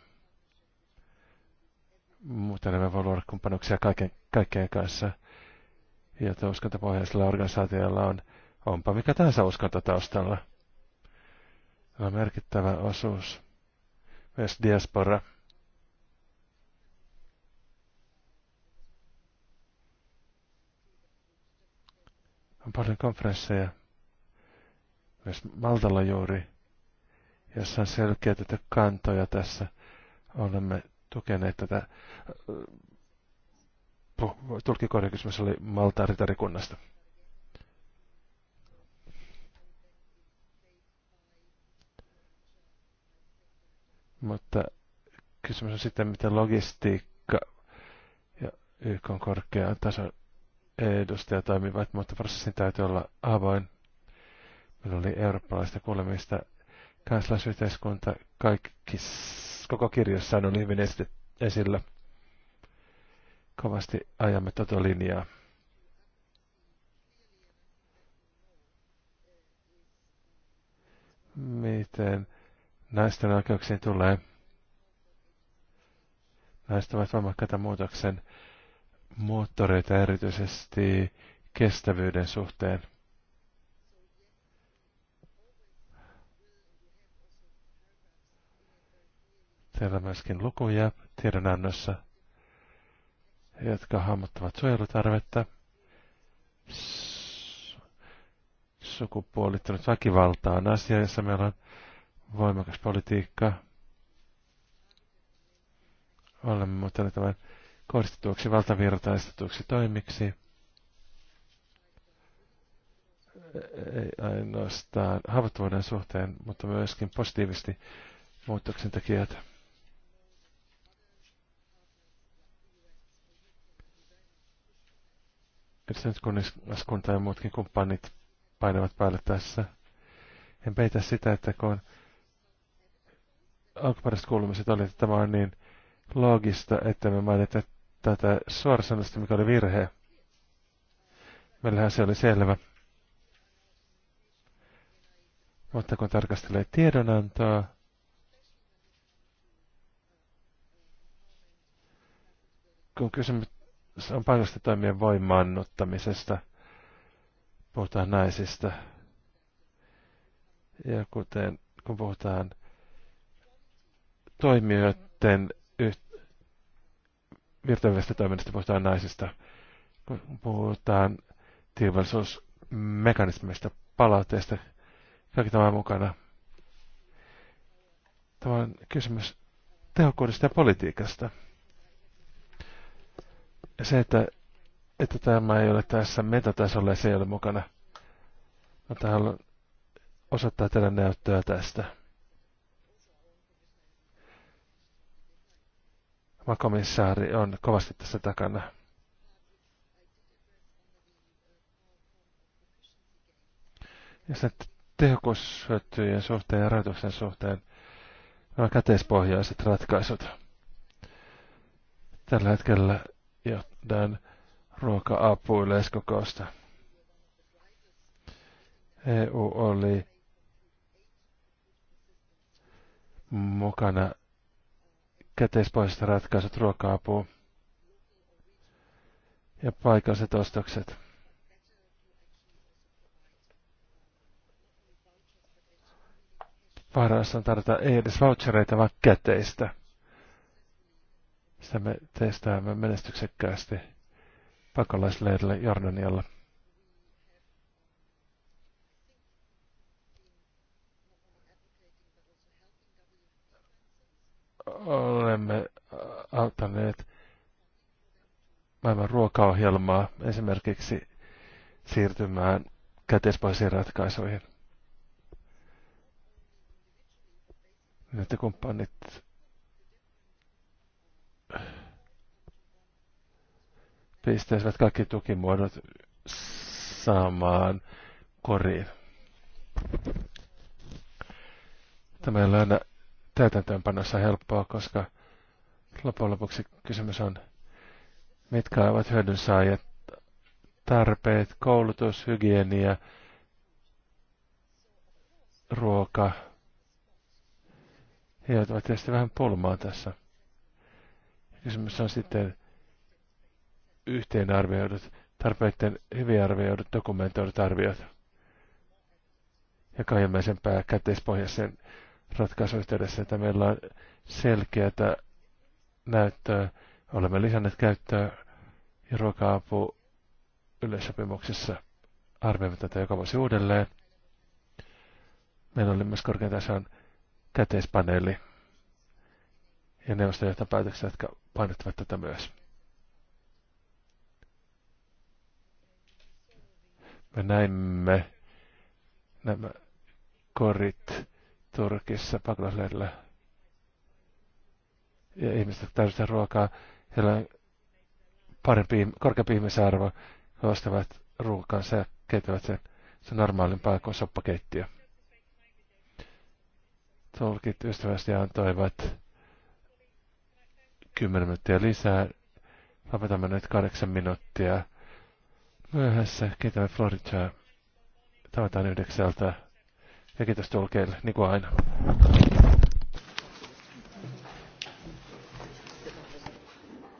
Mutta emme voi luoda kumppanuksia kaiken, kaikkien kanssa. Joten uskontopohjaisella organisaatiolla on, onpa mikä tahansa uskonto taustalla. On merkittävä osuus myös diaspora. On paljon konferensseja, myös Maltalla juuri, jossa on selkeytetty kantoja tässä. Olemme tukeneet tätä. Äh, Tulkikohdekysymys oli Maltaan ritarikunnasta. Mutta kysymys on sitten, miten logistiikka ja YK on korkean tason edustaja toimivat, mutta prosessin täytyy olla avoin. Meillä oli eurooppalaista kuulemista kansalaisyhteiskunta kaikki, koko kirjassaan oli hyvin esillä. Kovasti ajamme tätä tuota linjaa. Miten naisten oikeuksiin tulee, naiset ovat voimakkaita muutoksen moottoreita erityisesti kestävyyden suhteen. Teillä on myöskin lukuja tiedonannossa, jotka hahmottavat suojelutarvetta, sukupuolittunut väkivalta on asia, jossa meillä on voimakas politiikka. Olemme muuttaneet tämän kohdistetuksi valtavirtaistetuksi toimiksi. Ei ainoastaan haavoittuvuuden suhteen, mutta myöskin positiivisesti muutoksen tekijät. Nyt kuningaskunta ja muutkin kumppanit painavat päälle tässä. En peitä sitä, että kun alkuperäiset kuulumiset oli, että tämä on niin loogista, että me mainita tätä suorasanasta, mikä oli virhe. Meillähän se oli selvä. Mutta kun tarkastelee tiedonantoa, kun kysymys on paikallisten toimien voimaannuttamisesta, puhutaan naisista. Ja kuten, kun puhutaan toimijoiden virtuaalisesta toiminnasta puhutaan naisista, kun puhutaan turvallisuusmekanismeista, palautteista, kaikki tämä mukana. Tämä on kysymys tehokkuudesta ja politiikasta. Ja se, että, että tämä ei ole tässä metatasolla ja se ei ole mukana. Mutta haluan osoittaa teidän näyttöä tästä. Oma komissaari on kovasti tässä takana. Ja sitten tehokkuushyötyjen suhteen ja rahoituksen suhteen nämä käteispohjaiset ratkaisut. Tällä hetkellä johdan ruoka-apu yleiskokousta. EU oli mukana käteispohjaiset ratkaisut, ruoka-apu ja paikalliset ostokset. Paras on tarjota ei edes vouchereita, vaan käteistä. Sitä me testaamme menestyksekkäästi pakolaisleirille Jordanialla olemme auttaneet maailman ruokaohjelmaa esimerkiksi siirtymään käteispohjaisiin ratkaisuihin. Nyt kumppanit pistäisivät kaikki tukimuodot saamaan koriin. Tämä ei ole aina täytäntöönpanossa helppoa, koska Loppujen lopuksi kysymys on, mitkä ovat saajat, tarpeet, koulutus, hygienia, ruoka. He joutuvat tietysti vähän pulmaan tässä. Kysymys on sitten yhteenarvioidut, tarpeiden hyvin arvioidut, dokumentoidut arviot, joka on ilmeisempää käteispohjaisen ratkaisuyhteydessä, että meillä on selkeätä näyttöä. Olemme lisänneet käyttöä ja ruoka-apu yleissopimuksessa arvioimme tätä joka vuosi uudelleen. Meillä oli myös korkeintason käteispaneeli ja neuvostojohtajan päätöksiä, jotka painottavat tätä myös. Me näimme nämä korit Turkissa pakolaisleirillä ja ihmiset tarvitsevat ruokaa, heillä on parempi, korkeampi ihmisarvo, he ostavat ruokansa ja keittävät sen, sen normaalin paikan soppakeittiö. Tolkit ystävästi antoivat 10 minuuttia lisää. Lopetamme nyt kahdeksan minuuttia myöhässä. Kiitämme Floridaa. Tavataan yhdeksältä. Ja kiitos tulkeille, niin kuin aina.